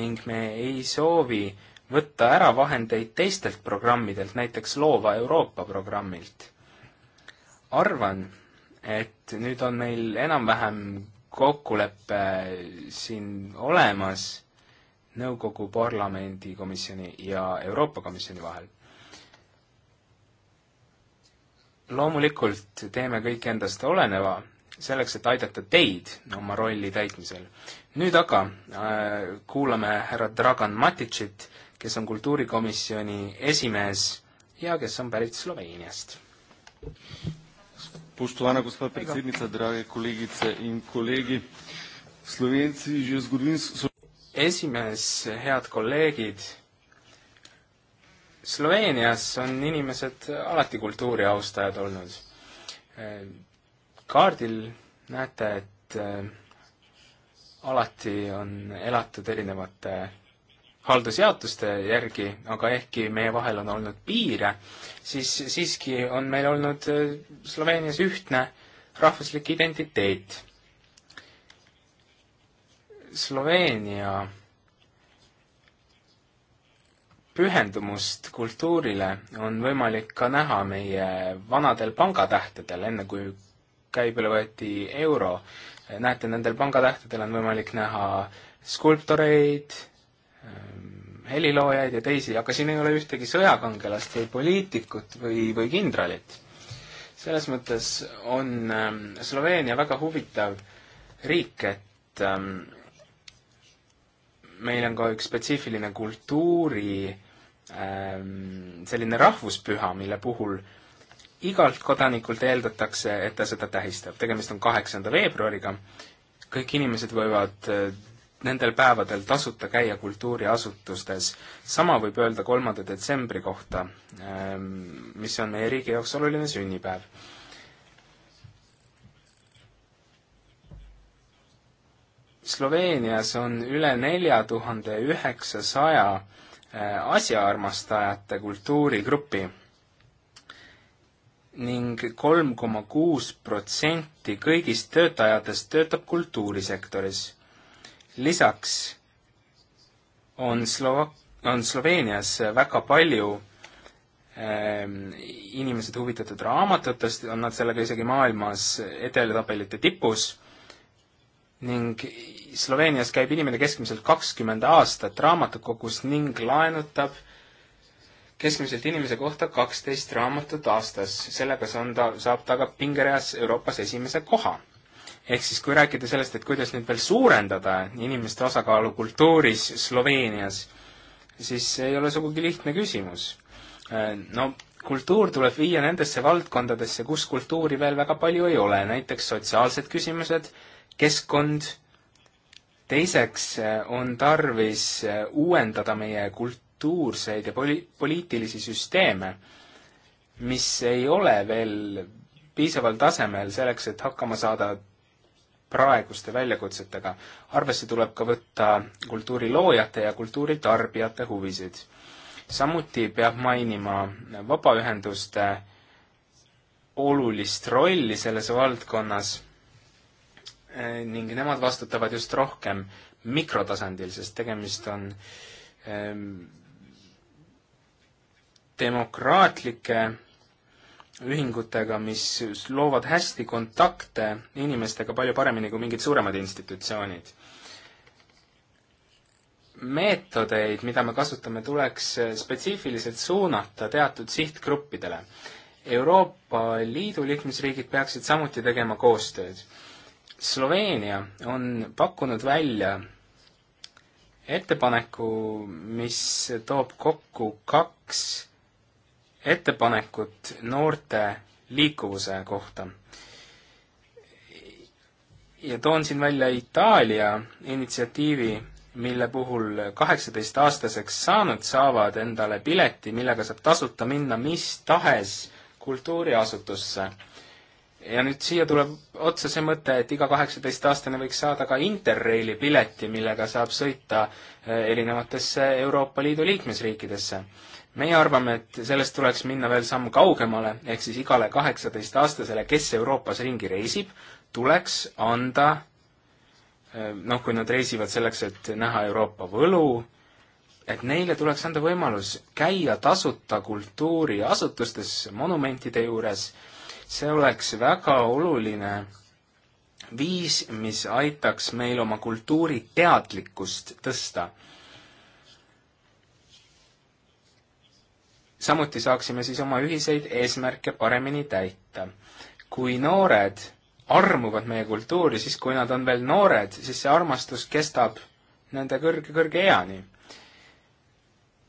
ning me ei soovi võtta ära vahendeid teistelt programmidelt, näiteks Loova Euroopa programmilt. arvan, et nüüd on meil enam-vähem kokkulepe siin olemas nõukogu, parlamendi komisjoni ja Euroopa Komisjoni vahel loomulikult teeme kõik endast oleneva, selleks, et aidata teid oma rolli täitmisel. nüüd aga äh, kuulame härra Dragan Matitšit, kes on kultuurikomisjoni esimees ja kes on pärit Sloveeniast. Spoštovana gospa predsednica, drage kolegice in kolegi, Slovenci že zgodovinsko esimees, head kolleegid Sloveenias on inimesed alati kultuuri austajad olnud. kaardil näete, et äh, alati on elatud erinevate haldusjaotuste järgi, aga ehkki meie vahel on olnud piire, siis siiski on meil olnud äh, Sloveenias ühtne rahvuslik identiteet. Sloveenia pühendumust kultuurile on võimalik ka näha meie vanadel pangatähtedel, enne kui käibele võeti euro. näete, nendel pangatähtedel on võimalik näha skulptoreid, ehm, heliloojaid ja teisi, aga siin ei ole ühtegi sõjakangelast või poliitikut või, või kindralit. selles mõttes on ehm, Sloveenia väga huvitav riik, et ehm, meil on ka üks spetsiifiline kultuuri Ehm, selline rahvuspüha, mille puhul igalt kodanikult eeldatakse, et ta seda tähistab. tegemist on kaheksanda veebruariga. kõik inimesed võivad eh, nendel päevadel tasuta käia kultuuriasutustes. sama võib öelda kolmanda detsembri kohta, ehm, mis on meie riigi jaoks oluline sünnipäev. Sloveenias on üle nelja tuhande üheksasaja Äh, asjaarmastajate kultuurigrupi ning kolm koma kuus protsenti kõigist töötajatest töötab kultuurisektoris. lisaks on Slova-, on Sloveenias väga palju ähm, inimesed huvitatud raamatutest, on nad sellega isegi maailmas edetabelite tipus ning Sloveenias käib inimene keskmiselt kakskümmend aastat raamatukogus ning laenutab keskmiselt inimese kohta kaksteist raamatut aastas. sellega on ta, saab ta ka pingereas Euroopas esimese koha. ehk siis, kui rääkida sellest, et kuidas nüüd veel suurendada inimeste osakaalu kultuuris Sloveenias, siis see ei ole sugugi lihtne küsimus. Äh, no kultuur tuleb viia nendesse valdkondadesse, kus kultuuri veel väga palju ei ole, näiteks sotsiaalsed küsimused, keskkond teiseks eh, on tarvis eh, uuendada meie kultuurseid ja poli-, poliitilisi süsteeme, mis ei ole veel piisaval tasemel selleks, et hakkama saada praeguste väljakutsetega. arvesse tuleb ka võtta kultuuri loojate ja kultuuri tarbijate huvisid. samuti peab mainima vabaühenduste olulist rolli selles valdkonnas Äh, ning nemad vastutavad just rohkem mikrotasandil, sest tegemist on ähm, demokraatlike ühingutega, mis loovad hästi kontakte inimestega palju paremini kui mingid suuremad institutsioonid. meetodeid, mida me kasutame, tuleks äh, spetsiifiliselt suunata teatud sihtgruppidele. Euroopa Liidu liikmesriigid peaksid samuti tegema koostööd Sloveenia on pakkunud välja ettepaneku, mis toob kokku kaks ettepanekut noorte liikuvuse kohta. ja toon siin välja Itaalia initsiatiivi, mille puhul kaheksateistaastaseks saanud saavad endale pileti, millega saab tasuta minna mis tahes kultuuriasutusse ja nüüd siia tuleb otsa see mõte, et iga kaheksateistaastane võiks saada ka Interraili pileti, millega saab sõita eh, erinevatesse Euroopa Liidu liikmesriikidesse. meie arvame, et sellest tuleks minna veel samm kaugemale, ehk siis igale kaheksateistaastasele, kes Euroopas ringi reisib, tuleks anda eh, noh, kui nad reisivad selleks, et näha Euroopa võlu, et neile tuleks anda võimalus käia tasuta kultuuriasutustes, monumentide juures, see oleks väga oluline viis, mis aitaks meil oma kultuuri teadlikkust tõsta. samuti saaksime siis oma ühiseid eesmärke paremini täita. kui noored armuvad meie kultuuri, siis kui nad on veel noored, siis see armastus kestab nende kõrge, kõrge eani.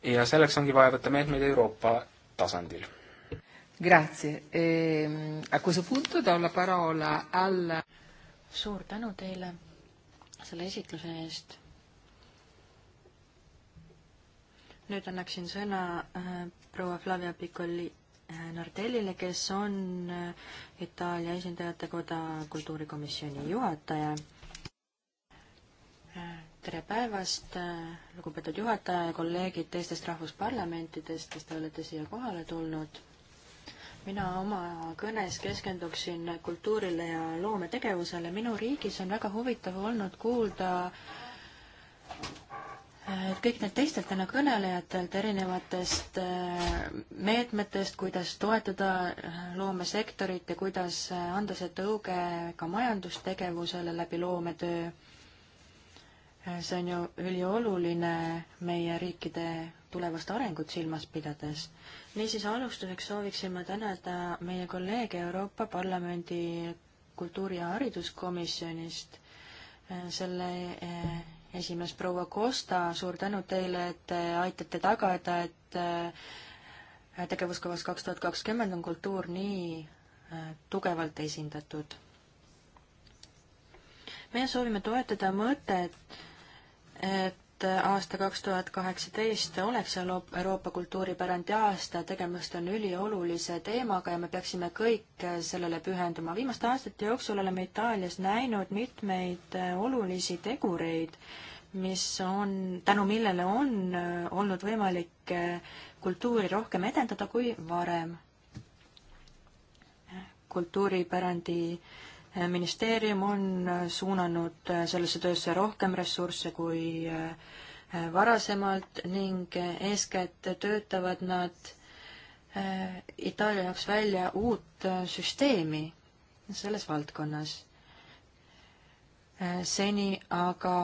ja selleks ongi vaja võtta meetmeid Euroopa tasandil Grazie. E, a questo punto do la parola alla... Suur tänu teile selle esitluse eest. nüüd annaksin sõna äh, proua Flavia Piccoli äh, Nardellile, kes on äh, Itaalia Esindajate Koda kultuurikomisjoni juhataja äh,. tere päevast äh,, lugupeetud juhataja ja kolleegid teistest rahvusparlamentidest, kes te olete siia kohale tulnud mina oma kõnes keskenduksin kultuurile ja loometegevusele. minu riigis on väga huvitav olnud kuulda et kõik need teistelt täna kõnelejatelt erinevatest äh, meetmetest, kuidas toetada äh, loomesektorit ja kuidas äh, anda see tõuge ka majandustegevusele läbi loometöö. see on ju ülioluline meie riikide tulevast arengut silmas pidades niisiis, alustuseks sooviksin ma tänada meie kolleege Euroopa Parlamendi kultuuri- ja hariduskomisjonist eh, selle eh, esimees proua Kosta, suur tänu teile, et te aitate tagada, et eh, tegevuskavas kaks tuhat kakskümmend on kultuur nii tugevalt esindatud. meie soovime toetada mõtet, et aasta kaks tuhat kaheksateist oleks Euroopa kultuuripärandi aasta, tegemist on üliolulise teemaga ja me peaksime kõik sellele pühenduma. viimaste aastate jooksul oleme Itaalias näinud mitmeid olulisi tegureid, mis on, tänu millele on olnud võimalik kultuuri rohkem edendada kui varem. kultuuripärandi äh, ministeerium on äh, suunanud äh, sellesse töösse rohkem ressursse kui äh, varasemalt ning eeskätt töötavad nad Itaalia jaoks välja uut süsteemi selles valdkonnas seni aga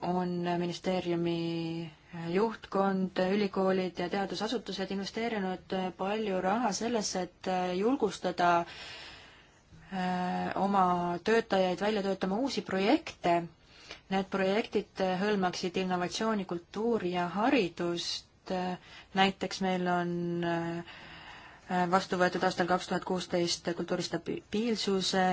on ministeeriumi juhtkond, ülikoolid ja teadusasutused investeerinud palju raha sellesse, et julgustada Äh, oma töötajaid välja töötama uusi projekte. Need projektid hõlmaksid innovatsiooni, kultuuri ja haridust. näiteks meil on äh, vastu võetud aastal kaks tuhat kuusteist kultuuristabiilsuse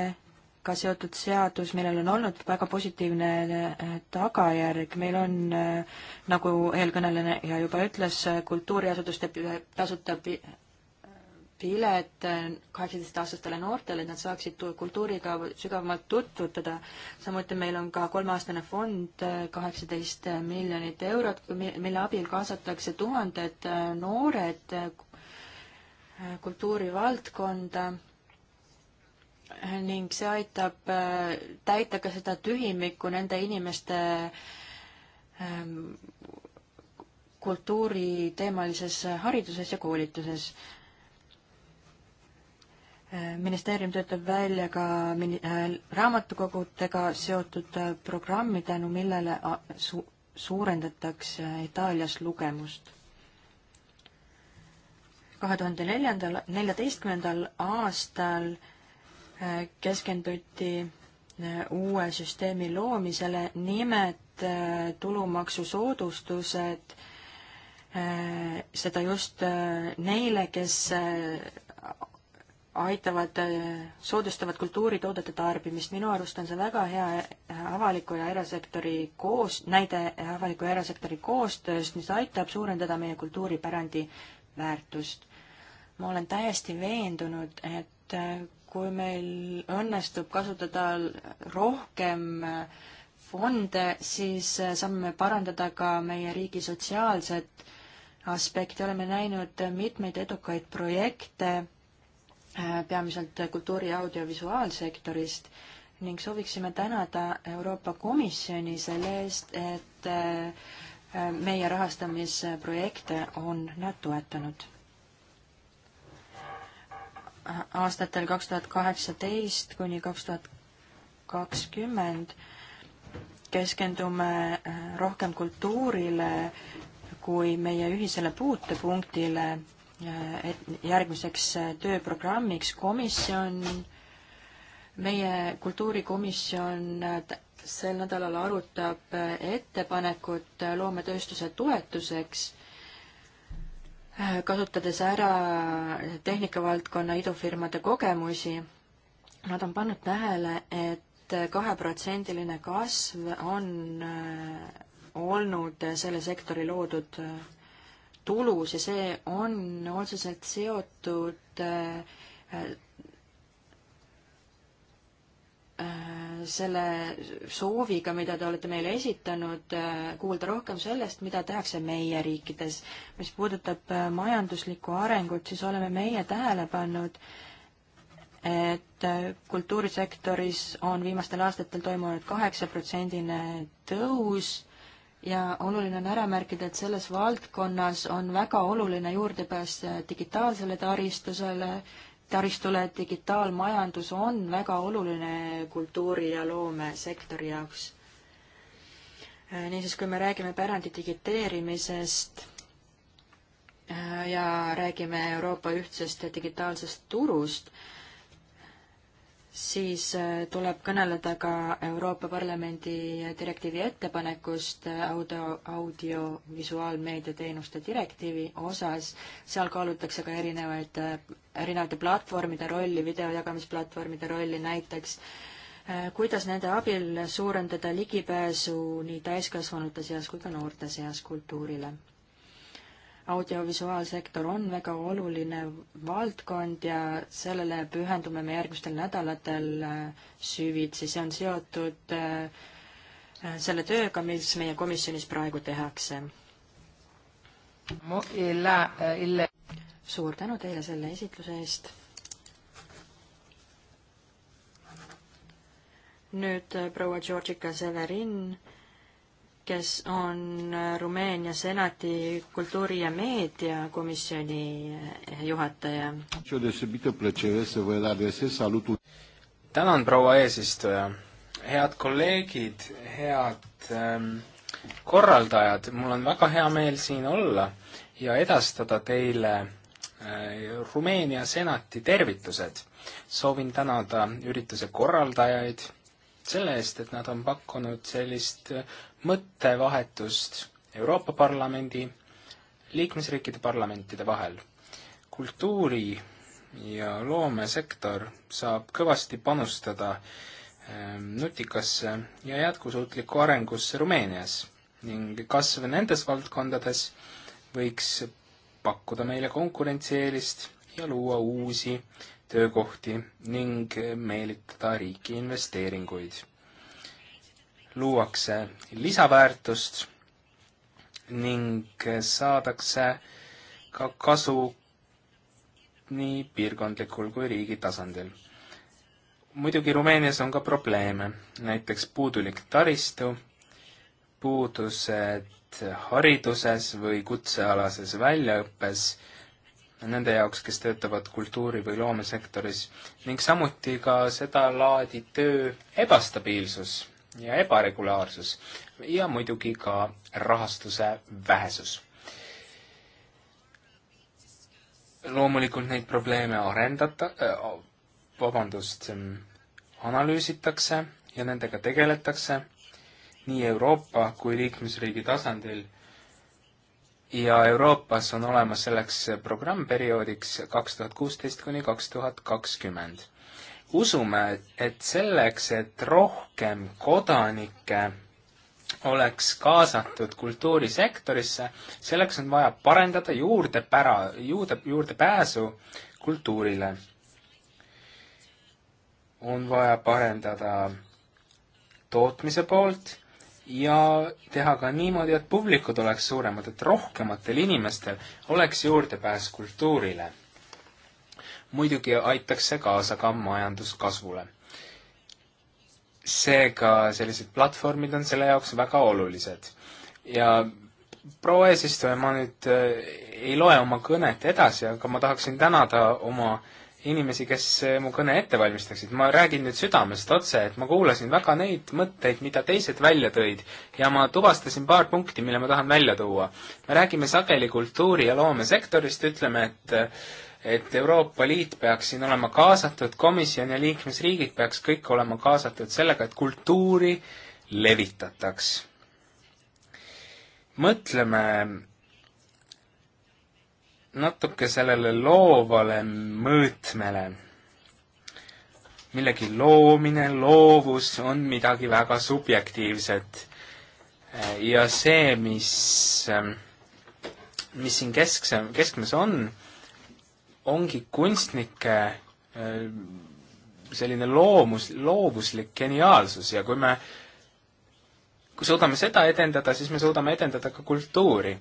ka seotud seadus, millel on olnud väga positiivne äh, tagajärg. meil on, nagu eelkõneleja juba ütles, kultuuriasutuste tasuta pilet kaheksateistaastastele noortele, et nad saaksid kultuuriga sügavamalt tutvutada. samuti meil on ka kolmeaastane fond, äh, kaheksateist miljonit eurot, mille abil kaasatakse tuhanded äh, noored äh, kultuurivaldkonda ning see aitab täita ka seda tühimikku nende inimeste ähm, kultuuriteemalises hariduses ja koolituses ministeerium töötab välja ka äh, raamatukogudega seotud äh, programmi, tänu millele äh, su suurendatakse Itaalias lugemust. kahe tuhande neljandal, neljateistkümnendal aastal keskenduti uue süsteemi loomisele, nimed, tulumaksusoodustused, seda just neile, kes aitavad, soodustavad kultuuritoodete tarbimist, minu arust on see väga hea avaliku ja erasektori koos, näide avaliku ja erasektori koostööst, mis aitab suurendada meie kultuuripärandi väärtust. ma olen täiesti veendunud, et kui meil õnnestub kasutada rohkem fonde, siis saame parandada ka meie riigi sotsiaalset aspekti, oleme näinud mitmeid edukaid projekte Äh, peamiselt kultuuri- ja audiovisuaalsektorist ning sooviksime tänada Euroopa Komisjoni selle eest, et äh, meie rahastamisprojekte on nad toetanud. aastatel kaks tuhat kaheksateist kuni kaks tuhat kakskümmend keskendume äh, rohkem kultuurile kui meie ühisele puutepunktile järgmiseks äh, tööprogrammiks komisjon, meie kultuurikomisjon äh, sel nädalal arutab äh, ettepanekut loometööstuse toetuseks, kasutades ära tehnikavaldkonna idufirmade kogemusi. Nad on pannud tähele, et kaheprotsendiline kasv on olnud selle sektori loodud tulus ja see on otseselt seotud äh, äh, selle sooviga, mida te olete meile esitanud, äh, kuulda rohkem sellest, mida tehakse meie riikides. mis puudutab majanduslikku arengut, siis oleme meie tähele pannud, et kultuurisektoris on viimastel aastatel toimunud kaheksaprotsendine tõus ja oluline on ära märkida, et selles valdkonnas on väga oluline juurdepääs digitaalsele taristusele, taristule, digitaalmajandus on väga oluline kultuuri- ja loomesektori jaoks. Äh, niisiis, kui me räägime pärandi digiteerimisest äh, ja räägime Euroopa ühtsest digitaalsest turust, siis äh, tuleb kõneleda ka Euroopa Parlamendi direktiivi ettepanekust audio, audiovisuaalmeedia teenuste direktiivi osas. seal kaalutakse ka erinevaid, äh, erinevate platvormide rolli, videojagamisplatvormide rolli näiteks, äh, kuidas nende abil suurendada ligipääsu nii täiskasvanute seas kui ka noorte seas kultuurile audiovisuaalsektor on väga oluline valdkond ja sellele pühendume me järgmistel nädalatel äh, süvitsi, see on seotud äh, selle tööga, mis meie komisjonis praegu tehakse. E äh, suur tänu teile selle esitluse eest. nüüd proua Georgika Severin kes on Rumeenia senati kultuuri- ja meediakomisjoni juhataja. tänan, proua eesistuja. head kolleegid, head ähm, korraldajad, mul on väga hea meel siin olla ja edastada teile äh, Rumeenia senati tervitused. soovin tänada ürituse korraldajaid selle eest, et nad on pakkunud sellist äh, mõttevahetust Euroopa Parlamendi, liikmesriikide parlamentide vahel. kultuuri ja loomesektor saab kõvasti panustada ehm, nutikasse ja jätkusuutlikku arengusse Rumeenias ning kasv nendes valdkondades võiks pakkuda meile konkurentsieelist ja luua uusi töökohti ning meelitada riiki investeeringuid luuakse lisaväärtust ning saadakse ka kasu nii piirkondlikul kui riigi tasandil. muidugi Rumeenias on ka probleeme, näiteks puudulik taristu, puudused hariduses või kutsealases väljaõppes, nende jaoks, kes töötavad kultuuri- või loomesektoris, ning samuti ka sedalaadi töö ebastabiilsus ja ebaregulaarsus ja muidugi ka rahastuse vähesus. loomulikult neid probleeme arendata äh,, vabandust, analüüsitakse ja nendega tegeletakse nii Euroopa kui liikmesriigi tasandil ja Euroopas on olemas selleks programmperioodiks kaks tuhat kuusteist kuni kaks tuhat kakskümmend usume, et selleks, et rohkem kodanikke oleks kaasatud kultuurisektorisse, selleks on vaja parendada juurdepära, juurde, juurdepääsu kultuurile. on vaja parendada tootmise poolt ja teha ka niimoodi, et publikud oleks suuremad, et rohkematel inimestel oleks juurdepääs kultuurile muidugi aitaks see kaasa ka majanduskasvule. seega sellised platvormid on selle jaoks väga olulised. ja proua eesistuja, ma nüüd äh, ei loe oma kõnet edasi, aga ma tahaksin tänada oma inimesi, kes äh, mu kõne ette valmistaksid. ma räägin nüüd südamest otse, et ma kuulasin väga neid mõtteid, mida teised välja tõid ja ma tuvastasin paar punkti, mille ma tahan välja tuua. me räägime sageli kultuuri- ja loomesektorist, ütleme, et äh, et Euroopa Liit peaks siin olema kaasatud, komisjon ja liikmesriigid peaks kõik olema kaasatud sellega, et kultuuri levitataks. mõtleme natuke sellele loovale mõõtmele. millegi loomine, loovus on midagi väga subjektiivset. ja see, mis, mis siin keskse, keskmes on, ongi kunstnike äh, selline loomus, loovuslik geniaalsus ja kui me, kui suudame seda edendada, siis me suudame edendada ka kultuuri.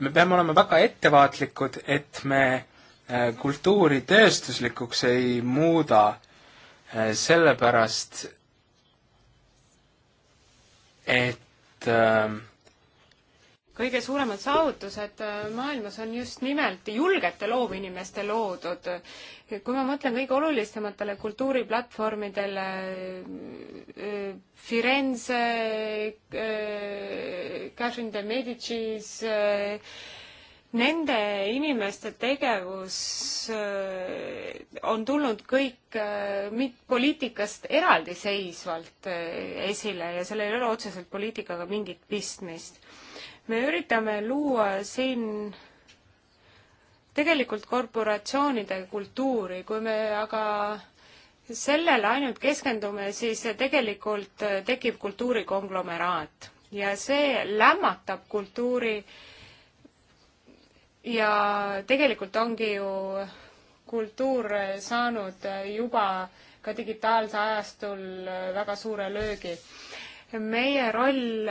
me peame olema väga ettevaatlikud, et me äh, kultuuri tööstuslikuks ei muuda, äh, sellepärast et äh, kõige suuremad saavutused äh, maailmas on just nimelt julgete loovinimeste loodud. kui ma mõtlen kõige olulisematele kultuuriplatvormidele, äh, äh, Firenze, Catherine de Medicis, Nende inimeste tegevus on tulnud kõik poliitikast eraldiseisvalt esile ja sellel ei ole otseselt poliitikaga mingit pistmist me üritame luua siin tegelikult korporatsioonide kultuuri, kui me aga sellele ainult keskendume, siis tegelikult tekib kultuurikonglomeraat ja see lämmatab kultuuri ja tegelikult ongi ju kultuur saanud juba ka digitaalse ajastul väga suure löögi. meie roll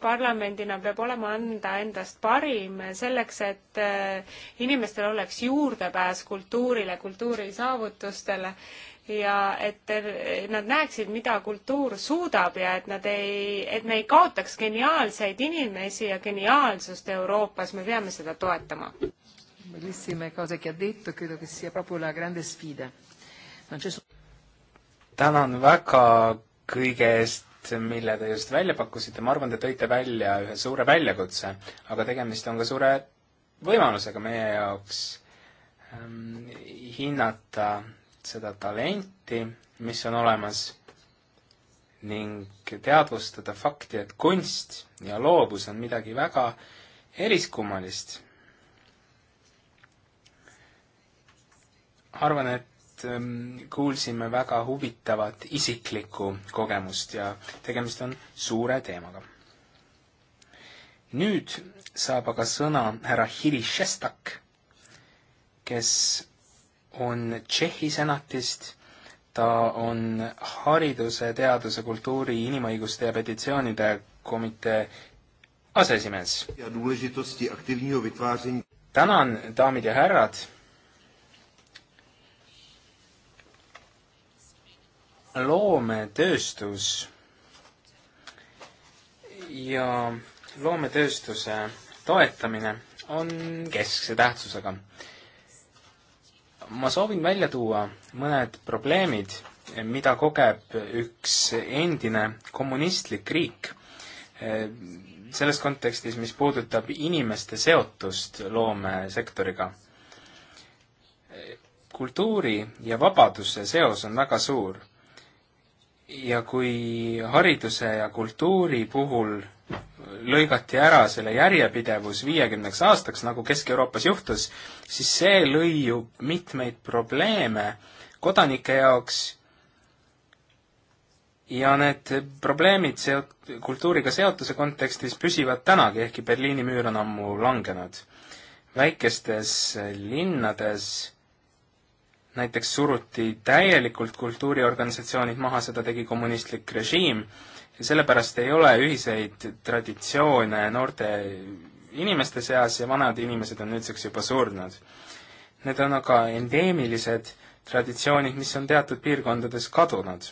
parlamendina peab olema anda endast parim selleks, et eh, inimestel oleks juurdepääs kultuurile, kultuurisaavutustele ja et nad näeksid, mida kultuur suudab ja et nad ei, et me ei kaotaks geniaalseid inimesi ja geniaalsust Euroopas, me peame seda toetama. tänan väga kõige eest mille te just välja pakkusite, ma arvan, te tõite välja ühe suure väljakutse, aga tegemist on ka suure võimalusega meie jaoks ähm, hinnata seda talenti, mis on olemas ning teadvustada fakti, et kunst ja loovus on midagi väga eriskummalist. arvan, et Ähm, kuulsime väga huvitavat isiklikku kogemust ja tegemist on suure teemaga. nüüd saab aga sõna härra Hiri Šestak, kes on Tšehhi senatist, ta on hariduse, teaduse, kultuuri, inimõiguste ja petitsioonide komitee aseesimees. tänan, daamid ja härrad loometööstus ja loometööstuse toetamine on keskse tähtsusega. ma soovin välja tuua mõned probleemid, mida kogeb üks endine kommunistlik riik selles kontekstis, mis puudutab inimeste seotust loomesektoriga. kultuuri ja vabaduse seos on väga suur ja kui hariduse ja kultuuri puhul lõigati ära selle järjepidevus viiekümneks aastaks, nagu Kesk-Euroopas juhtus, siis see lõi ju mitmeid probleeme kodanike jaoks ja need probleemid seot-, kultuuriga seotuse kontekstis püsivad tänagi, ehkki Berliini müür on ammu langenud. väikestes linnades näiteks suruti täielikult kultuuriorganisatsioonid maha, seda tegi kommunistlik režiim, ja sellepärast ei ole ühiseid traditsioone noorte inimeste seas ja vanad inimesed on nüüdseks juba surnud. Need on aga endeemilised traditsioonid, mis on teatud piirkondades kadunud.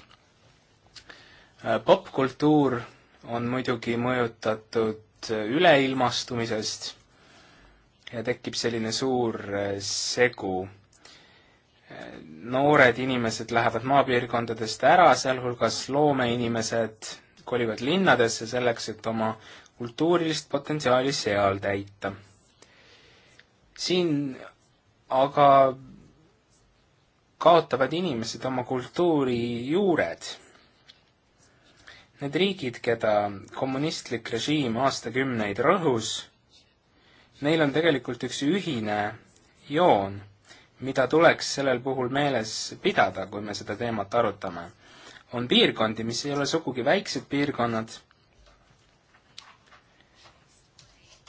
Äh, popkultuur on muidugi mõjutatud äh, üleilmastumisest ja tekib selline suur äh, segu noored inimesed lähevad maapiirkondadest ära, sealhulgas loomeinimesed kolivad linnadesse selleks, et oma kultuurilist potentsiaali seal täita. siin aga kaotavad inimesed oma kultuuri juured. Need riigid, keda kommunistlik režiim aastakümneid rõhus, neil on tegelikult üks ühine joon mida tuleks sellel puhul meeles pidada, kui me seda teemat arutame. on piirkondi, mis ei ole sugugi väiksed piirkonnad,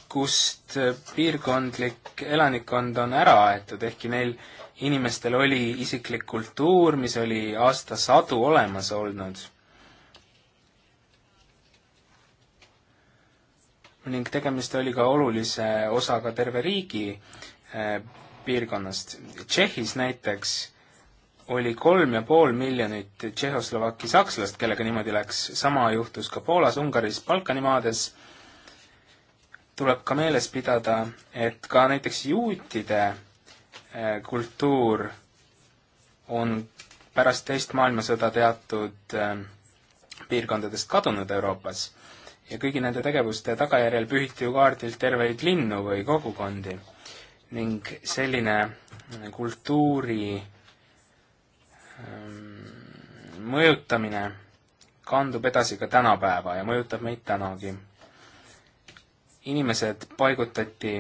kust piirkondlik elanikkond on ära aetud, ehkki neil inimestel oli isiklik kultuur, mis oli aastasadu olemas olnud. ning tegemist oli ka olulise osaga terve riigi eh, piirkonnast. Tšehhis näiteks oli kolm ja pool miljonit Tšehhoslovaki sakslast, kellega niimoodi läks, sama juhtus ka Poolas, Ungaris, Balkani maades, tuleb ka meeles pidada, et ka näiteks juutide eh, kultuur on pärast teist maailmasõda teatud eh, piirkondadest kadunud Euroopas ja kõigi nende tegevuste tagajärjel pühiti ju kaardilt terveid linnu või kogukondi ning selline kultuuri ähm, mõjutamine kandub edasi ka tänapäeva ja mõjutab meid tänagi. inimesed paigutati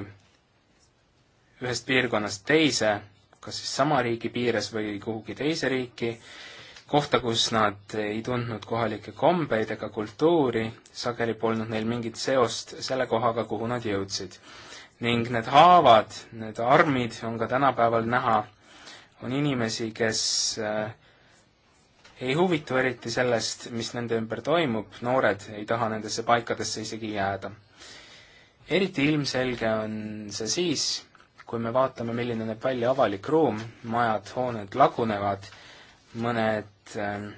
ühest piirkonnast teise, kas siis sama riigi piires või kuhugi teise riiki, kohta, kus nad ei tundnud kohalikke kombeid ega kultuuri, sageli polnud neil mingit seost selle kohaga, kuhu nad jõudsid ning need haavad, need armid on ka tänapäeval näha. on inimesi, kes äh, ei huvitu eriti sellest, mis nende ümber toimub, noored ei taha nendesse paikadesse isegi jääda. eriti ilmselge on see siis, kui me vaatame, milline näeb välja avalik ruum, majad, hooned lagunevad, mõned äh,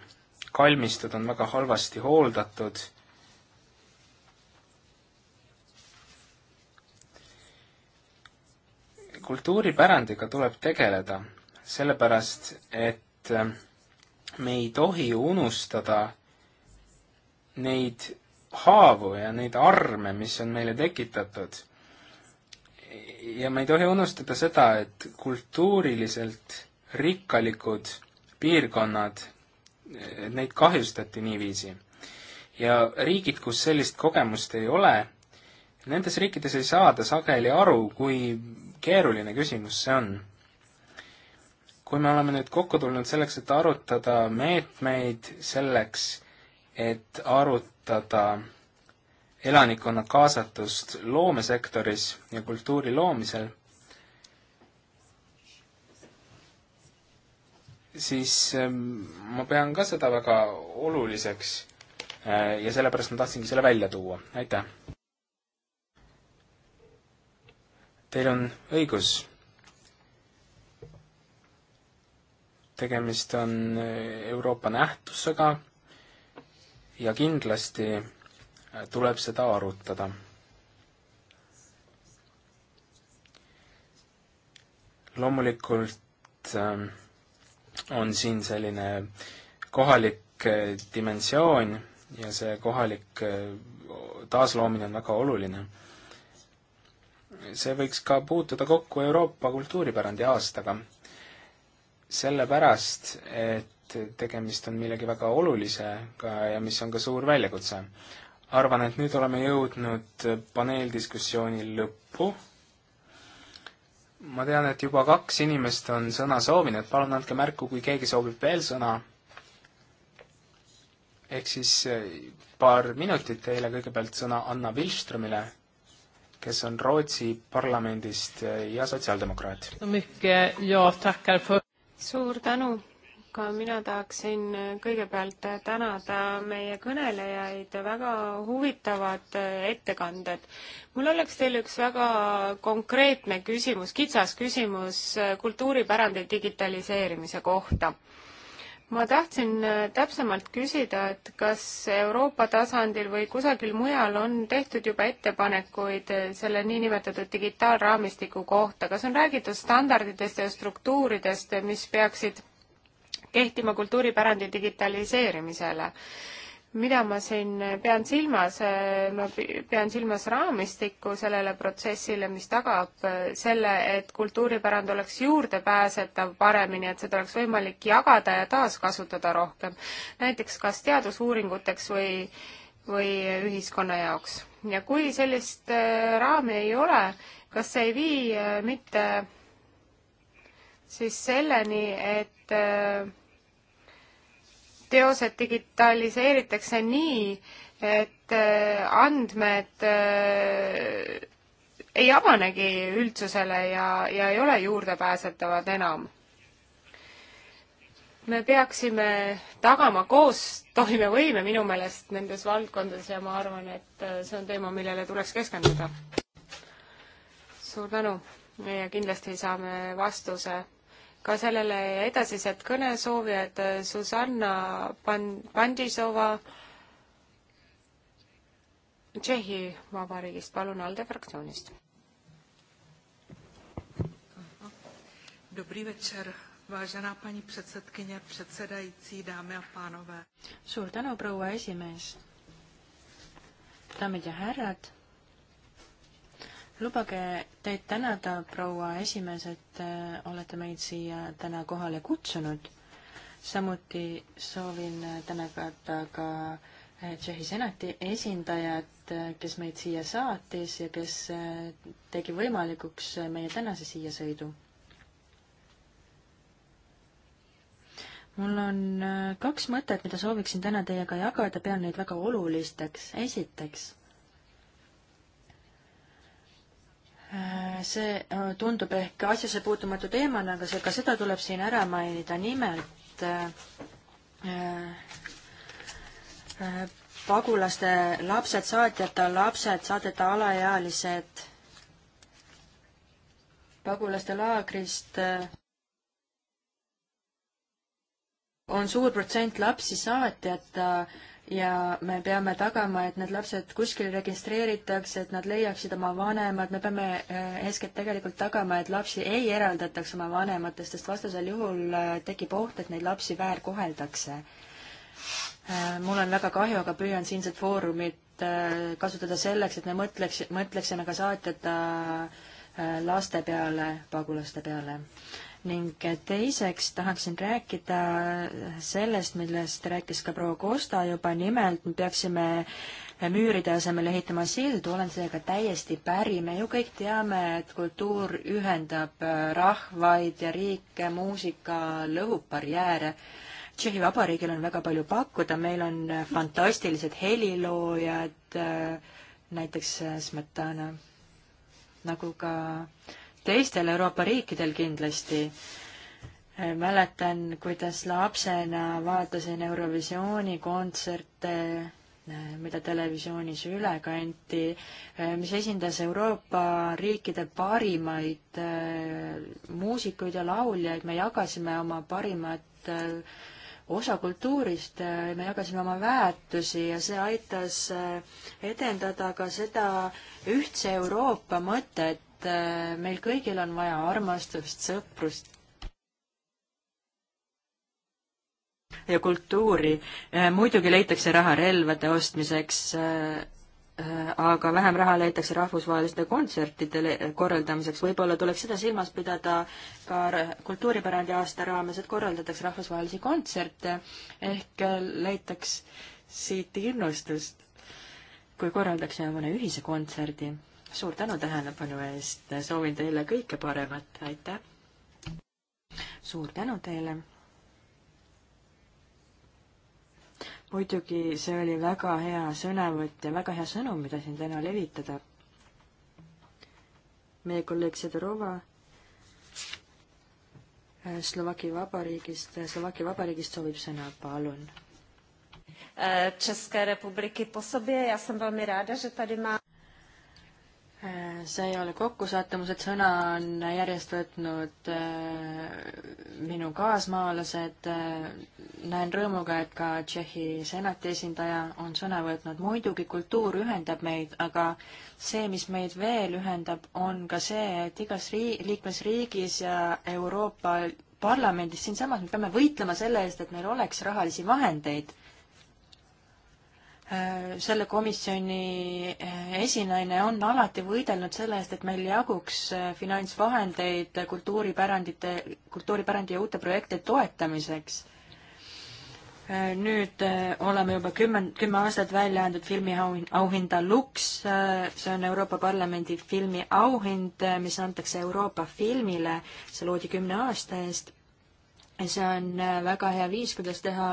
kalmistud on väga halvasti hooldatud kultuuripärandiga tuleb tegeleda, sellepärast et äh, me ei tohi unustada neid haavu ja neid arme, mis on meile tekitatud. ja me ei tohi unustada seda, et kultuuriliselt rikkalikud piirkonnad, et äh, neid kahjustati niiviisi. ja riigid, kus sellist kogemust ei ole, nendes riikides ei saada sageli aru, kui keeruline küsimus see on. kui me oleme nüüd kokku tulnud selleks, et arutada meetmeid selleks, et arutada elanikkonna kaasatust loomesektoris ja kultuuri loomisel, siis ähm, ma pean ka seda väga oluliseks äh, ja sellepärast ma tahtsingi selle välja tuua, aitäh! Teil on õigus. tegemist on äh, Euroopa nähtusega ja kindlasti äh, tuleb seda arutada loomulikult äh, on siin selline kohalik dimensioon ja see kohalik taasloomine on väga oluline see võiks ka puutuda kokku Euroopa kultuuripärandi aastaga. sellepärast, et tegemist on millegi väga olulisega ja mis on ka suur väljakutse. arvan, et nüüd oleme jõudnud paneeldiskussiooni lõppu. ma tean, et juba kaks inimest on sõna soovinud, palun andke märku, kui keegi soovib veel sõna. ehk siis eh, paar minutit teile kõigepealt sõna Anna Vilstrumile kes on Rootsi parlamendist ja sotsiaaldemokraat. suur tänu, ka mina tahaksin kõigepealt tänada meie kõnelejaid, väga huvitavad ettekanded. mul oleks teile üks väga konkreetne küsimus, kitsas küsimus kultuuripärandi digitaliseerimise kohta ma tahtsin äh, täpsemalt küsida, et kas Euroopa tasandil või kusagil mujal on tehtud juba ettepanekuid äh, selle niinimetatud digitaalraamistiku kohta, kas on räägitud standarditest ja struktuuridest, mis peaksid kehtima kultuuripärandi digitaliseerimisele? mida ma siin pean silmas, äh, ma pean silmas raamistikku sellele protsessile, mis tagab äh, selle, et kultuuripärand oleks juurdepääsetav paremini, et seda oleks võimalik jagada ja taaskasutada rohkem. näiteks kas teadusuuringuteks või, või ühiskonna jaoks. ja kui sellist äh, raami ei ole, kas see ei vii mitte siis selleni, et teosed digitaliseeritakse nii, et äh, andmed äh, ei avanegi üldsusele ja, ja ei ole juurdepääsetavad enam. me peaksime tagama koostoimevõime minu meelest nendes valdkondades ja ma arvan, et äh, see on teema, millele tuleks keskenduda. suur tänu ja kindlasti saame vastuse ka sellele edasised kõnesoovijad Susanna Pan-, Pandisova Tšehhi Vabariigist, palun, ALDE fraktsioonist. Dobrý večer, vážená paní předsedkyně, předsedající, dámy a pánové. Suur tänu, proua esimees. daamid ja härrad lubage teid tänada, proua esimees, et äh, olete meid siia täna kohale kutsunud. samuti soovin tänada ka äh, Tšehhi senati esindajat, äh, kes meid siia saatis ja kes tegi võimalikuks meie tänase siiasõidu. mul on kaks mõtet, mida sooviksin täna teiega jagada, pean neid väga olulisteks. esiteks Äh, see äh, tundub ehk asjasse puutumatu teemana, aga see, ka seda tuleb siin ära mainida, nimelt äh, äh pagulaste lapsed, saatjata lapsed, saadeta alaealised pagulaste laagrist äh, on suur protsent lapsi saatjata äh, ja me peame tagama, et need lapsed kuskil registreeritakse, et nad leiaksid oma vanemad, me peame eh, eeskätt tegelikult tagama, et lapsi ei eraldataks oma vanematest, sest vastasel juhul eh, tekib oht, et neid lapsi väärkoheldakse. Eh, mul on väga kahju, aga püüan siinset foorumit kasutada selleks, et me mõtleks, mõtleksime ka saatjata laste peale, pagulaste peale ning teiseks tahaksin rääkida sellest, millest rääkis ka proua Kosta juba, nimelt me peaksime müüride asemel ehitama sildu, olen sellega täiesti päri, me ju kõik teame, et kultuur ühendab äh, rahvaid ja riike, muusika lõhub barjääre. Tšehhi Vabariigil on väga palju pakkuda, meil on äh, fantastilised heliloojad, äh, näiteks Smetana, nagu ka äh, teistel Euroopa riikidel kindlasti. Äh, mäletan, kuidas lapsena vaatasin Eurovisiooni kontserte, äh, mida televisioonis üle kanti, äh, mis esindas Euroopa riikide parimaid muusikuid ja lauljaid, me jagasime oma parimat osa kultuurist, me jagasime oma väärtusi ja see aitas edendada ka seda ühtse Euroopa mõtet, et äh, meil kõigil on vaja armastust, sõprust ja kultuuri. Äh, muidugi leitakse raha relvade ostmiseks, äh, aga vähem raha leitakse rahvusvaheliste kontsertide korraldamiseks. võib-olla tuleks seda silmas pidada ka kultuuripärandi aasta raames, et korraldatakse rahvusvahelisi kontserte ehk leitaks siit innustust, kui korraldaksime mõne ühise kontserdi suur tänu tähelepanu eest, soovin teile kõike paremat, aitäh! suur tänu teile! muidugi see oli väga hea sõnavõtt ja väga hea sõnum, mida siin täna levitada. meie kolleeg Sedorova äh, Slovaki Vabariigist, äh, Slovaki Vabariigist soovib sõna, palun. Äh, České republiky po sobě. Já jsem velmi ráda, že tady má see ei ole kokkusattumus, et sõna on järjest võtnud äh, minu kaasmaalased. Äh, näen rõõmuga, et ka Tšehhi senati esindaja on sõna võtnud. muidugi kultuur ühendab meid, aga see, mis meid veel ühendab, on ka see, et igas riik, liikmesriigis ja Euroopa Parlamendis siinsamas me peame võitlema selle eest, et meil oleks rahalisi vahendeid Äh, selle komisjoni äh, esinaine on alati võidelnud selle eest, et meil jaguks äh, finantsvahendeid kultuuripärandite, kultuuripärandi ja uute projektide toetamiseks. nüüd oleme juba kümme, kümme aastat välja andnud filmiauhinda Lux, see on Euroopa Parlamendi filmiauhind, mis antakse Euroopa filmile, see loodi kümne aasta eest see on äh, väga hea viis, kuidas teha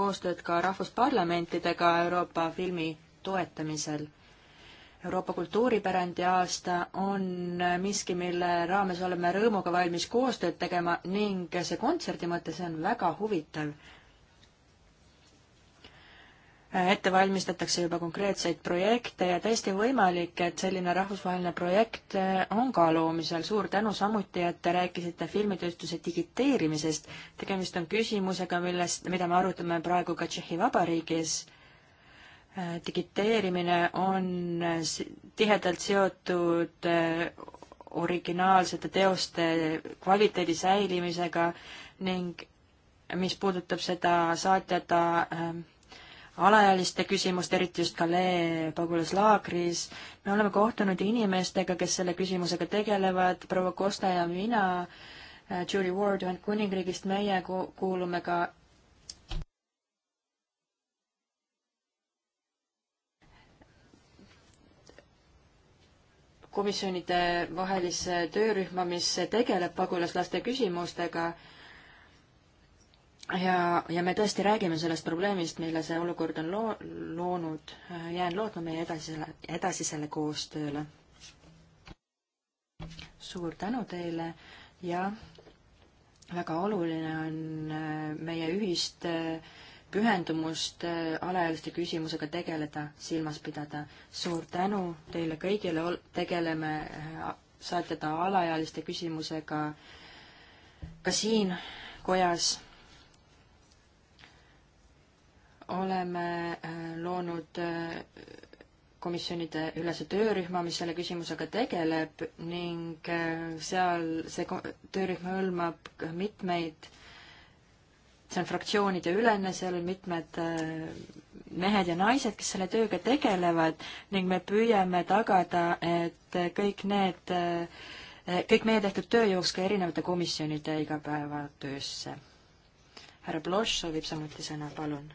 koostööd ka rahvusparlamentidega Euroopa filmi toetamisel. Euroopa kultuuripärandi aasta on äh, miski, mille raames oleme rõõmuga valmis koostööd tegema ning see kontserdi mõte, see on väga huvitav ette valmistatakse juba konkreetseid projekte ja täiesti võimalik, et selline rahvusvaheline projekt eh, on kaalumisel. suur tänu samuti, et te rääkisite filmitööstuse digiteerimisest. tegemist on küsimusega, millest, mida me arutame praegu ka Tšehhi Vabariigis. Eh, digiteerimine on tihedalt seotud eh, originaalsete teoste kvaliteedi säilimisega ning mis puudutab seda saatjata äh, alaealiste küsimust, eriti just Calais pagulaslaagris. me oleme kohtunud inimestega, kes selle küsimusega tegelevad, proua Kosta ja mina, äh, Julie Ward Ühendkuningriigist, meie kuulume ka komisjonide vahelisse töörühma, mis tegeleb pagulaslaste küsimustega ja, ja me tõesti räägime sellest probleemist, mille see olukord on loo-, loonud, jään lootma meie edasisele, edasisele koostööle. suur tänu teile ja väga oluline on äh, meie ühist äh, pühendumust äh, alaealiste küsimusega tegeleda, silmas pidada. suur tänu teile kõigile, tegeleme, saatleda alaealiste küsimusega ka siin kojas oleme äh, loonud äh, komisjonide ülese töörühma, mis selle küsimusega tegeleb ning äh, seal see töörühm hõlmab mitmeid, see on fraktsioonide ülene, seal on mitmed mehed ja naised, kes selle tööga tegelevad ning me püüame tagada, et kõik need, kõik meie tehtud töö jõuaks ka erinevate komisjonide igapäevatöösse. härra Bloš soovib samuti sõna, palun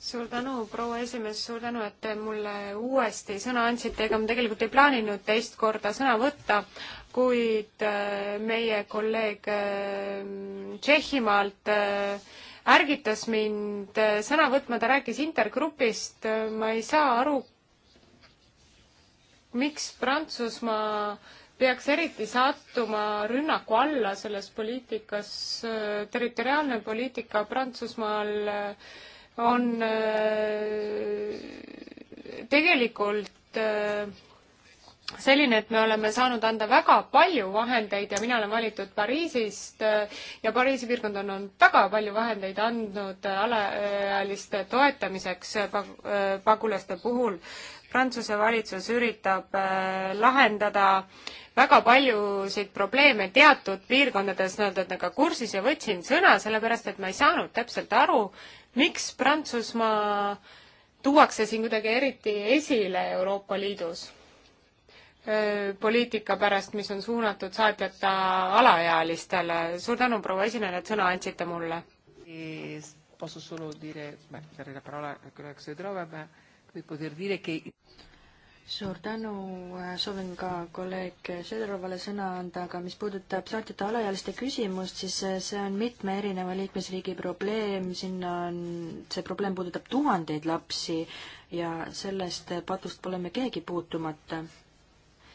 suur tänu, proua esimees, suur tänu, et te mulle uuesti sõna andsite, ega ma tegelikult ei plaaninud teist korda sõna võtta, kuid äh, meie kolleeg äh, Tšehhimaalt äh, ärgitas mind sõna võtma, ta rääkis intergrupist, ma ei saa aru, miks Prantsusmaa peaks eriti sattuma rünnaku alla selles poliitikas. territoriaalne poliitika Prantsusmaal äh, on äh, tegelikult äh, selline, et me oleme saanud anda väga palju vahendeid ja mina olen valitud Pariisist ja Pariisi piirkond on olnud väga palju vahendeid andnud alaealiste toetamiseks pagulaste puhul. Prantsuse valitsus üritab lahendada äh, väga paljusid probleeme teatud piirkondades, nad on aga kursis ja võtsin sõna, sellepärast et ma ei saanud täpselt aru, miks Prantsusmaa tuuakse siin kuidagi eriti esile Euroopa Liidus poliitika pärast, mis on suunatud saatjata alaealistele. suur tänu, proua esineja, et sõna andsite mulle suur tänu, soovin ka kolleeg Šedorovale sõna anda, aga mis puudutab saatjate alaealiste küsimust, siis see on mitme erineva liikmesriigi probleem, sinna on, see probleem puudutab tuhandeid lapsi ja sellest patust pole me keegi puutumata.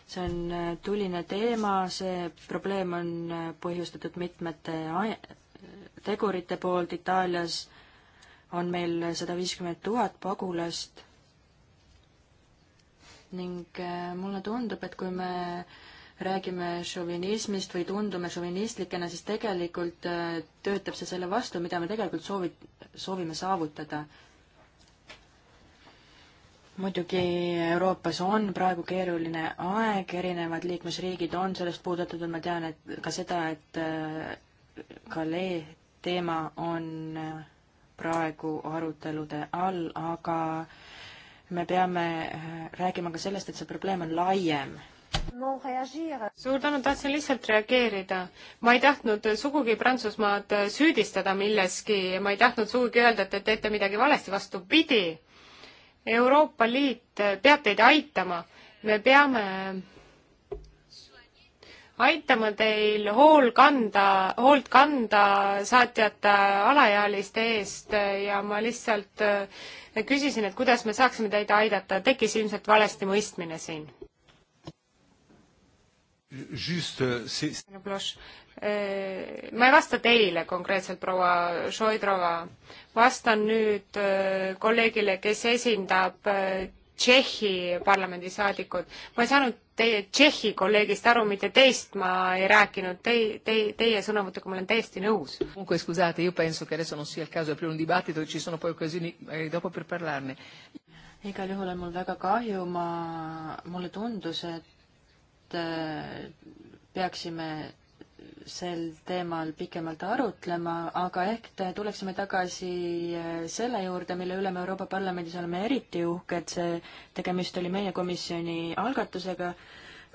see on äh, tuline teema, see probleem on äh, põhjustatud mitmete äh, tegurite poolt, Itaalias on meil sada viiskümmend tuhat pagulast ning äh, mulle tundub, et kui me räägime šovinismist või tundume šovinistlikena, siis tegelikult äh, töötab see selle vastu, mida me tegelikult soovi, soovime saavutada. muidugi Euroopas on praegu keeruline aeg, erinevad liikmesriigid on sellest puudutatud, ma tean, et ka seda, et Calais äh, teema on praegu arutelude all, aga me peame äh, rääkima ka sellest, et see probleem on laiem. suur tänu, tahtsin lihtsalt reageerida. ma ei tahtnud sugugi Prantsusmaad äh, süüdistada milleski, ma ei tahtnud sugugi öelda, et te teete midagi valesti, vastupidi. Euroopa Liit äh, peab teid aitama, me peame aitama teil hool kanda, hoolt kanda saatjate alaealiste eest ja ma lihtsalt äh, küsisin, et kuidas me saaksime teid aidata, tekkis ilmselt valesti mõistmine siin. Äh, äh, ma ei vasta teile konkreetselt, proua Šoidrova, vastan nüüd kolleegile, kes esindab Tšehhi parlamendisaadikud. ma ei saanud teie Tšehhi kolleegist aru, mitte teist ma ei rääkinud, tei-, tei-, teie sõnavõtuga ma olen täiesti nõus. Eh, igal juhul on mul väga kahju, ma, mulle tundus, et eh, peaksime sel teemal pikemalt arutlema, aga ehk tuleksime tagasi eh, selle juurde, mille üle me Euroopa Parlamendis oleme eriti uhked, see tegemist oli meie komisjoni algatusega,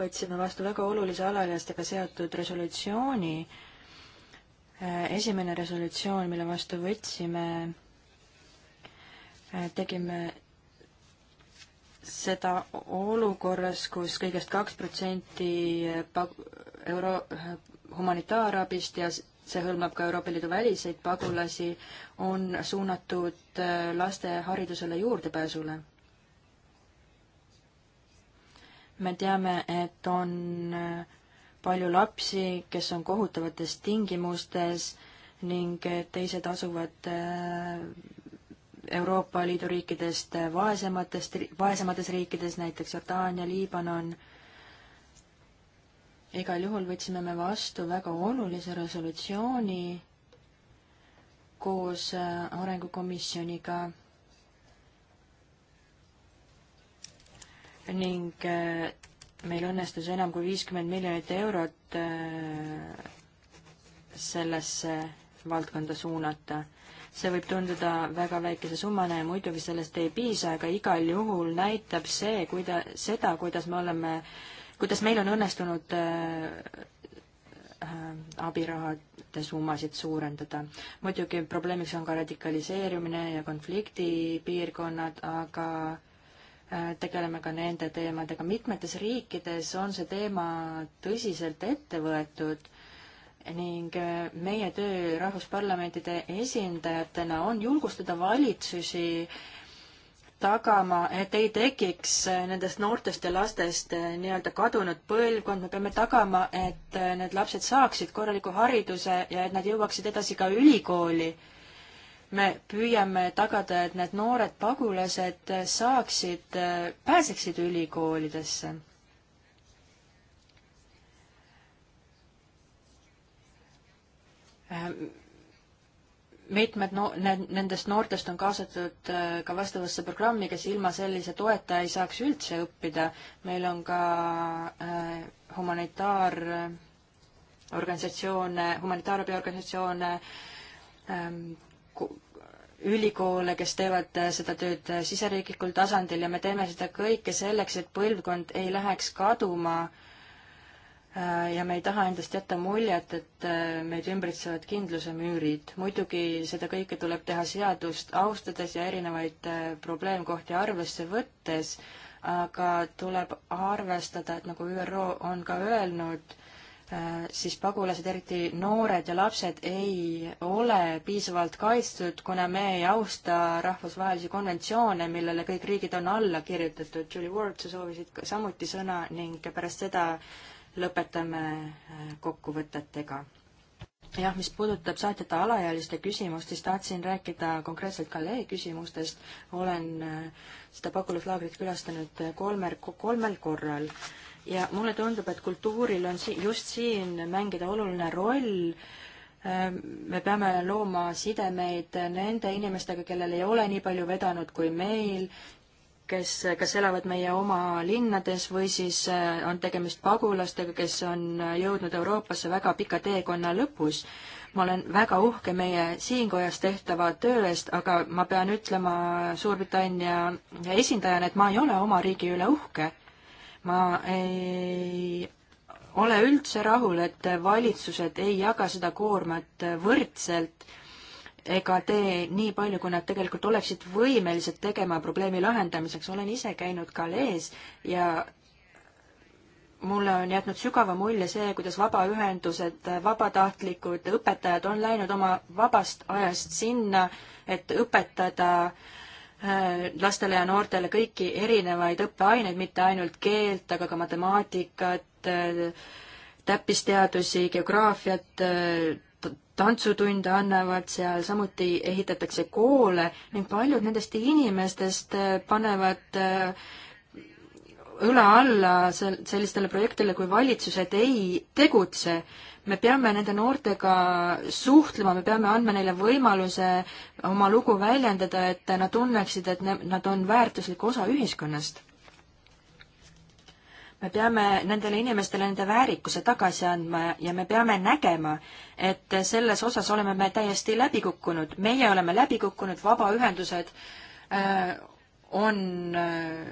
võtsime vastu väga olulise alaealistega seotud resolutsiooni. Eh, esimene resolutsioon, mille vastu võtsime, eh, tegime seda olukorras kus, kus kõigest kaks protsenti euro-, humanitaarabist ja see hõlmab ka Euroopa Liidu väliseid pagulasi, on suunatud äh, laste haridusele juurdepääsule. me teame, et on äh, palju lapsi, kes on kohutavates tingimustes ning äh, teised asuvad Euroopa Liidu riikidest vaesematest, vaesemates riikides, näiteks Jordaania, Liibanon igal juhul võtsime me vastu väga olulise resolutsiooni koos äh, Arengukomisjoniga ning äh, meil õnnestus enam kui viiskümmend miljonit eurot äh, sellesse valdkonda suunata. see võib tunduda väga väikese summana ja muidugi sellest ei piisa, aga igal juhul näitab see, kuida-, seda, kuidas me oleme äh, kuidas meil on õnnestunud äh, äh, abirahade summasid suurendada. muidugi probleemiks on ka radikaliseerumine ja konfliktipiirkonnad, aga äh, tegeleme ka nende teemadega. mitmetes riikides on see teema tõsiselt ette võetud ning meie töö rahvusparlamentide esindajatena on julgustada valitsusi tagama, et ei tekiks nendest noortest ja lastest eh, nii-öelda kadunud põlvkond, me peame tagama, et eh, need lapsed saaksid korraliku hariduse ja et nad jõuaksid edasi ka ülikooli. me püüame tagada, et need noored pagulased eh, saaksid, pääseksid ülikoolidesse ähm mitmed no-, need, nendest noortest on kaasatud äh, ka vastavasse programmi, kes ilma sellise toeta ei saaks üldse õppida. meil on ka äh, humanitaarorganisatsioone, humanitaarabiorganisatsioone ähm,, ülikoole, kes teevad äh, seda tööd äh, siseriiklikul tasandil ja me teeme seda kõike selleks, et põlvkond ei läheks kaduma äh, Äh, ja me ei taha endast jätta muljet, et äh, meid ümbritsevad kindluse müürid. muidugi seda kõike tuleb teha seadust austades ja erinevaid äh, probleemkohti arvesse võttes, aga tuleb arvestada, et nagu ÜRO on ka öelnud, siis pagulased, eriti noored ja lapsed, ei ole piisavalt kaitstud, kuna me ei austa rahvusvahelisi konventsioone, millele kõik riigid on alla kirjutatud. Julie Ward, sa soovisid samuti sõna ning pärast seda äh, lõpetame äh, kokkuvõtetega jah, mis puudutab saatjate alaealiste küsimust, siis tahtsin rääkida konkreetselt Galee küsimustest. olen äh, seda pagulaslaagrit külastanud äh, kolmel, kolmel korral ja mulle tundub, et kultuuril on si-, just siin mängida oluline roll. Ähm, me peame looma sidemeid nende inimestega, kellel ei ole nii palju vedanud kui meil kes kas elavad meie oma linnades või siis äh, on tegemist pagulastega, kes on äh, jõudnud Euroopasse väga pika teekonna lõpus. ma olen väga uhke meie siinkohas tehtava töö eest, aga ma pean ütlema Suurbritannia esindajana, et ma ei ole oma riigi üle uhke. ma ei ole üldse rahul, et valitsused ei jaga seda koormat võrdselt ega tee nii palju, kui nad tegelikult oleksid võimelised tegema probleemi lahendamiseks. olen ise käinud galees ja mulle on jätnud sügava mulje see, kuidas vabaühendused, vabatahtlikud, õpetajad on läinud oma vabast ajast sinna, et õpetada äh, lastele ja noortele kõiki erinevaid õppeaineid, mitte ainult keelt, aga ka matemaatikat, äh, täppisteadusi, geograafiat äh, tantsutunde annavad, seal samuti ehitatakse koole ning paljud nendest inimestest äh, panevad äh, õla alla sel-, sellistele projektile, kui valitsused ei tegutse. me peame nende noortega suhtlema, me peame andma neile võimaluse oma lugu väljendada, et nad tunneksid, et ne-, nad on väärtuslik osa ühiskonnast me peame nendele inimestele nende väärikuse tagasi andma ja me peame nägema, et selles osas oleme me täiesti läbi kukkunud. meie oleme läbi kukkunud, vabaühendused äh, on äh,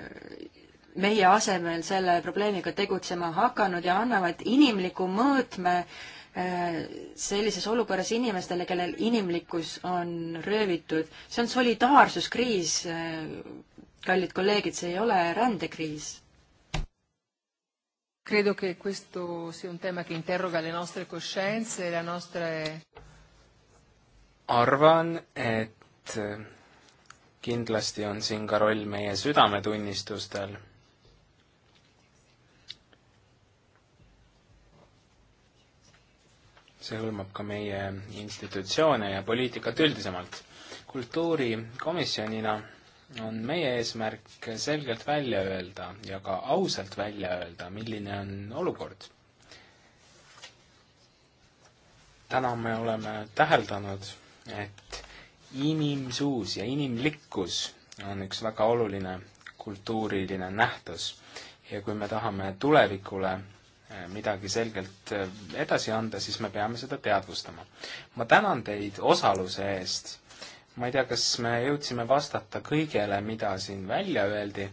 meie asemel selle probleemiga tegutsema hakanud ja annavad inimliku mõõtme äh, sellises olukorras inimestele, kellel inimlikkus on röövitud. see on solidaarsuskriis, äh, kallid kolleegid, see ei ole rändekriis. Credo che questo sia un tema che interroga le nostre coscienze e la nostra... arvan, et kindlasti on siin ka roll meie südametunnistustel. see hõlmab ka meie institutsioone ja poliitikat üldisemalt. kultuurikomisjonina on meie eesmärk selgelt välja öelda ja ka ausalt välja öelda, milline on olukord. täna me oleme täheldanud, et inimsuus ja inimlikkus on üks väga oluline kultuuriline nähtus ja kui me tahame tulevikule eh, midagi selgelt eh, edasi anda, siis me peame seda teadvustama. ma tänan teid osaluse eest ma ei tea, kas me jõudsime vastata kõigele, mida siin välja öeldi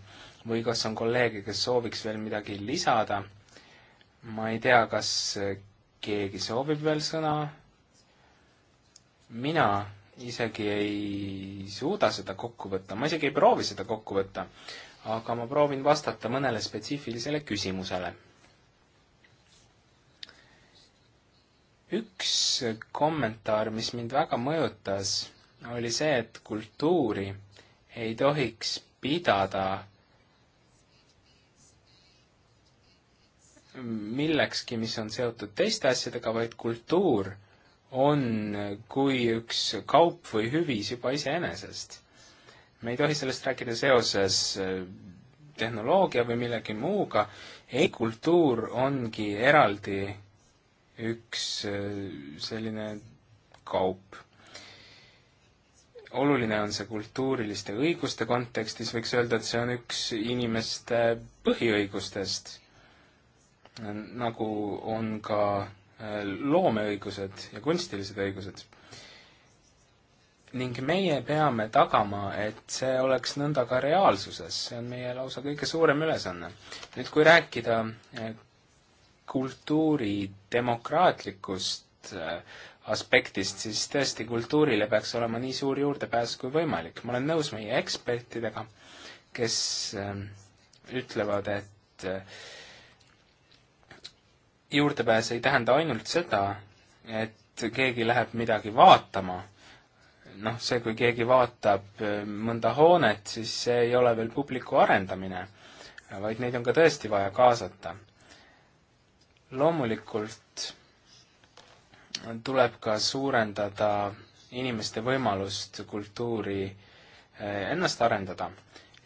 või kas on kolleege, kes sooviks veel midagi lisada. ma ei tea, kas keegi soovib veel sõna. mina isegi ei suuda seda kokku võtta, ma isegi ei proovi seda kokku võtta, aga ma proovin vastata mõnele spetsiifilisele küsimusele. üks kommentaar, mis mind väga mõjutas oli see, et kultuuri ei tohiks pidada millekski, mis on seotud teiste asjadega, vaid kultuur on kui üks kaup või hüvis juba iseenesest. me ei tohi sellest rääkida seoses äh, tehnoloogia või millegi muuga, ei, kultuur ongi eraldi üks äh, selline kaup oluline on see kultuuriliste õiguste kontekstis, võiks öelda, et see on üks inimeste põhiõigustest, nagu on ka äh, loomeõigused ja kunstilised õigused. ning meie peame tagama, et see oleks nõnda ka reaalsuses, see on meie lausa kõige suurem ülesanne. nüüd, kui rääkida äh, kultuuri demokraatlikust äh, aspektist, siis tõesti kultuurile peaks olema nii suur juurdepääs kui võimalik. ma olen nõus meie ekspertidega, kes ähm, ütlevad, et äh, juurdepääs ei tähenda ainult seda, et keegi läheb midagi vaatama, noh, see, kui keegi vaatab äh, mõnda hoonet, siis see ei ole veel publiku arendamine, vaid neid on ka tõesti vaja kaasata. loomulikult tuleb ka suurendada inimeste võimalust kultuuri eh, ennast arendada.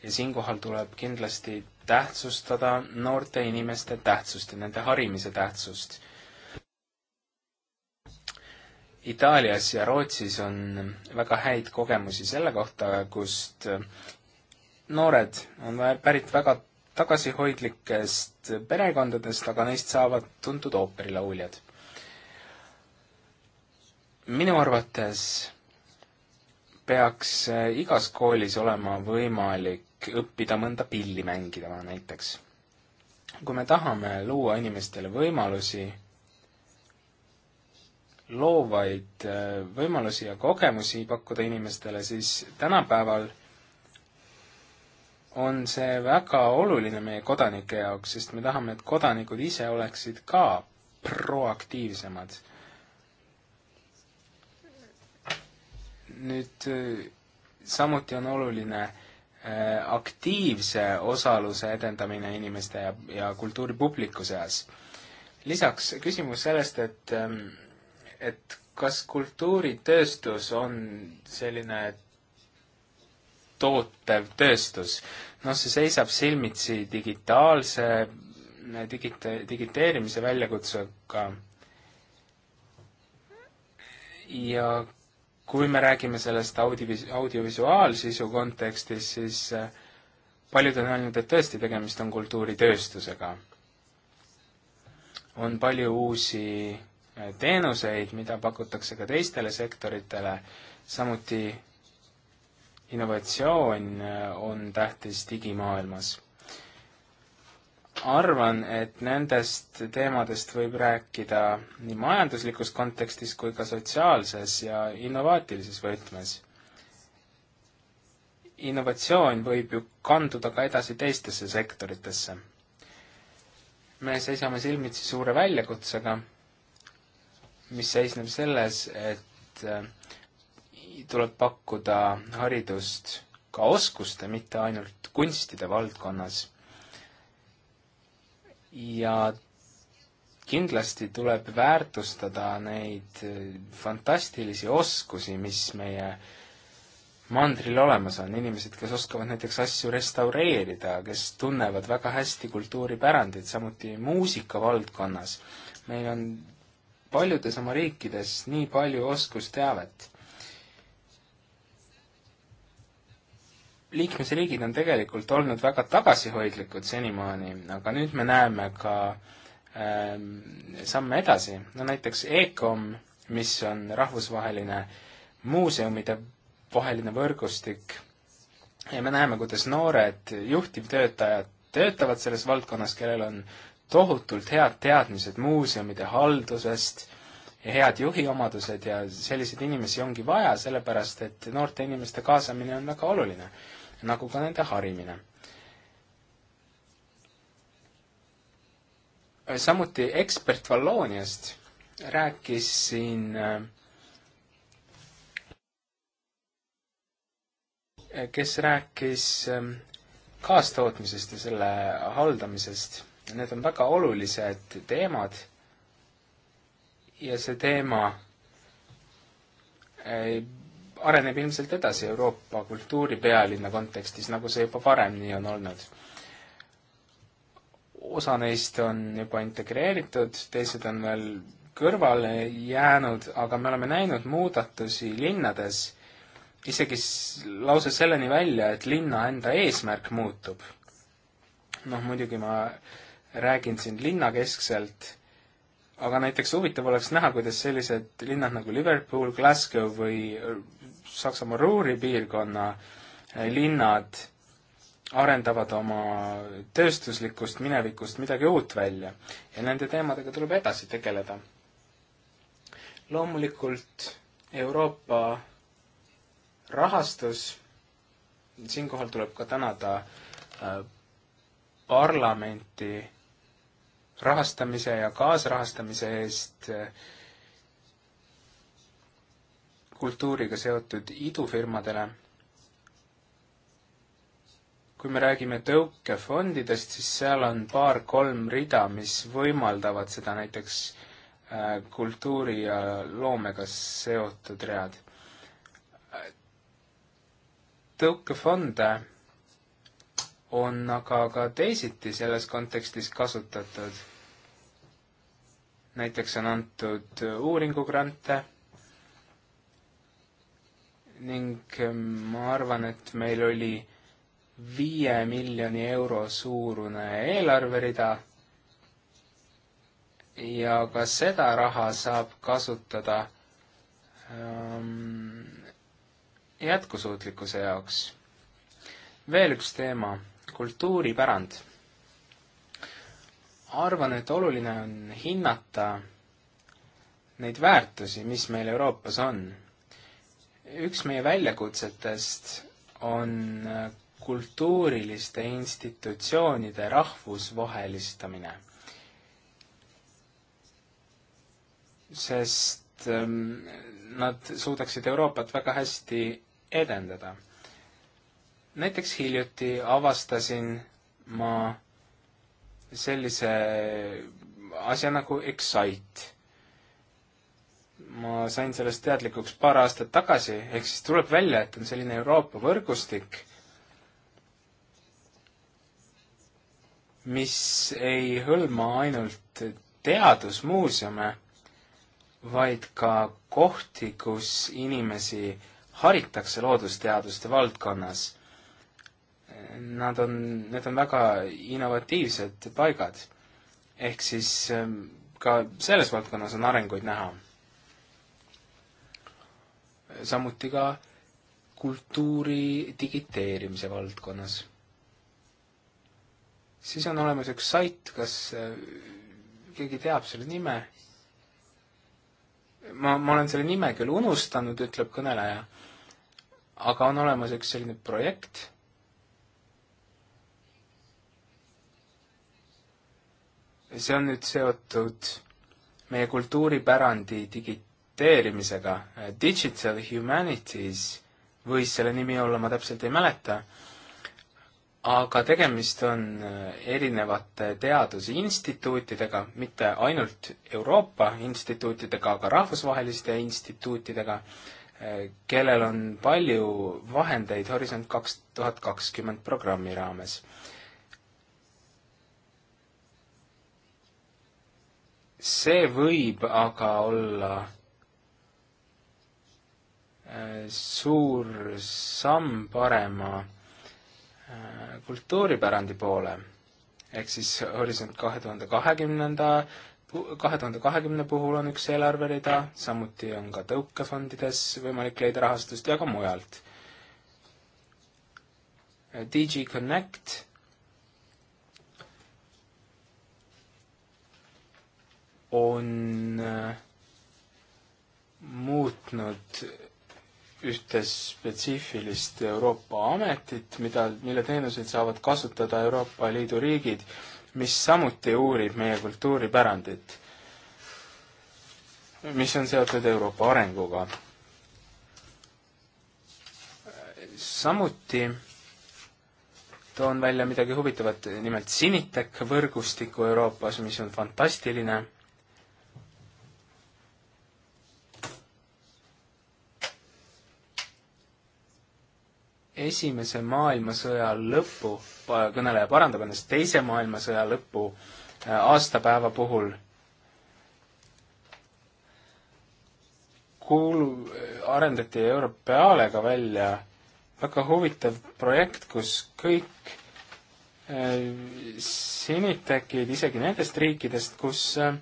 ja siinkohal tuleb kindlasti tähtsustada noorte inimeste tähtsust ja nende harimise tähtsust. Itaalias ja Rootsis on väga häid kogemusi selle kohta, kust eh, noored on pärit väga tagasihoidlikest perekondadest, aga neist saavad tuntud ooperilauljad minu arvates peaks äh, igas koolis olema võimalik õppida mõnda pilli mängida näiteks. kui me tahame luua inimestele võimalusi, loovaid äh, võimalusi ja kogemusi pakkuda inimestele, siis tänapäeval on see väga oluline meie kodanike jaoks, sest me tahame, et kodanikud ise oleksid ka proaktiivsemad nüüd eh, samuti on oluline eh, aktiivse osaluse edendamine inimeste ja, ja kultuuripubliku seas. lisaks küsimus sellest, et, eh, et kas kultuuritööstus on selline tootev tööstus, noh, see seisab silmitsi digitaalse digita-, digiteerimise väljakutsega ja kui me räägime sellest audivis-, audiovisuaalsisu kontekstis, siis äh, paljud on öelnud, et tõesti, tegemist on kultuuritööstusega. on palju uusi äh, teenuseid, mida pakutakse ka teistele sektoritele, samuti innovatsioon äh, on tähtis digimaailmas arvan, et nendest teemadest võib rääkida nii majanduslikus kontekstis kui ka sotsiaalses ja innovaatilises võtmes. innovatsioon võib ju kanduda ka edasi teistesse sektoritesse. me seisame silmitsi suure väljakutsega, mis seisneb selles, et äh, tuleb pakkuda haridust ka oskuste, mitte ainult kunstide valdkonnas ja kindlasti tuleb väärtustada neid äh, fantastilisi oskusi, mis meie mandril olemas on, inimesed, kes oskavad näiteks asju restaureerida, kes tunnevad väga hästi kultuuripärandit, samuti muusika valdkonnas. meil on paljudes oma riikides nii palju oskusteavet liikmesriigid on tegelikult olnud väga tagasihoidlikud senimaani, aga nüüd me näeme ka ähm, samme edasi, no näiteks ECOM, mis on rahvusvaheline muuseumide vaheline võrgustik ja me näeme, kuidas noored juhtivtöötajad töötavad selles valdkonnas, kellel on tohutult head teadmised muuseumide haldusest ja head juhiomadused ja selliseid inimesi ongi vaja, sellepärast et noorte inimeste kaasamine on väga oluline nagu ka nende harimine. samuti ekspert Vallooniast rääkis siin äh, kes rääkis ähm, kaastootmisest ja selle haldamisest. Need on väga olulised teemad ja see teema ei äh, areneb ilmselt edasi Euroopa kultuuripealinna kontekstis, nagu see juba varem nii on olnud. osa neist on juba integreeritud, teised on veel kõrvale jäänud, aga me oleme näinud muudatusi linnades, isegi lause selleni välja, et linna enda eesmärk muutub. noh, muidugi ma räägin siin linnakeskselt aga näiteks huvitav oleks näha, kuidas sellised linnad nagu Liverpool, Glasgow või Saksamaa Ruhri piirkonna eh, linnad arendavad oma tööstuslikust minevikust midagi uut välja ja nende teemadega tuleb edasi tegeleda. loomulikult Euroopa rahastus, siinkohal tuleb ka tänada eh, parlamenti rahastamise ja kaasrahastamise eest äh, kultuuriga seotud idufirmadele. kui me räägime tõukefondidest, siis seal on paar-kolm rida, mis võimaldavad seda, näiteks äh, kultuuri ja loomega seotud read. tõukefonde on aga ka teisiti selles kontekstis kasutatud. näiteks on antud uuringugrante ning ehm, ma arvan, et meil oli viie miljoni euro suurune eelarverida ja ka seda raha saab kasutada ähm, jätkusuutlikkuse jaoks. veel üks teema, kultuuripärand. arvan, et oluline on hinnata neid väärtusi, mis meil Euroopas on üks meie väljakutsetest on kultuuriliste institutsioonide rahvusvahelistamine. sest ähm, nad suudaksid Euroopat väga hästi edendada. näiteks hiljuti avastasin ma sellise asja nagu Excite ma sain sellest teadlikuks paar aastat tagasi, ehk siis tuleb välja, et on selline Euroopa võrgustik, mis ei hõlma ainult teadusmuuseume, vaid ka kohti, kus inimesi haritakse loodusteaduste valdkonnas. Nad on, need on väga innovatiivsed paigad. ehk siis ähm, ka selles valdkonnas on arenguid näha samuti ka kultuuri digiteerimise valdkonnas. siis on olemas üks sait, kas äh, keegi teab selle nime? ma, ma olen selle nime küll unustanud, ütleb kõneleja, aga on olemas üks selline projekt see on nüüd seotud meie kultuuripärandi digi-, tsiteerimisega. Digital Humanities võis selle nimi olla, ma täpselt ei mäleta, aga tegemist on äh, erinevate teadusinstituutidega, mitte ainult Euroopa instituutidega, aga rahvusvaheliste instituutidega, äh, kellel on palju vahendeid Horisont kaks tuhat kakskümmend programmi raames see võib aga olla suur samm parema äh, kultuuripärandi poole, ehk siis Horisont kahe tuhande kahekümnenda, kahe tuhande kahekümne puhul on üks eelarverida, samuti on ka tõukefondides võimalik leida rahastust ja ka mujalt. DG Connect on äh, muutnud ühte spetsiifilist Euroopa ametit, mida, mille teenuseid saavad kasutada Euroopa Liidu riigid, mis samuti uurib meie kultuuripärandit, mis on seotud Euroopa arenguga. samuti toon välja midagi huvitavat, nimelt Sinitec võrgustiku Euroopas, mis on fantastiline Esimese maailmasõja lõppu, kõneleja parandab ennast, Teise maailmasõja lõpu äh, aastapäeva puhul kuulu-, arendati Europealega välja väga huvitav projekt, kus kõik äh, sinitekid isegi nendest riikidest, kus, äh,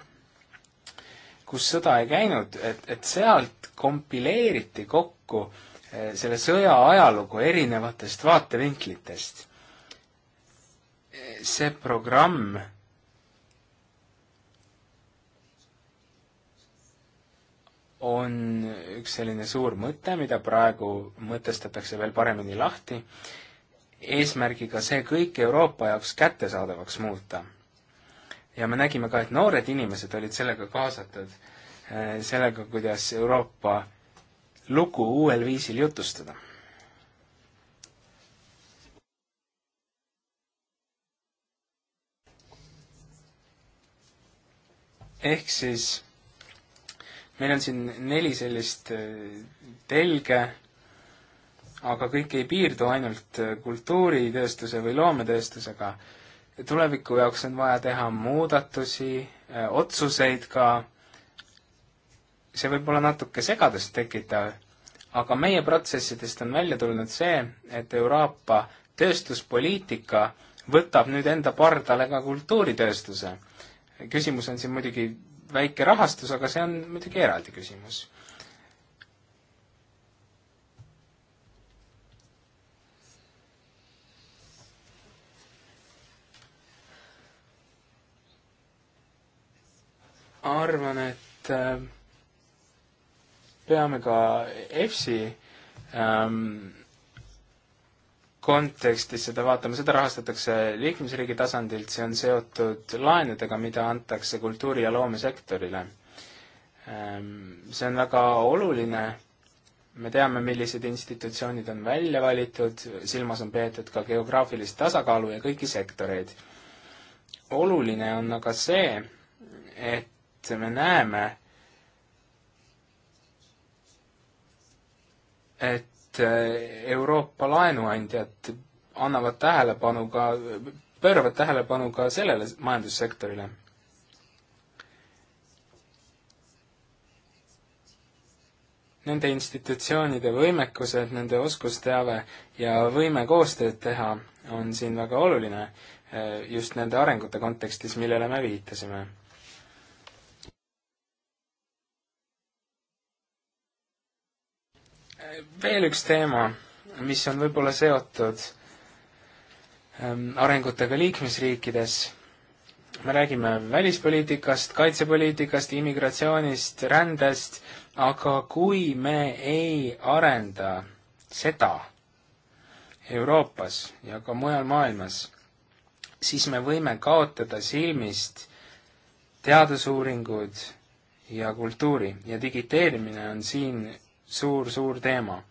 kus sõda ei käinud, et, et sealt kompileeriti kokku äh, Eh, selle sõja ajalugu erinevatest vaatevinklitest. Eh, see programm on üks selline suur mõte, mida praegu mõtestatakse veel paremini lahti, eesmärgiga see kõik Euroopa jaoks kättesaadavaks muuta. ja me nägime ka, et noored inimesed olid sellega kaasatud, eh, sellega, kuidas Euroopa lugu uuel viisil jutustada. ehk siis meil on siin neli sellist äh, telge, aga kõik ei piirdu ainult äh, kultuuritööstuse või loometööstusega tuleviku jaoks on vaja teha muudatusi, äh, otsuseid ka see võib olla natuke segadust tekitav, aga meie protsessidest on välja tulnud see, et Euroopa tööstuspoliitika võtab nüüd enda pardale ka kultuuritööstuse. küsimus on siin muidugi väike rahastus, aga see on muidugi eraldi küsimus. arvan, et äh, peame ka EFSI ähm, kontekstis seda vaatama, seda rahastatakse liikmesriigi tasandilt, see on seotud laenudega, mida antakse kultuuri- ja loomesektorile. Ähm, see on väga oluline, me teame, millised institutsioonid on välja valitud, silmas on peetud ka geograafilist tasakaalu ja kõiki sektoreid. oluline on aga see, et me näeme, et eh, Euroopa laenuandjad annavad tähelepanu ka, pööravad tähelepanu ka sellele majandussektorile. Nende institutsioonide võimekused, nende oskusteave ja võime koostööd teha on siin väga oluline eh, just nende arengute kontekstis, millele me viitasime veel üks teema, mis on võib-olla seotud ähm, arengutega liikmesriikides. me räägime välispoliitikast, kaitsepoliitikast, immigratsioonist, rändest, aga kui me ei arenda seda Euroopas ja ka mujal maailmas, siis me võime kaotada silmist teadusuuringud ja kultuuri ja digiteerimine on siin suur-suur teema.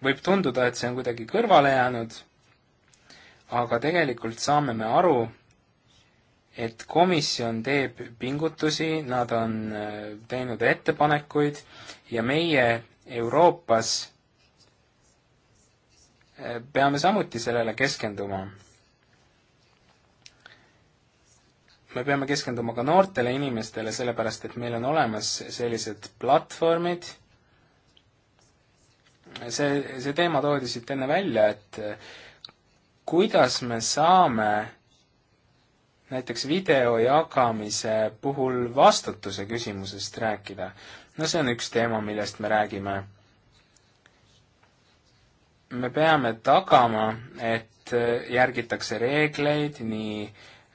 võib tunduda, et see on kuidagi kõrvale jäänud, aga tegelikult saame me aru, et komisjon teeb pingutusi, nad on äh, teinud ettepanekuid ja meie Euroopas äh, peame samuti sellele keskenduma. me peame keskenduma ka noortele inimestele, sellepärast et meil on olemas sellised platvormid, see, see teema toodi siit enne välja, et kuidas me saame näiteks video jagamise puhul vastutuse küsimusest rääkida. no see on üks teema, millest me räägime. me peame tagama, et järgitakse reegleid, nii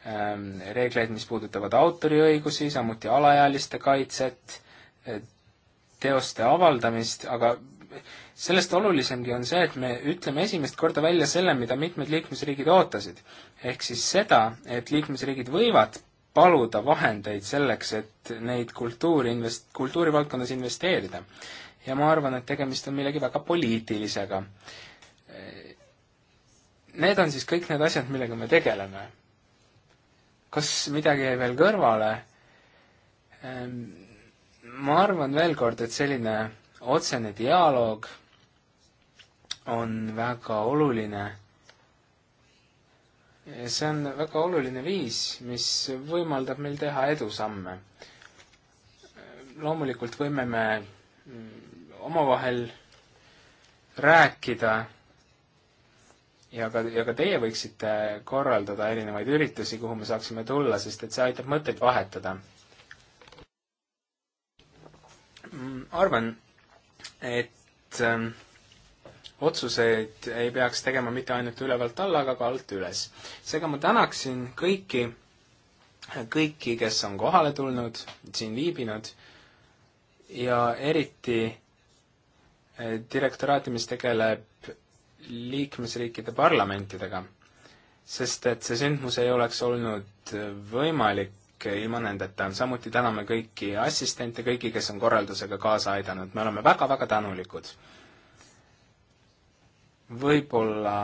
ähm, reegleid, mis puudutavad autoriõigusi, samuti alaealiste kaitset, teoste avaldamist, aga sellest olulisemgi on see, et me ütleme esimest korda välja selle, mida mitmed liikmesriigid ootasid. ehk siis seda, et liikmesriigid võivad paluda vahendeid selleks, et neid kultuuri invest-, kultuurivaldkonnas investeerida. ja ma arvan, et tegemist on millegi väga poliitilisega. Need on siis kõik need asjad, millega me tegeleme. kas midagi jäi veel kõrvale? Ehm, ma arvan veel kord, et selline otsene dialoog on väga oluline. see on väga oluline viis, mis võimaldab meil teha edusamme. loomulikult võime me mm, omavahel rääkida ja ka, ja ka teie võiksite korraldada erinevaid üritusi, kuhu me saaksime tulla, sest et see aitab mõtteid vahetada. Mm, arvan, et ähm, otsuseid ei peaks tegema mitte ainult ülevalt alla, aga ka alt üles. seega ma tänaksin kõiki, kõiki, kes on kohale tulnud, siin viibinud ja eriti äh, direktoraati, mis tegeleb liikmesriikide parlamentidega. sest et see sündmus ei oleks olnud võimalik kõik ilma nendeta. samuti täname kõiki assistente, kõiki, kes on korraldusega kaasa aidanud, me oleme väga-väga tänulikud. võib-olla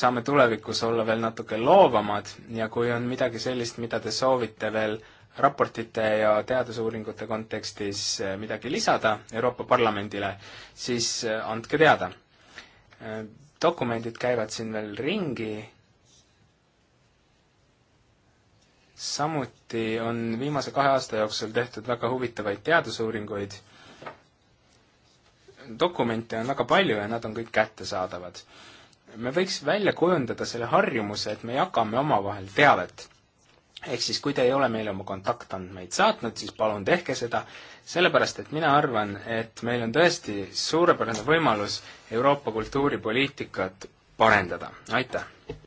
saame tulevikus olla veel natuke loovamad ja kui on midagi sellist, mida te soovite veel raportite ja teadusuuringute kontekstis eh, midagi lisada Euroopa Parlamendile, siis eh, andke teada. Eh, dokumendid käivad siin veel ringi samuti on viimase kahe aasta jooksul tehtud väga huvitavaid teadusuuringuid. dokumente on väga palju ja nad on kõik kättesaadavad. me võiks välja kujundada selle harjumuse, et me jagame omavahel teavet. ehk siis, kui te ei ole meile oma kontaktandmeid saatnud, siis palun tehke seda, sellepärast et mina arvan, et meil on tõesti suurepärane võimalus Euroopa kultuuripoliitikat parendada. aitäh!